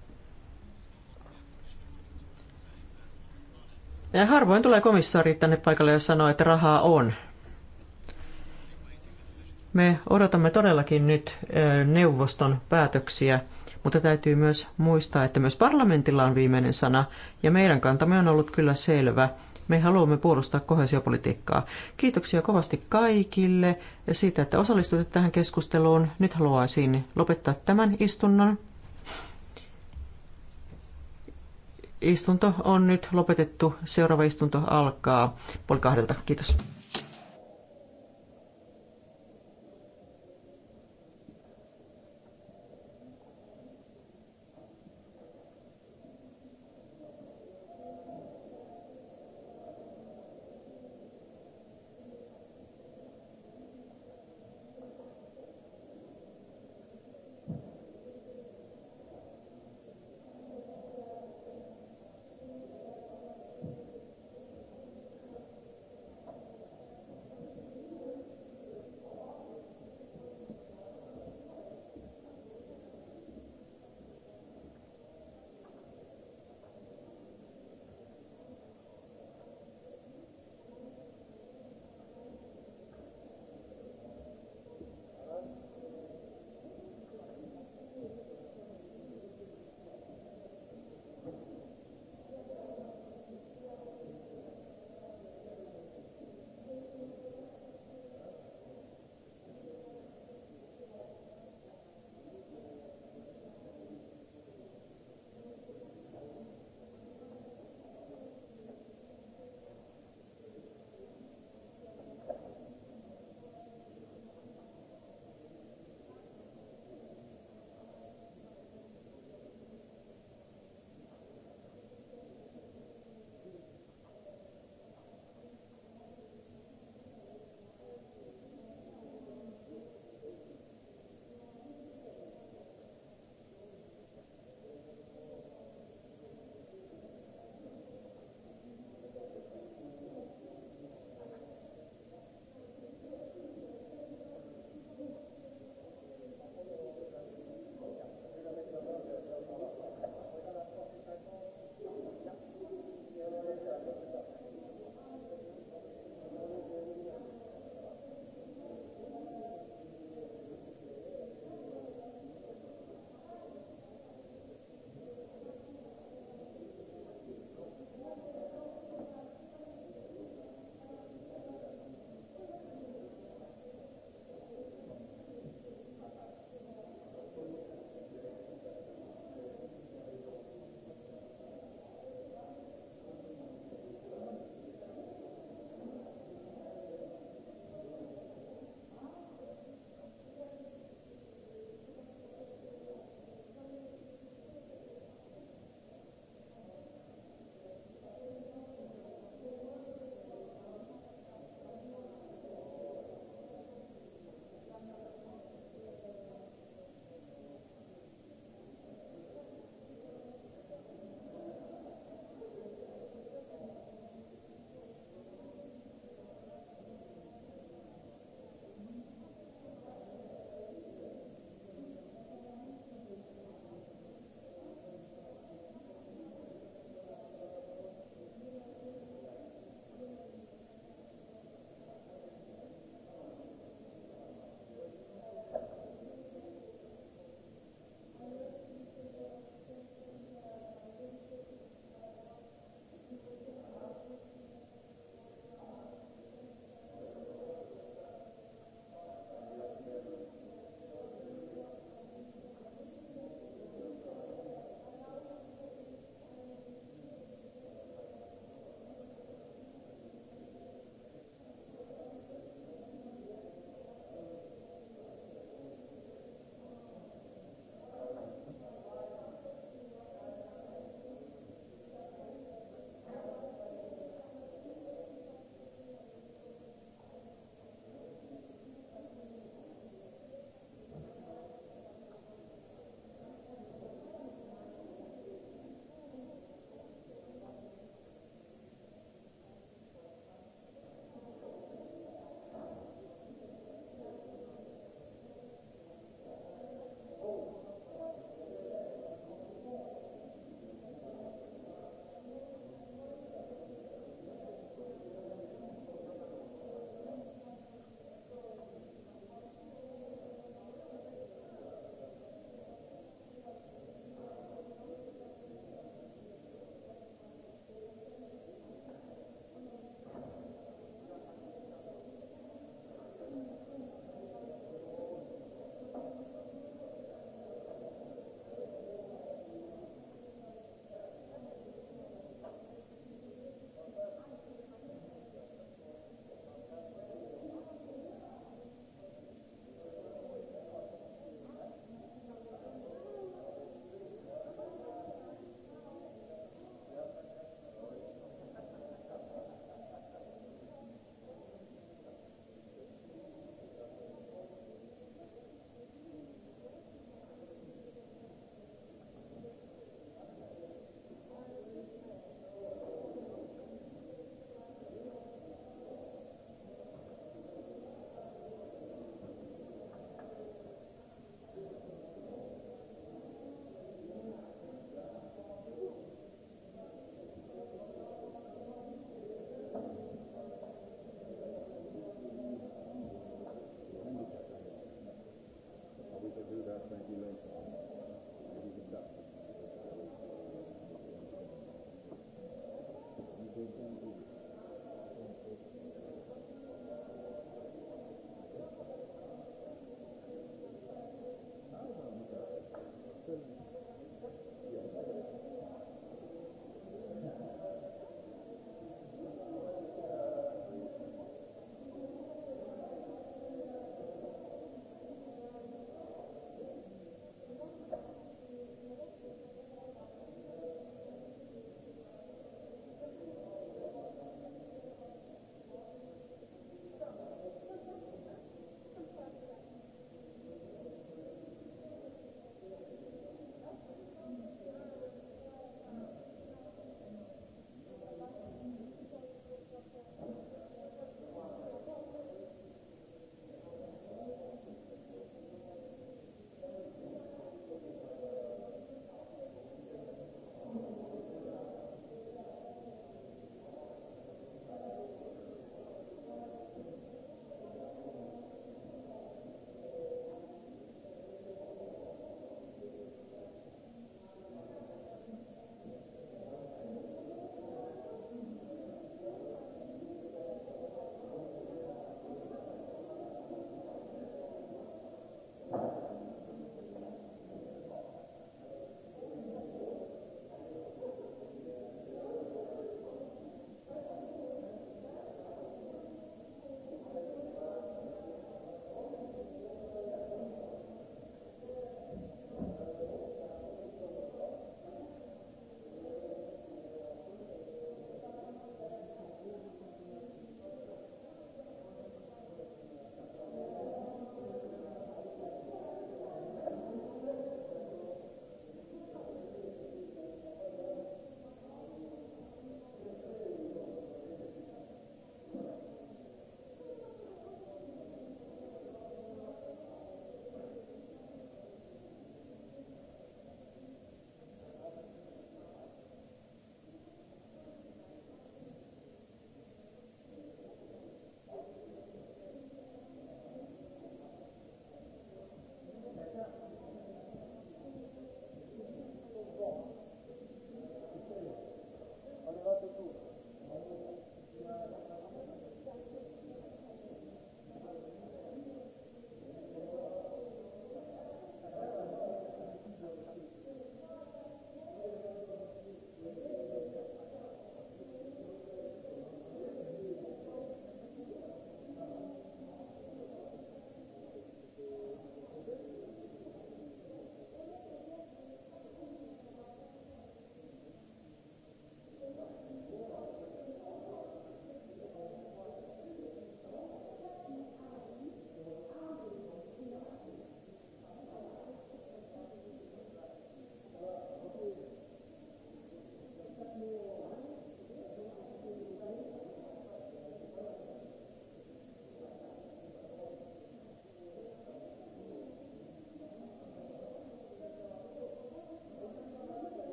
Ja harvoin tulee komissaari tänne paikalle ja sanoo, että rahaa on. Me odotamme todellakin nyt neuvoston päätöksiä mutta täytyy myös muistaa, että myös parlamentilla on viimeinen sana, ja meidän kantamme on ollut kyllä selvä. Me haluamme puolustaa kohesiopolitiikkaa. Kiitoksia kovasti kaikille siitä, että osallistuitte tähän keskusteluun. Nyt haluaisin lopettaa tämän istunnon. Istunto on nyt lopetettu. Seuraava istunto alkaa puoli kahdelta. Kiitos.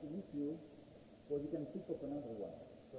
you can pick up another one. So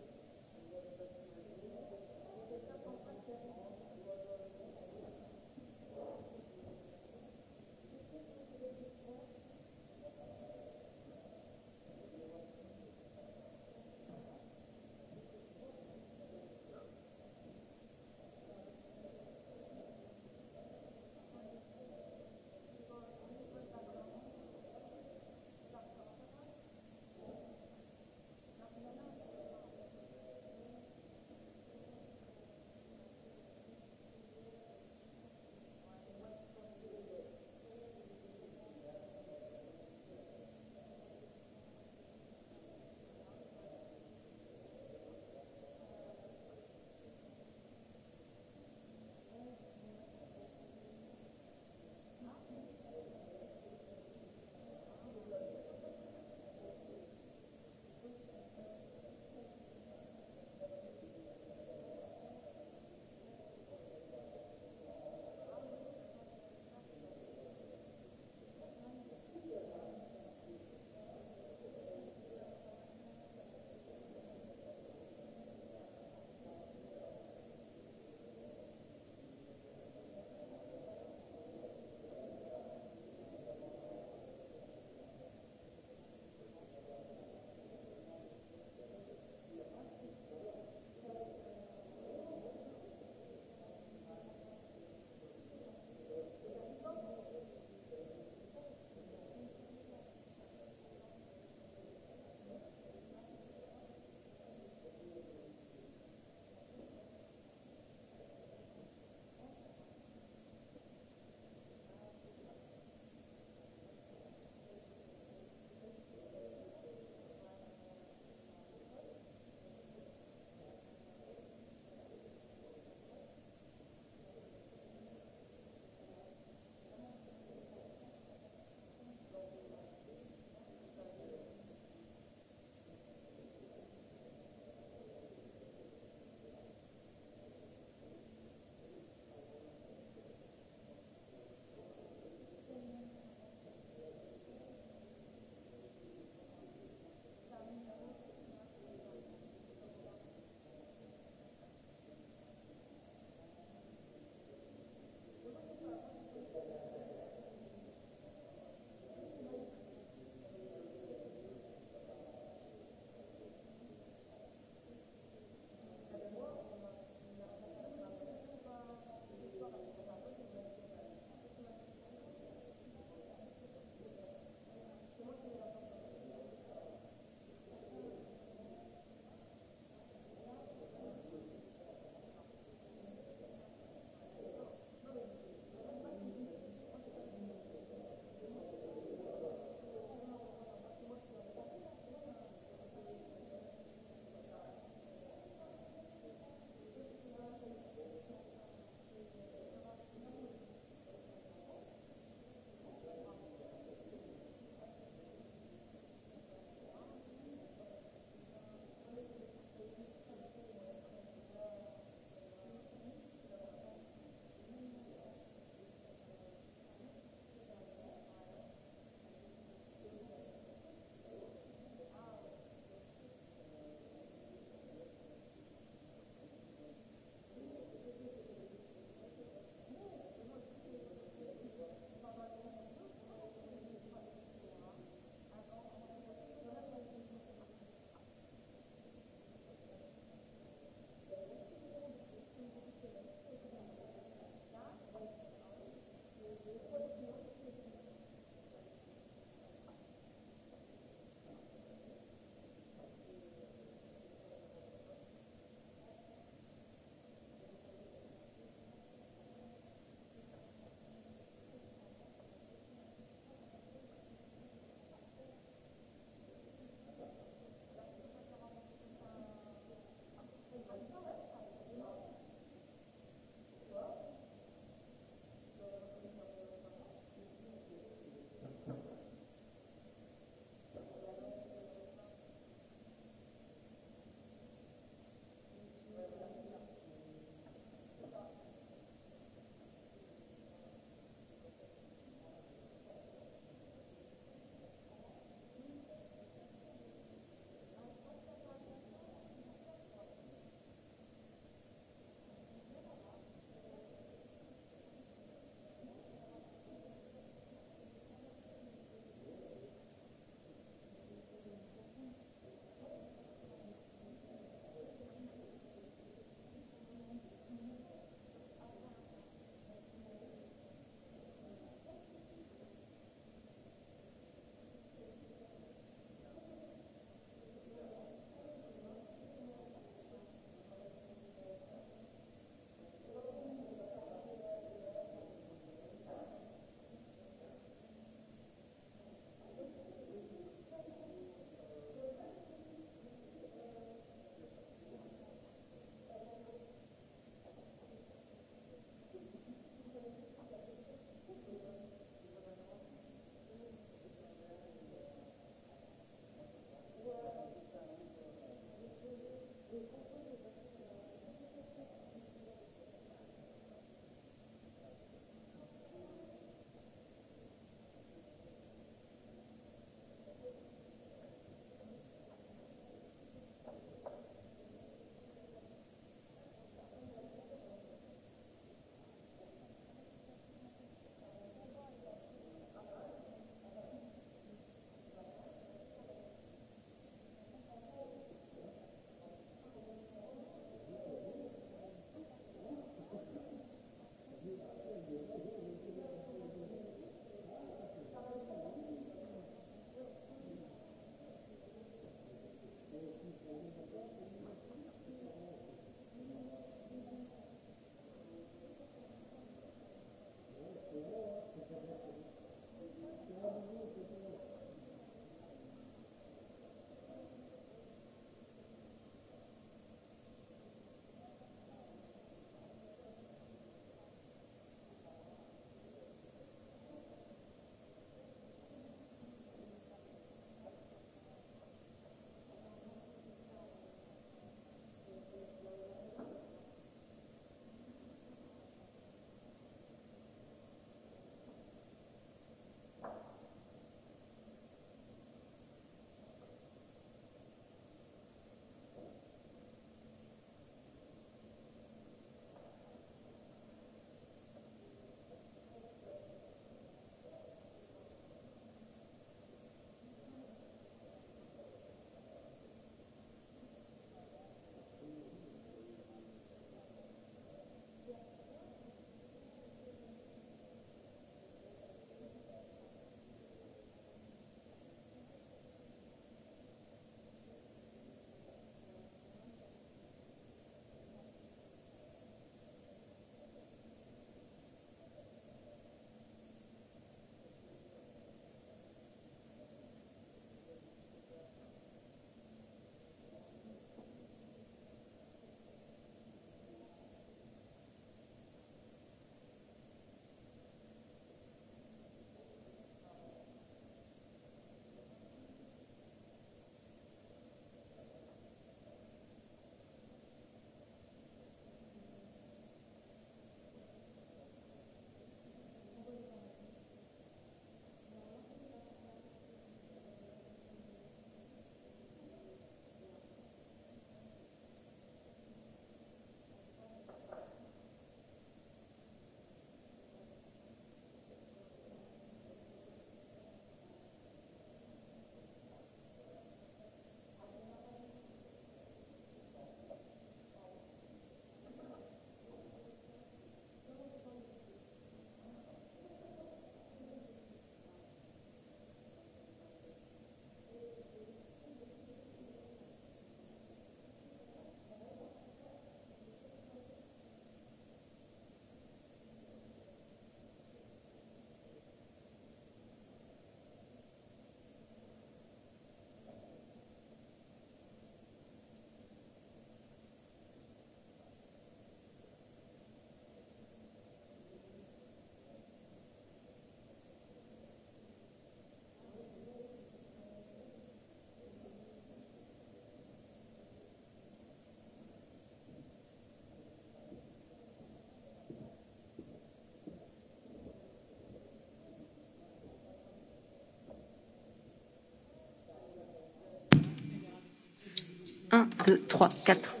1, 2, 3, 4.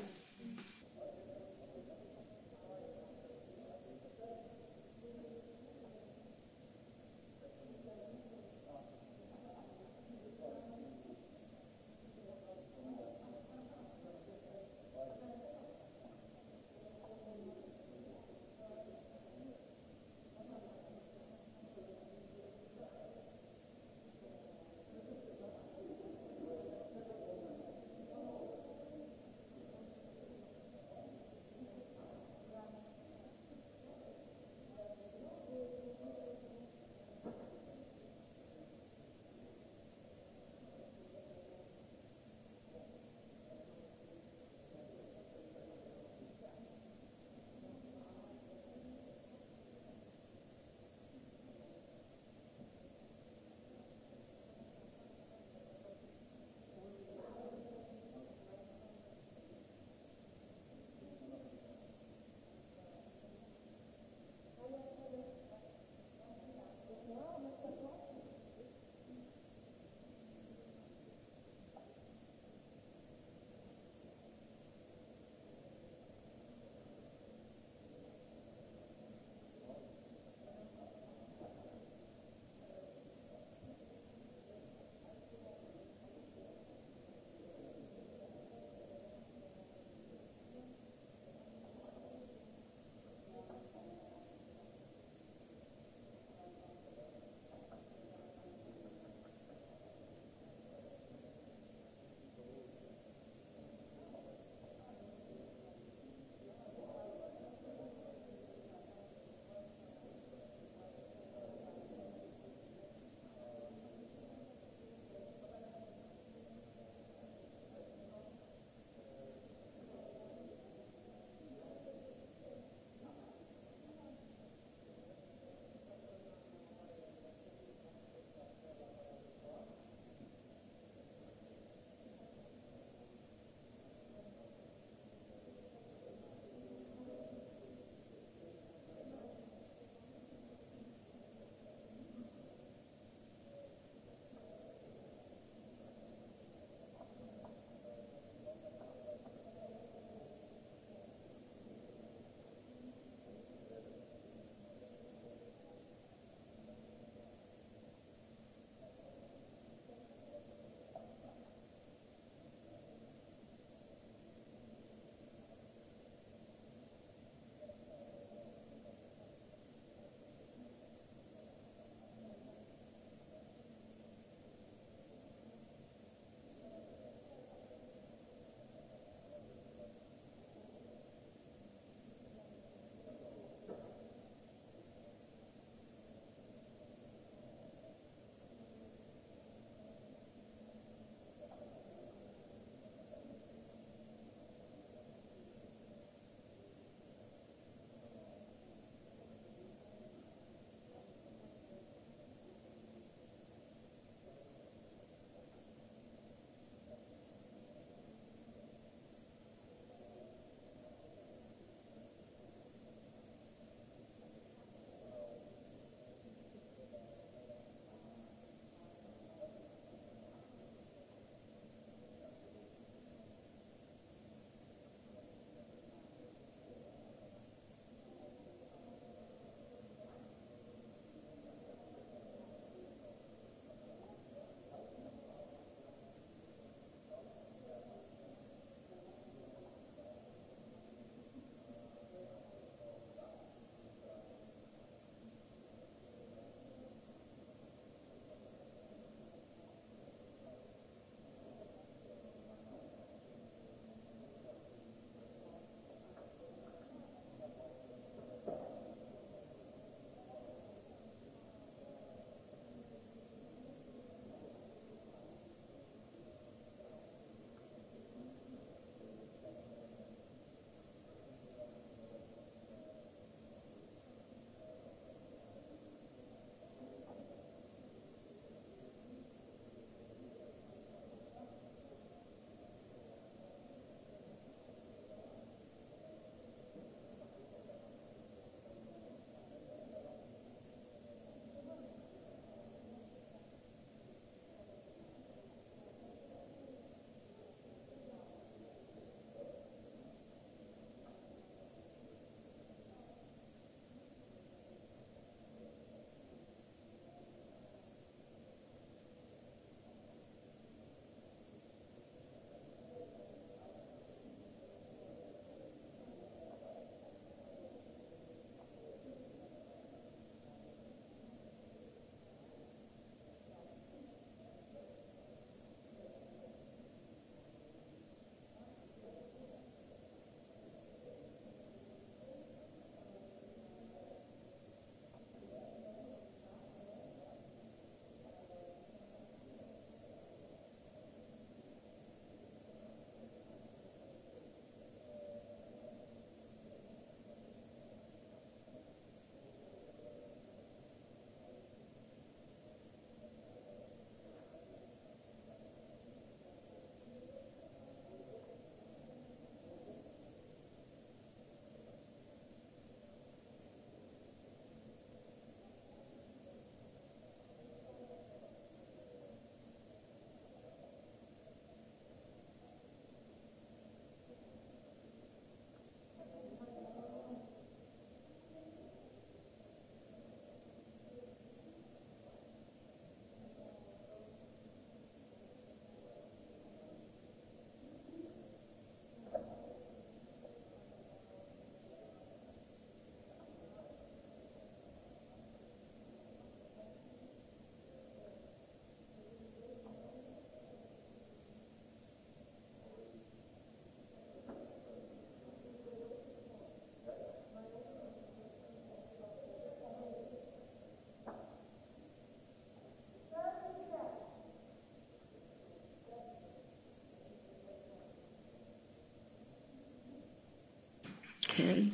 carried.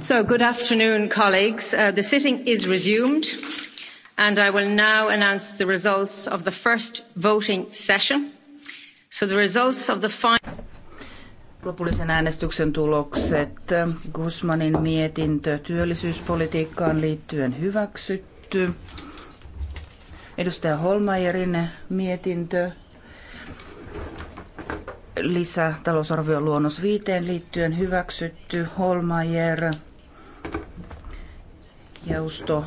So, good afternoon, colleagues. Uh, the sitting is resumed, and I will now announce the results of the first voting session. So, the results of the final lopullisen äänestyksen tulokset. Guzmanin mietintö työllisyyspolitiikkaan liittyen hyväksytty. Edustaja Holmajerin mietintö lisä luonnos viiteen liittyen hyväksytty. Holmajer jausto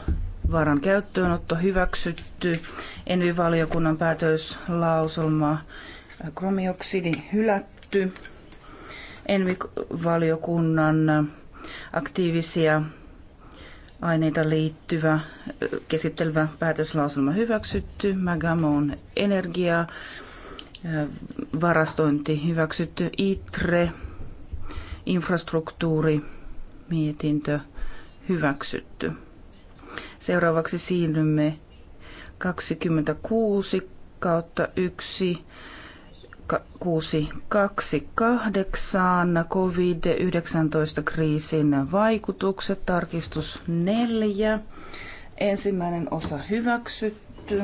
varan käyttöönotto hyväksytty. Envi-valiokunnan päätöslauselma kromioksidi hylätty. ENVI-valiokunnan aktiivisia aineita liittyvä käsittelevä päätöslauselma hyväksytty, Magamon energia, varastointi hyväksytty, ITRE, infrastruktuuri, mietintö hyväksytty. Seuraavaksi siirrymme 26 kautta 1 628 COVID-19-kriisin vaikutukset, tarkistus 4. Ensimmäinen osa hyväksytty,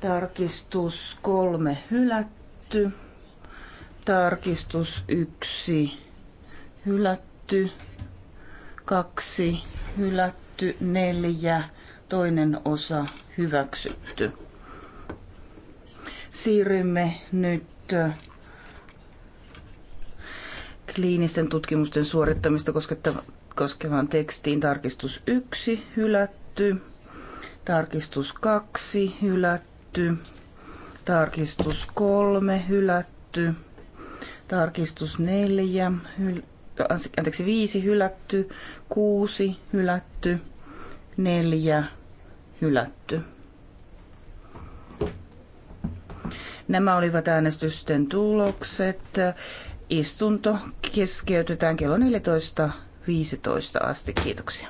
tarkistus 3 hylätty, tarkistus 1 hylätty, 2 hylätty, 4 toinen osa hyväksytty siirrymme nyt äh, kliinisten tutkimusten suorittamista koskevaan tekstiin. Tarkistus 1 hylätty, tarkistus 2 hylätty, tarkistus 3 hylätty, tarkistus 4 hyl- anteeksi 5 hylätty, 6 hylätty, 4 hylätty. Nämä olivat äänestysten tulokset. Istunto keskeytetään kello 14.15 asti. Kiitoksia.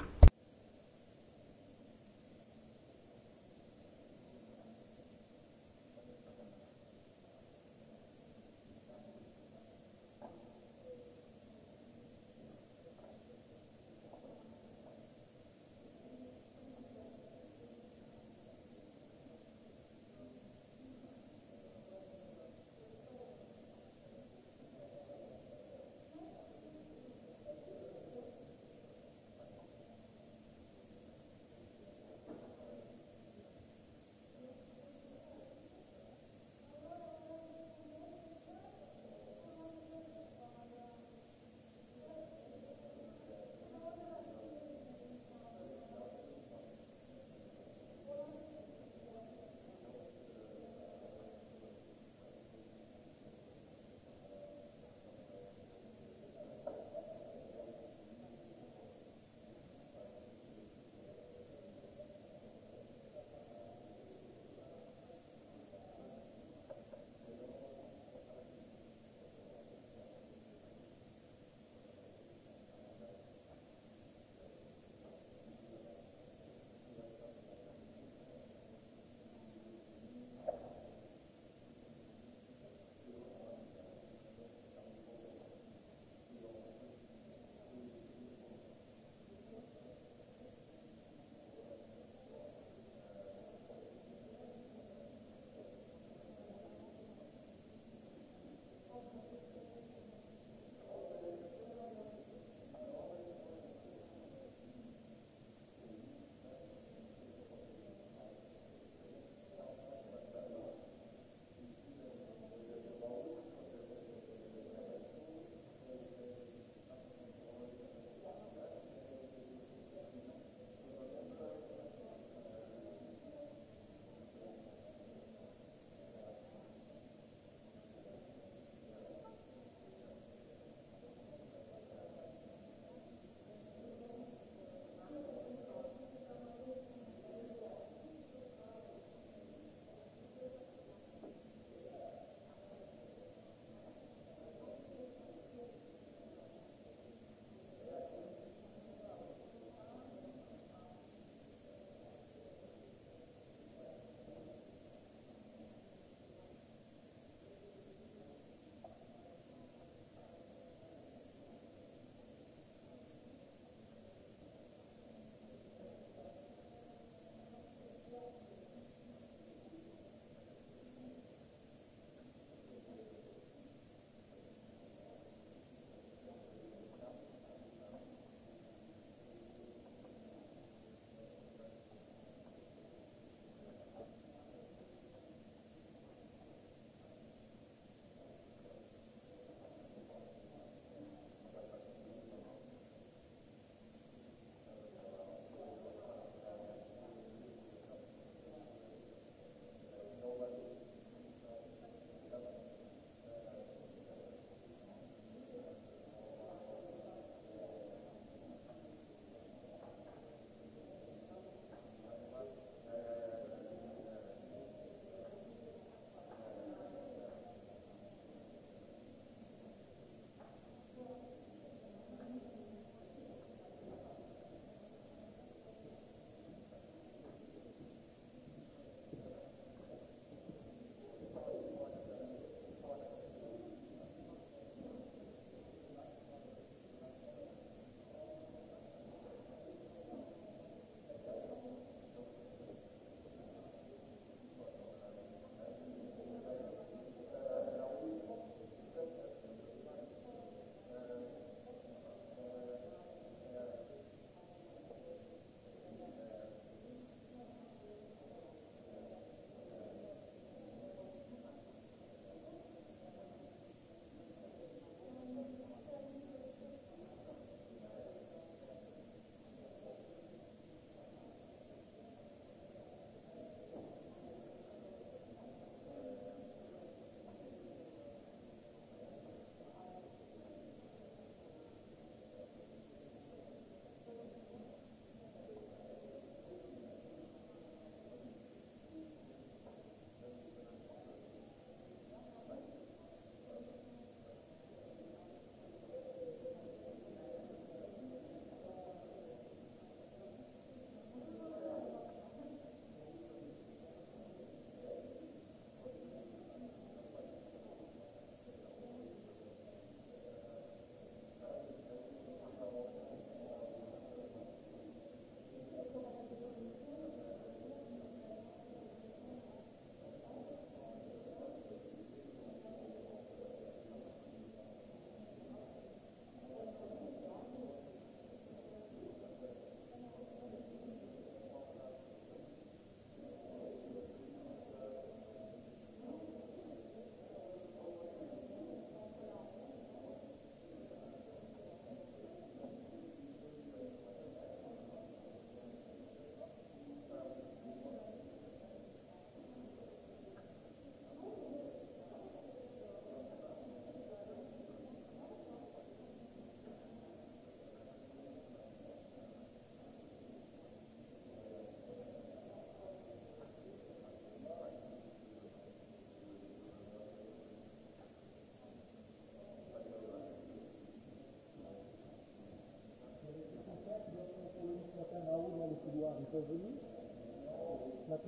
Maintenant,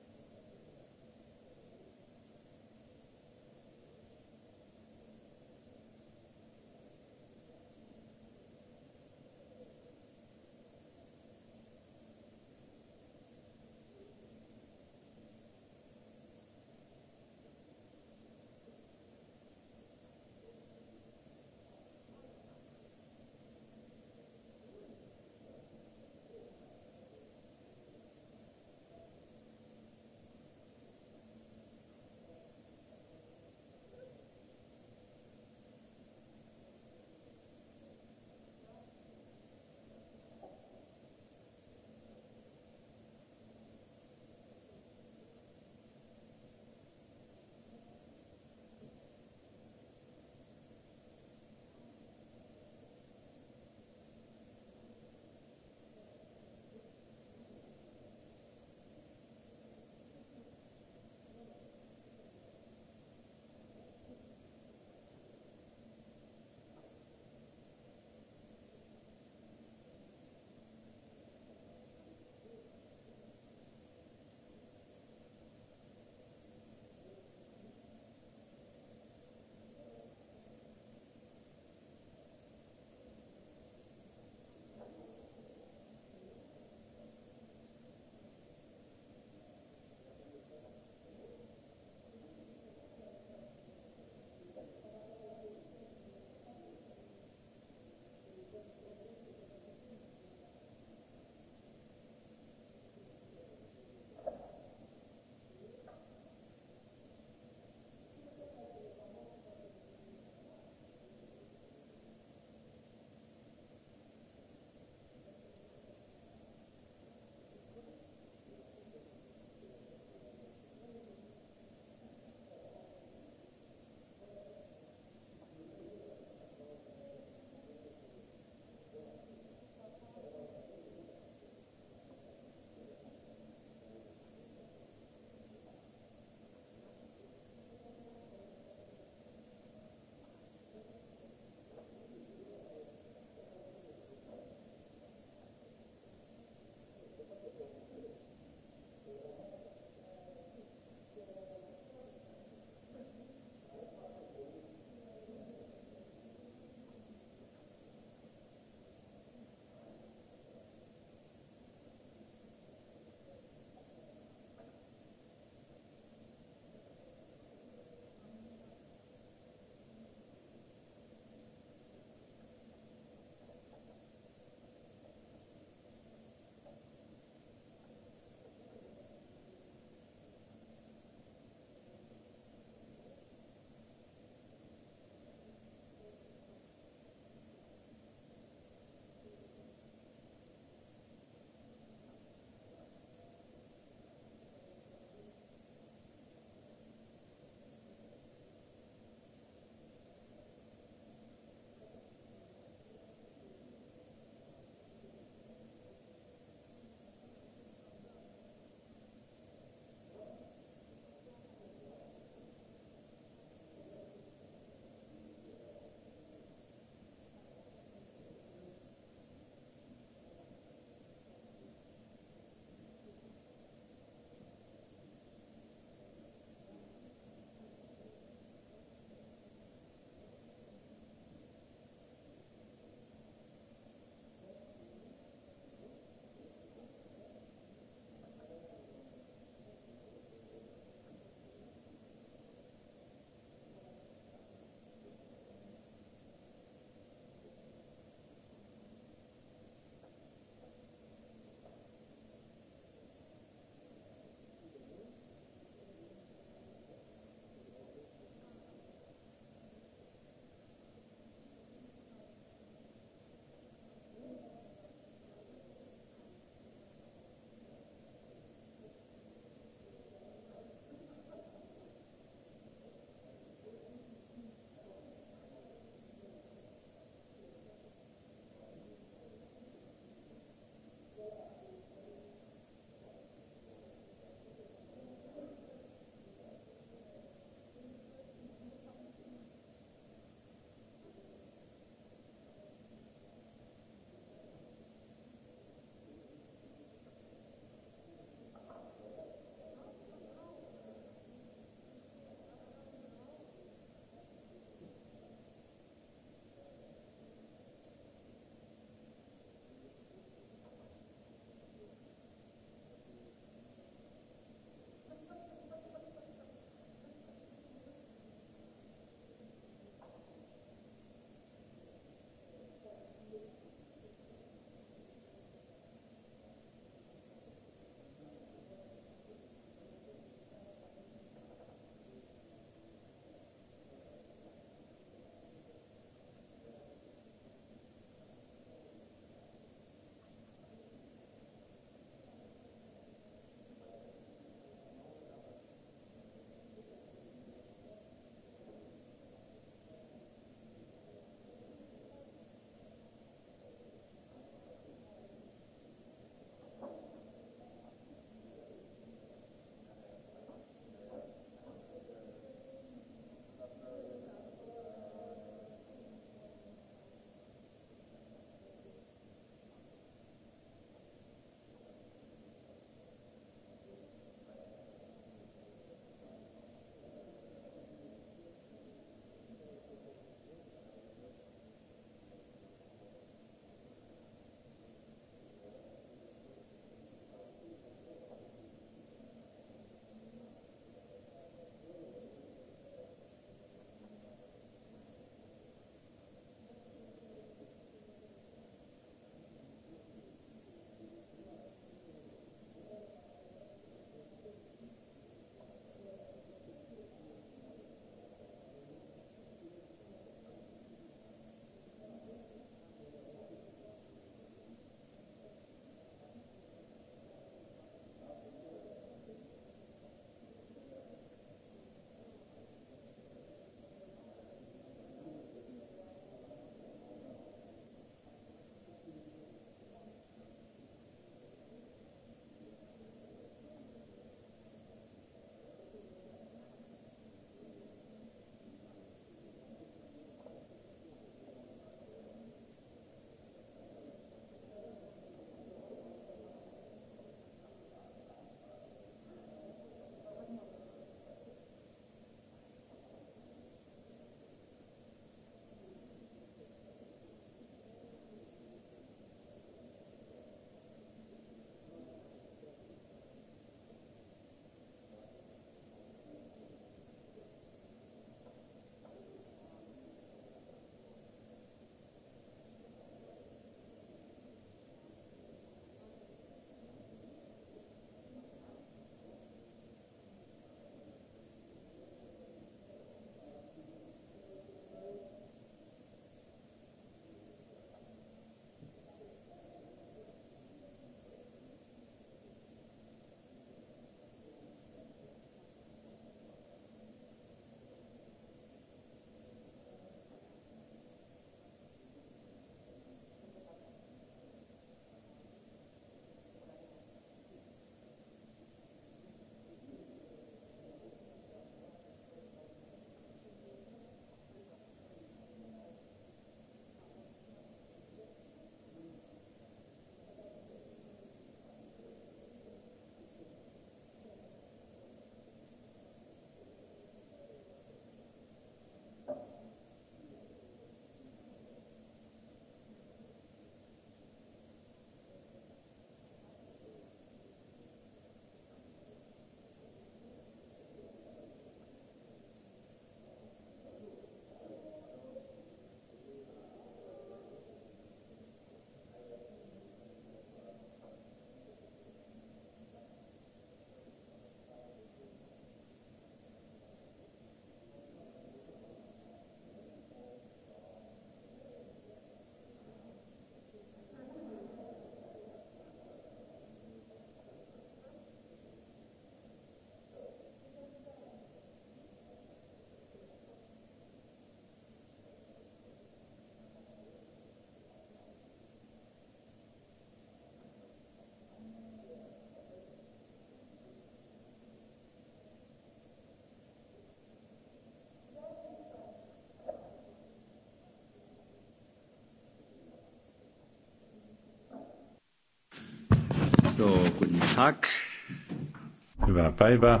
Hyvää päivää.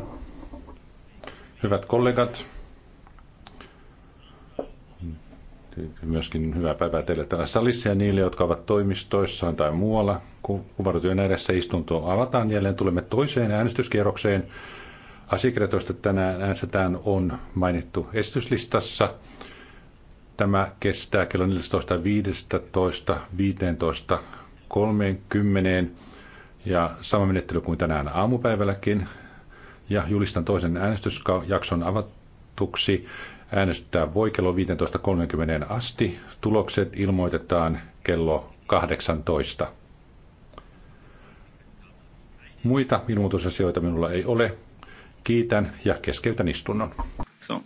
Hyvät kollegat. Myöskin hyvää päivää teille täällä salissa ja niille, jotka ovat toimistoissaan tai muualla. Kun kuvarutyön edessä istunto avataan jälleen, tulemme toiseen äänestyskierrokseen. Asiakirjatoista tänään äänestetään on mainittu esityslistassa. Tämä kestää kello 14.15.15.30 ja sama menettely kuin tänään aamupäivälläkin. Ja julistan toisen äänestysjakson avattuksi. Äänestetään voi kello 15.30 asti. Tulokset ilmoitetaan kello 18. Muita ilmoitusasioita minulla ei ole. Kiitän ja keskeytän istunnon. So.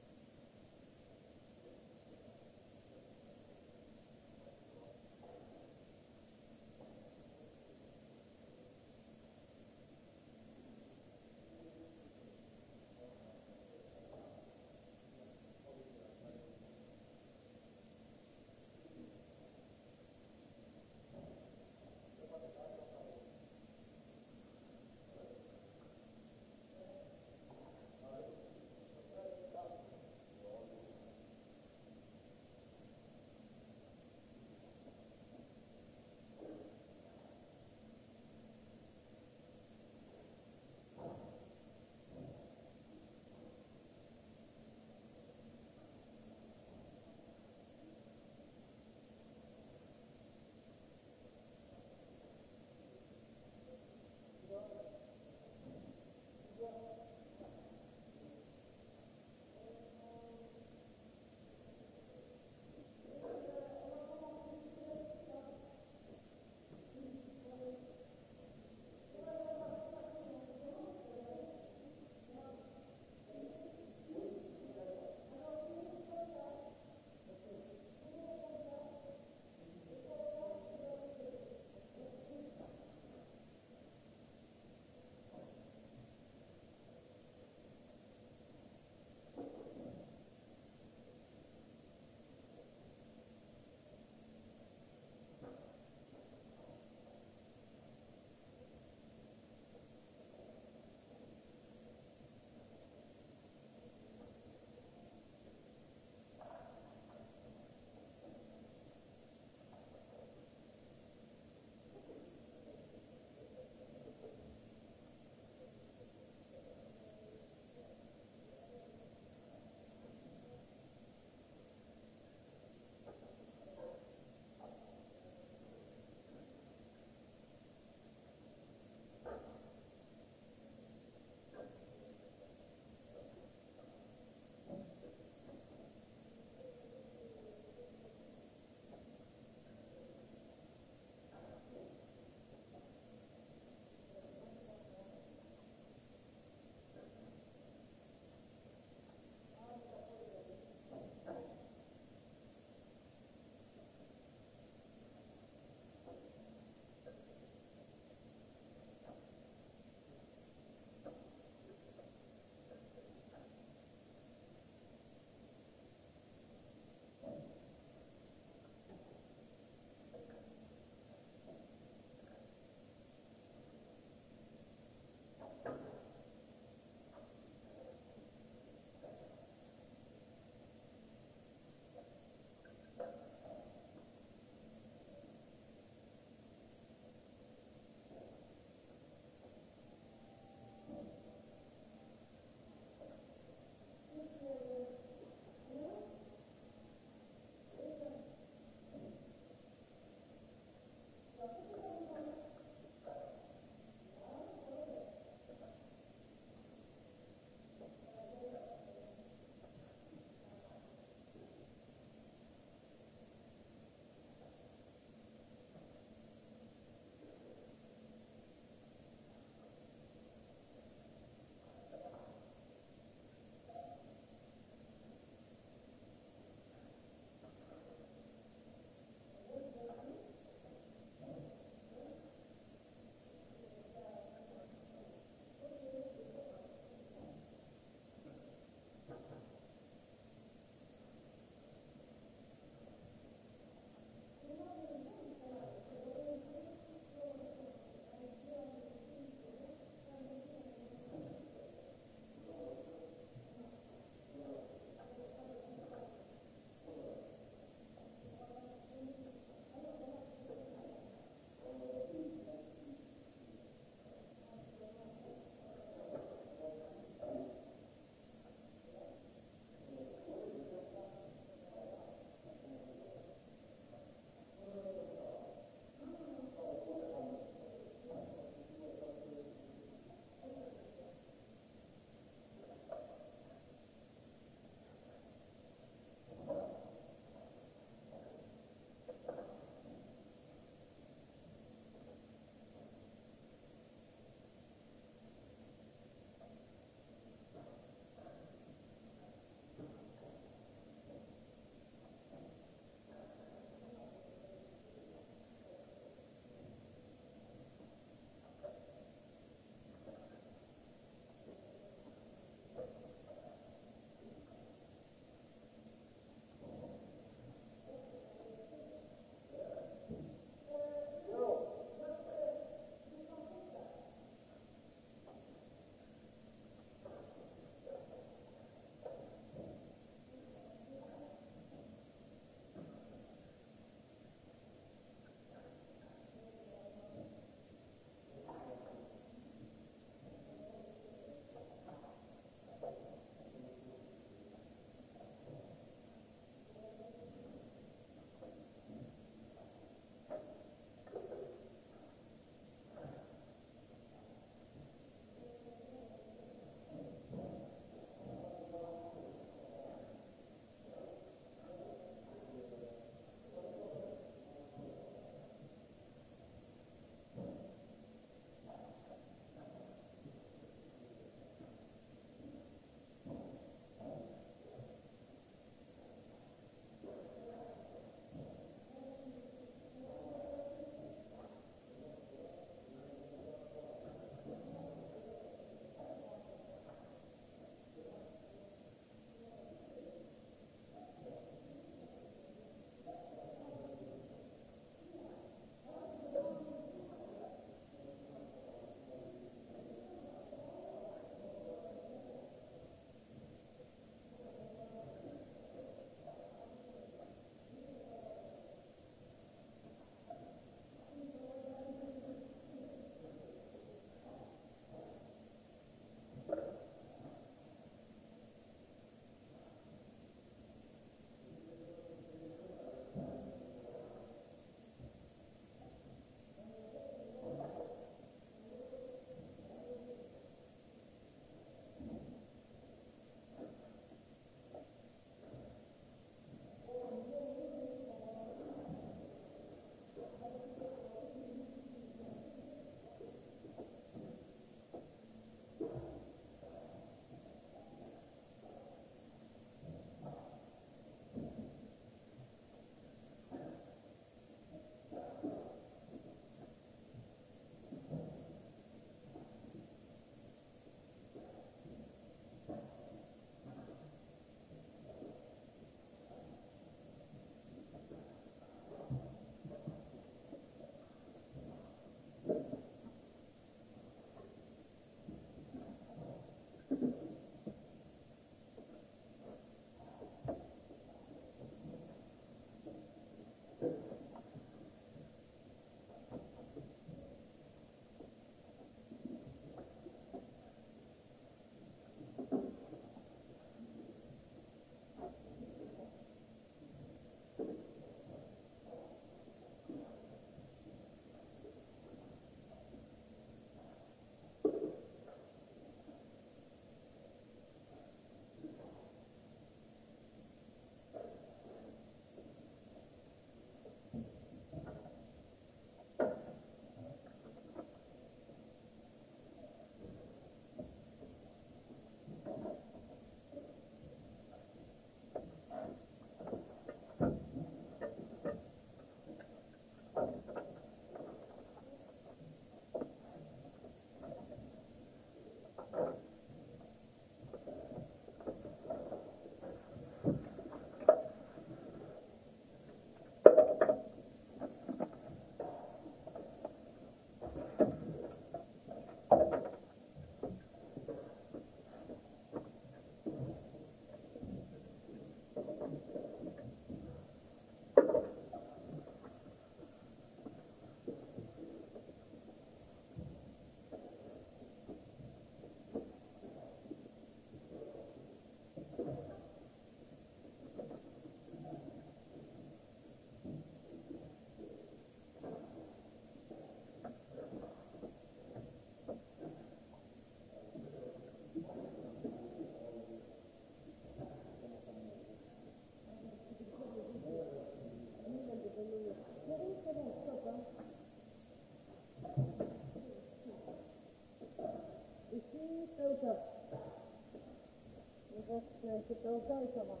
Rättssäkerhet eh, och alltsammans.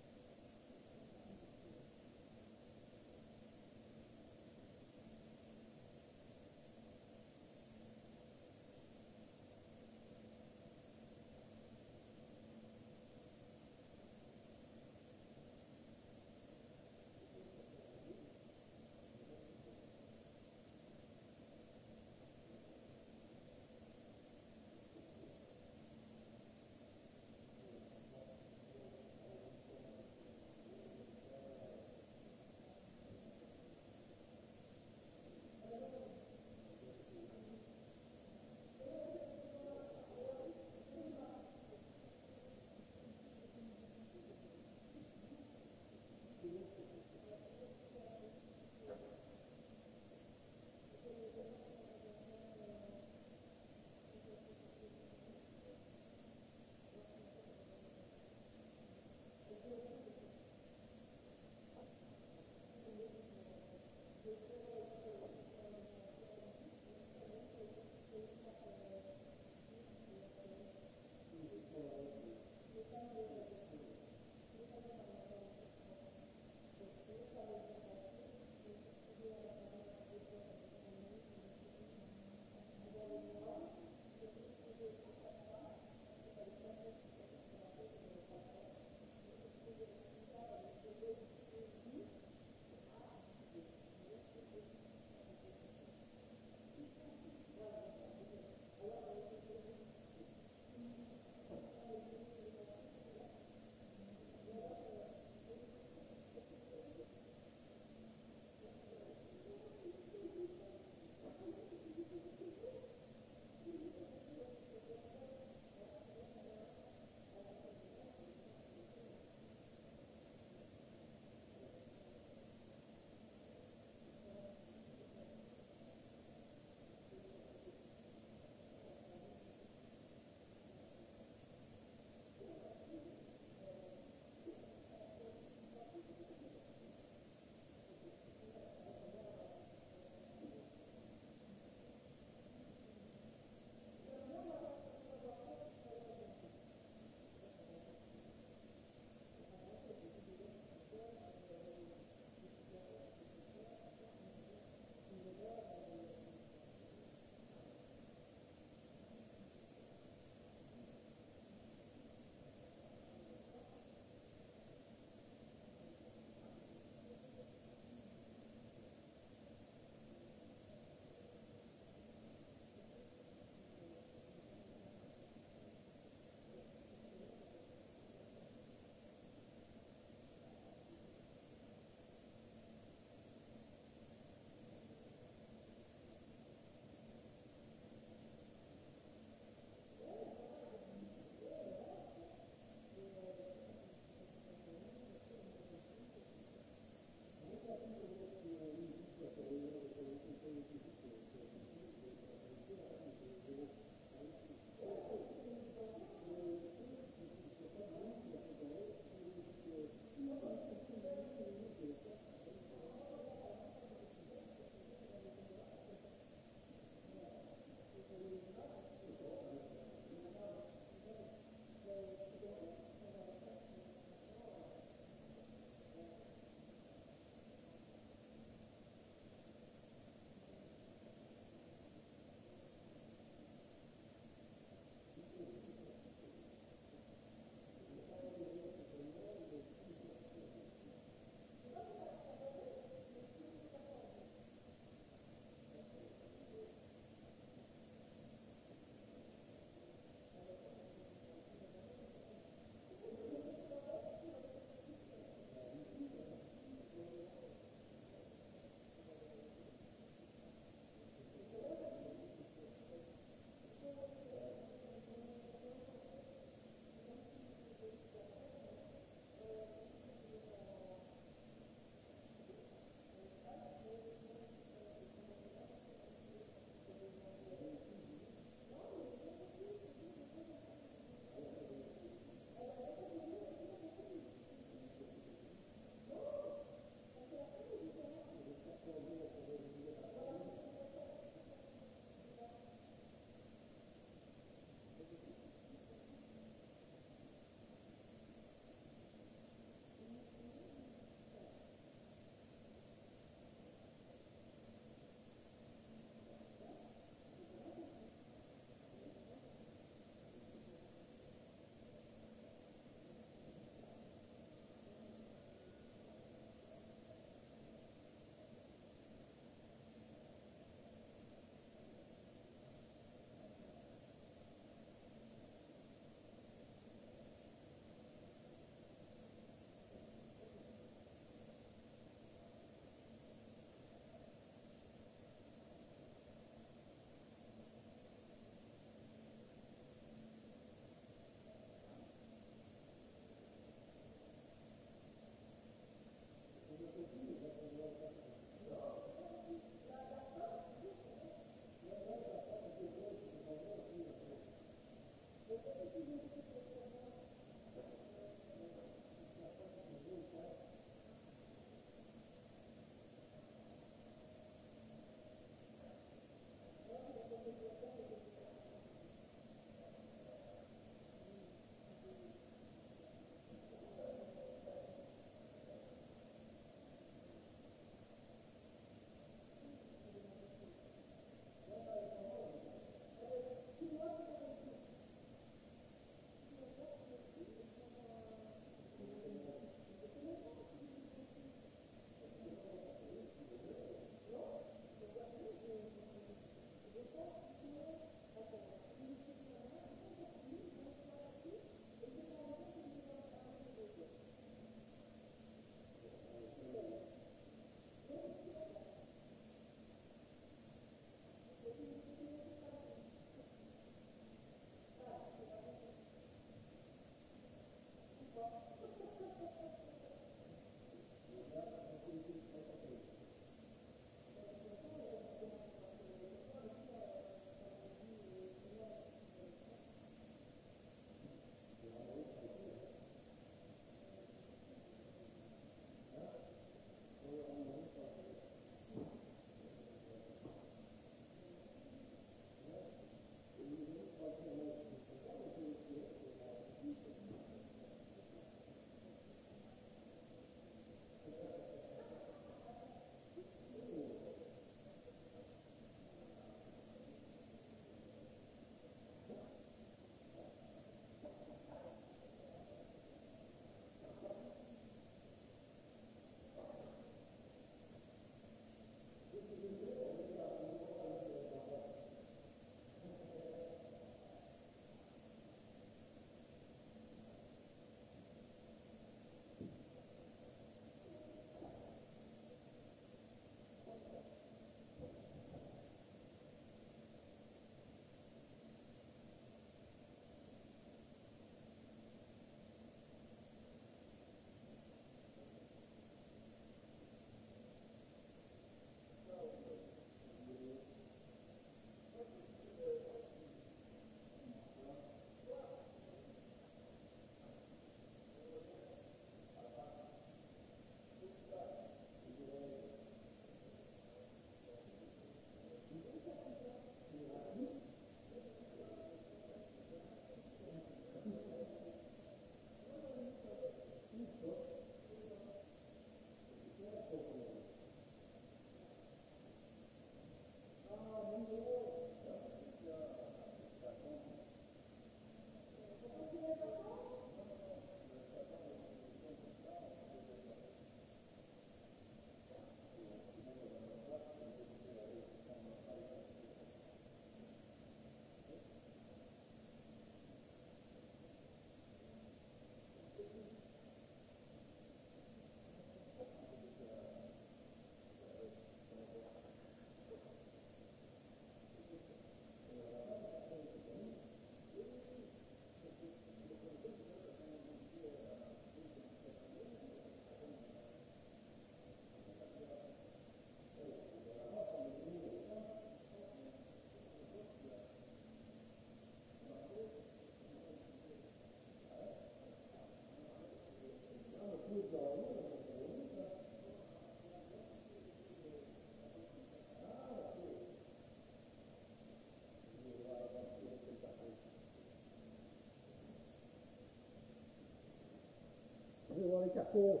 mikä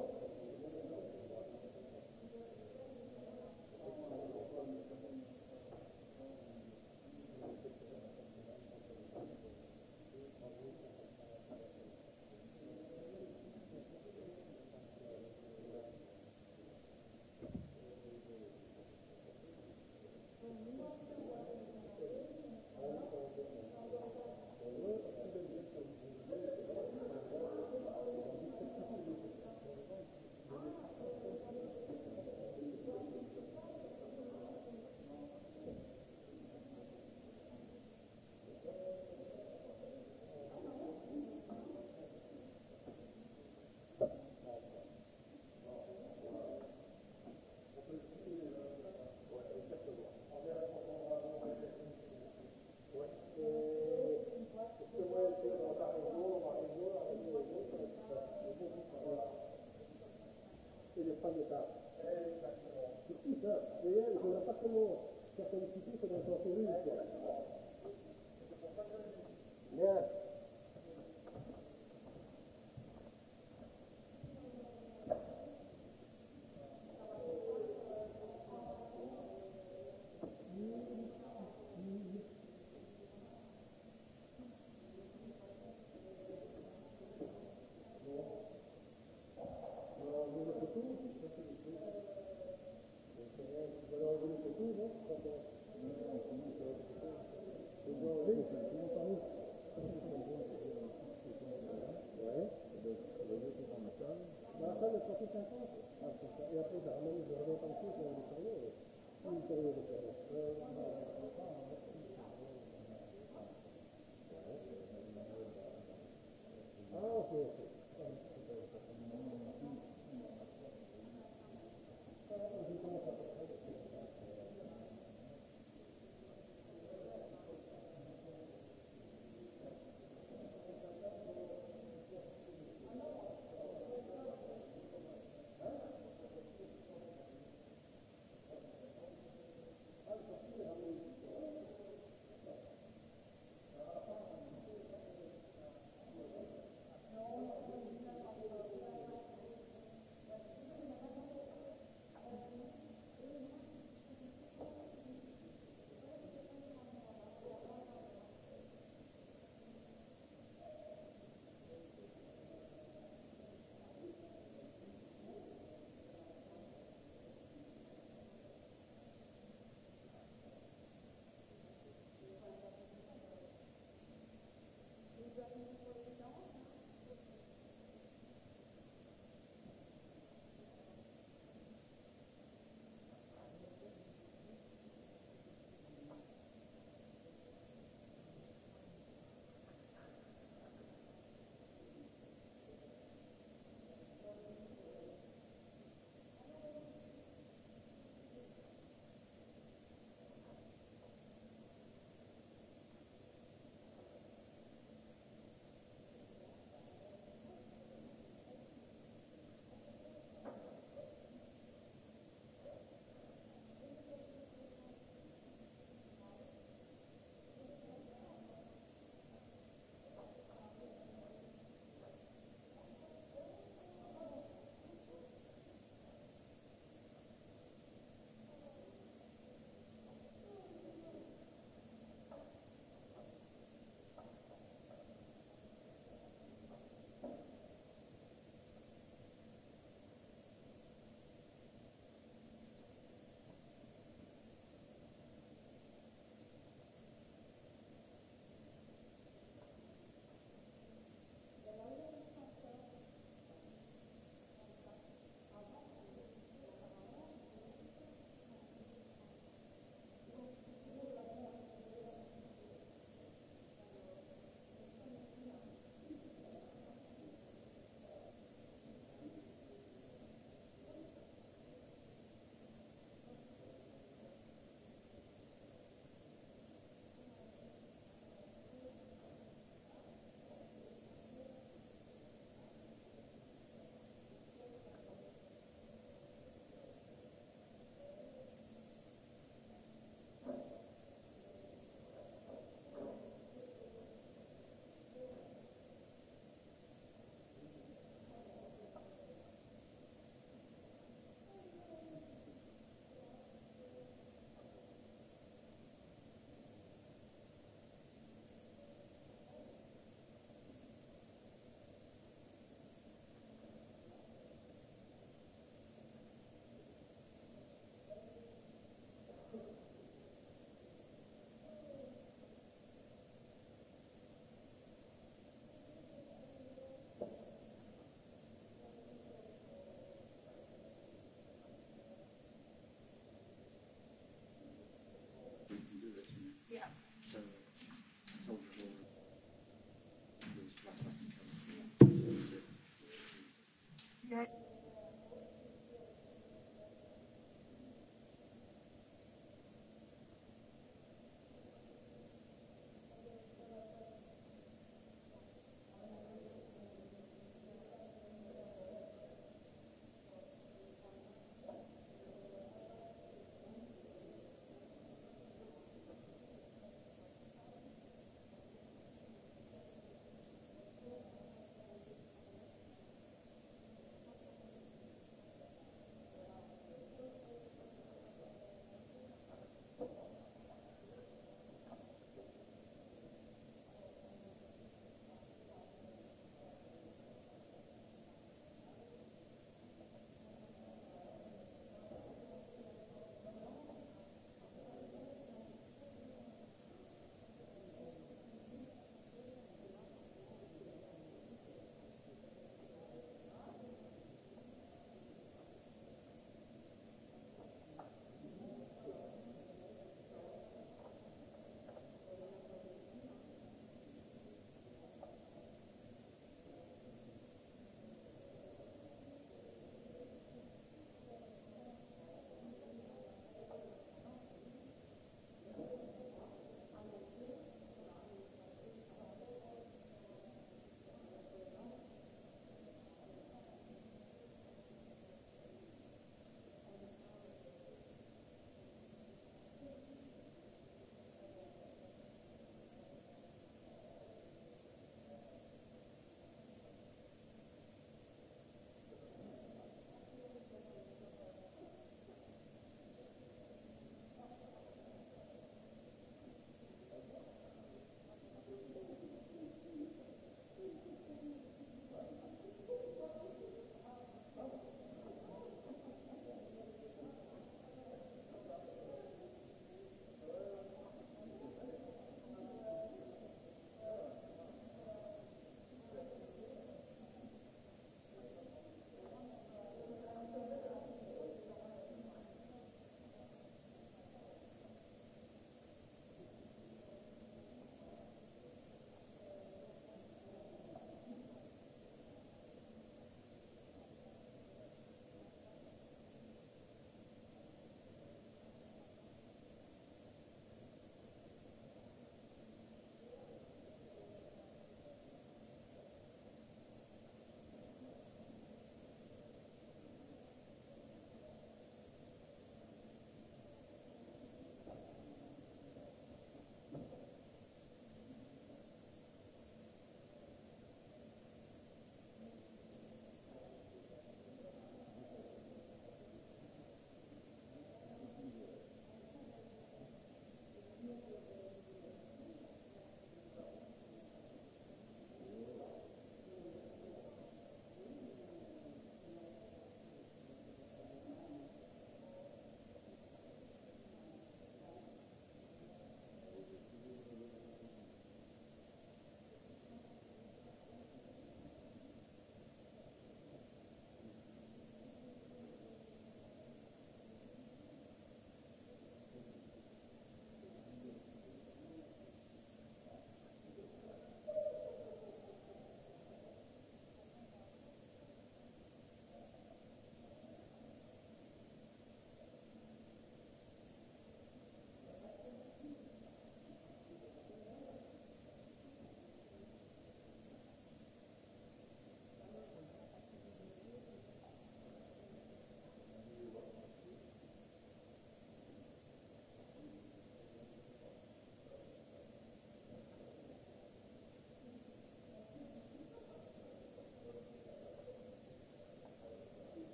kita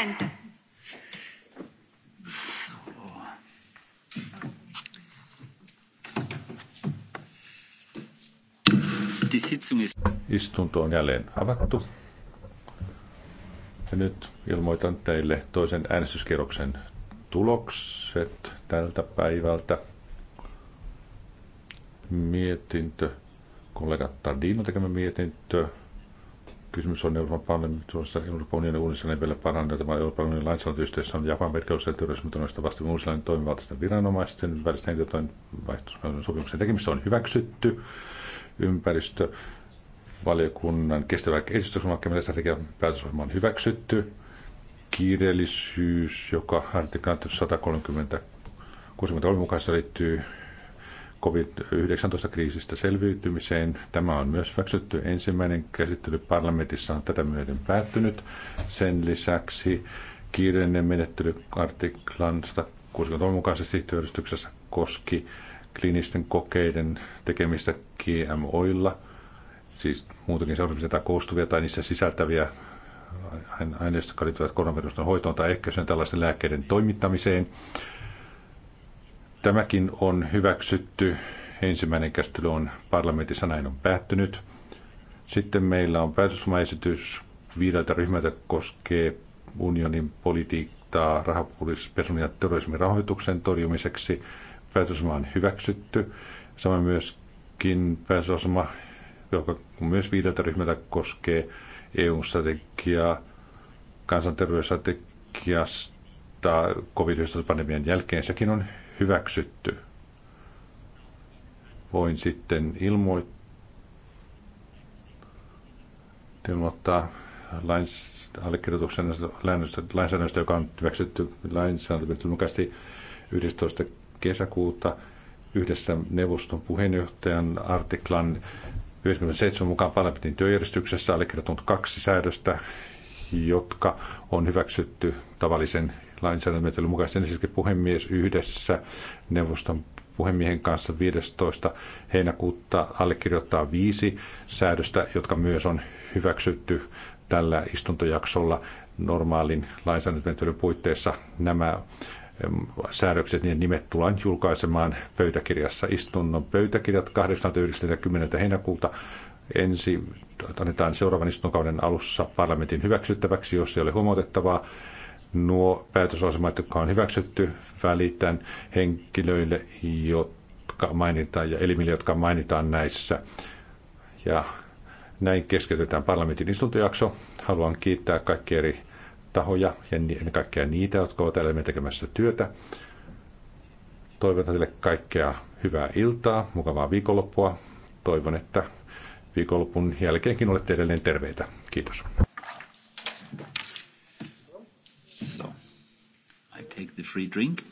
So. Istunto on jälleen avattu. Ja nyt ilmoitan teille toisen äänestyskierroksen tulokset tältä päivältä. Mietintö, kollega Tardino tekemä mietintö, Kysymys on Euroopan paljon tuossa Euroopan unionin uudessa vielä parannettava Euroopan unionin lainsäädäntöyhteisössä on Japan merkitys ja terrorismitonnoista vasta Uusilainen toimivaltaisten viranomaisten välistä henkilötojen sopimuksen tekemistä on hyväksytty. Ympäristö valiokunnan kestävä edistysohjelman strategian päätösohjelma on hyväksytty. Kiireellisyys, joka artikla 130 mukaisesti liittyy COVID-19-kriisistä selviytymiseen. Tämä on myös hyväksytty. Ensimmäinen käsittely parlamentissa on tätä myöden päättynyt. Sen lisäksi kiireinen menettely artiklan 163 mukaisesti työllistyksessä koski kliinisten kokeiden tekemistä GMOilla, siis muutakin seuraamisen tai koostuvia tai niissä sisältäviä aineistoja, jotka liittyvät koronaviruksen hoitoon tai ehkäisyyn tällaisten lääkkeiden toimittamiseen. Tämäkin on hyväksytty. Ensimmäinen käsittely on parlamentissa näin on päättynyt. Sitten meillä on päätösmaisitys viideltä ryhmältä koskee unionin politiikkaa rahapuolipesun ja terrorismin rahoituksen torjumiseksi. Päätösoma on hyväksytty. Samoin myöskin päätösosama, joka myös viideltä ryhmältä koskee EU-strategiaa kansanterveysstrategiasta COVID-19-pandemian jälkeen. Sekin on hyväksytty. Voin sitten ilmoittaa lains, allekirjoituksen lainsäädännöstä, joka on hyväksytty lainsäädännön mukaisesti 11. kesäkuuta yhdessä neuvoston puheenjohtajan artiklan 97 mukaan parlamentin työjärjestyksessä allekirjoitunut kaksi säädöstä, jotka on hyväksytty tavallisen lainsäädäntömenettelyn mukaisesti. ensinnäkin puhemies yhdessä neuvoston puhemiehen kanssa 15. heinäkuuta allekirjoittaa viisi säädöstä, jotka myös on hyväksytty tällä istuntojaksolla normaalin lainsäädäntömenettelyn puitteissa. Nämä säädökset, niin nimet tullaan julkaisemaan pöytäkirjassa. Istunnon pöytäkirjat 8.9.10. heinäkuuta ensi annetaan seuraavan istuntokauden alussa parlamentin hyväksyttäväksi, jos ei ole huomautettavaa nuo päätöslauselmat, jotka on hyväksytty, välitän henkilöille, jotka mainitaan ja elimille, jotka mainitaan näissä. Ja näin keskeytetään parlamentin istuntojakso. Haluan kiittää kaikkia eri tahoja ja ennen kaikkea niitä, jotka ovat täällä tekemässä työtä. Toivotan teille kaikkea hyvää iltaa, mukavaa viikonloppua. Toivon, että viikonlopun jälkeenkin olette edelleen terveitä. Kiitos. I take the free drink.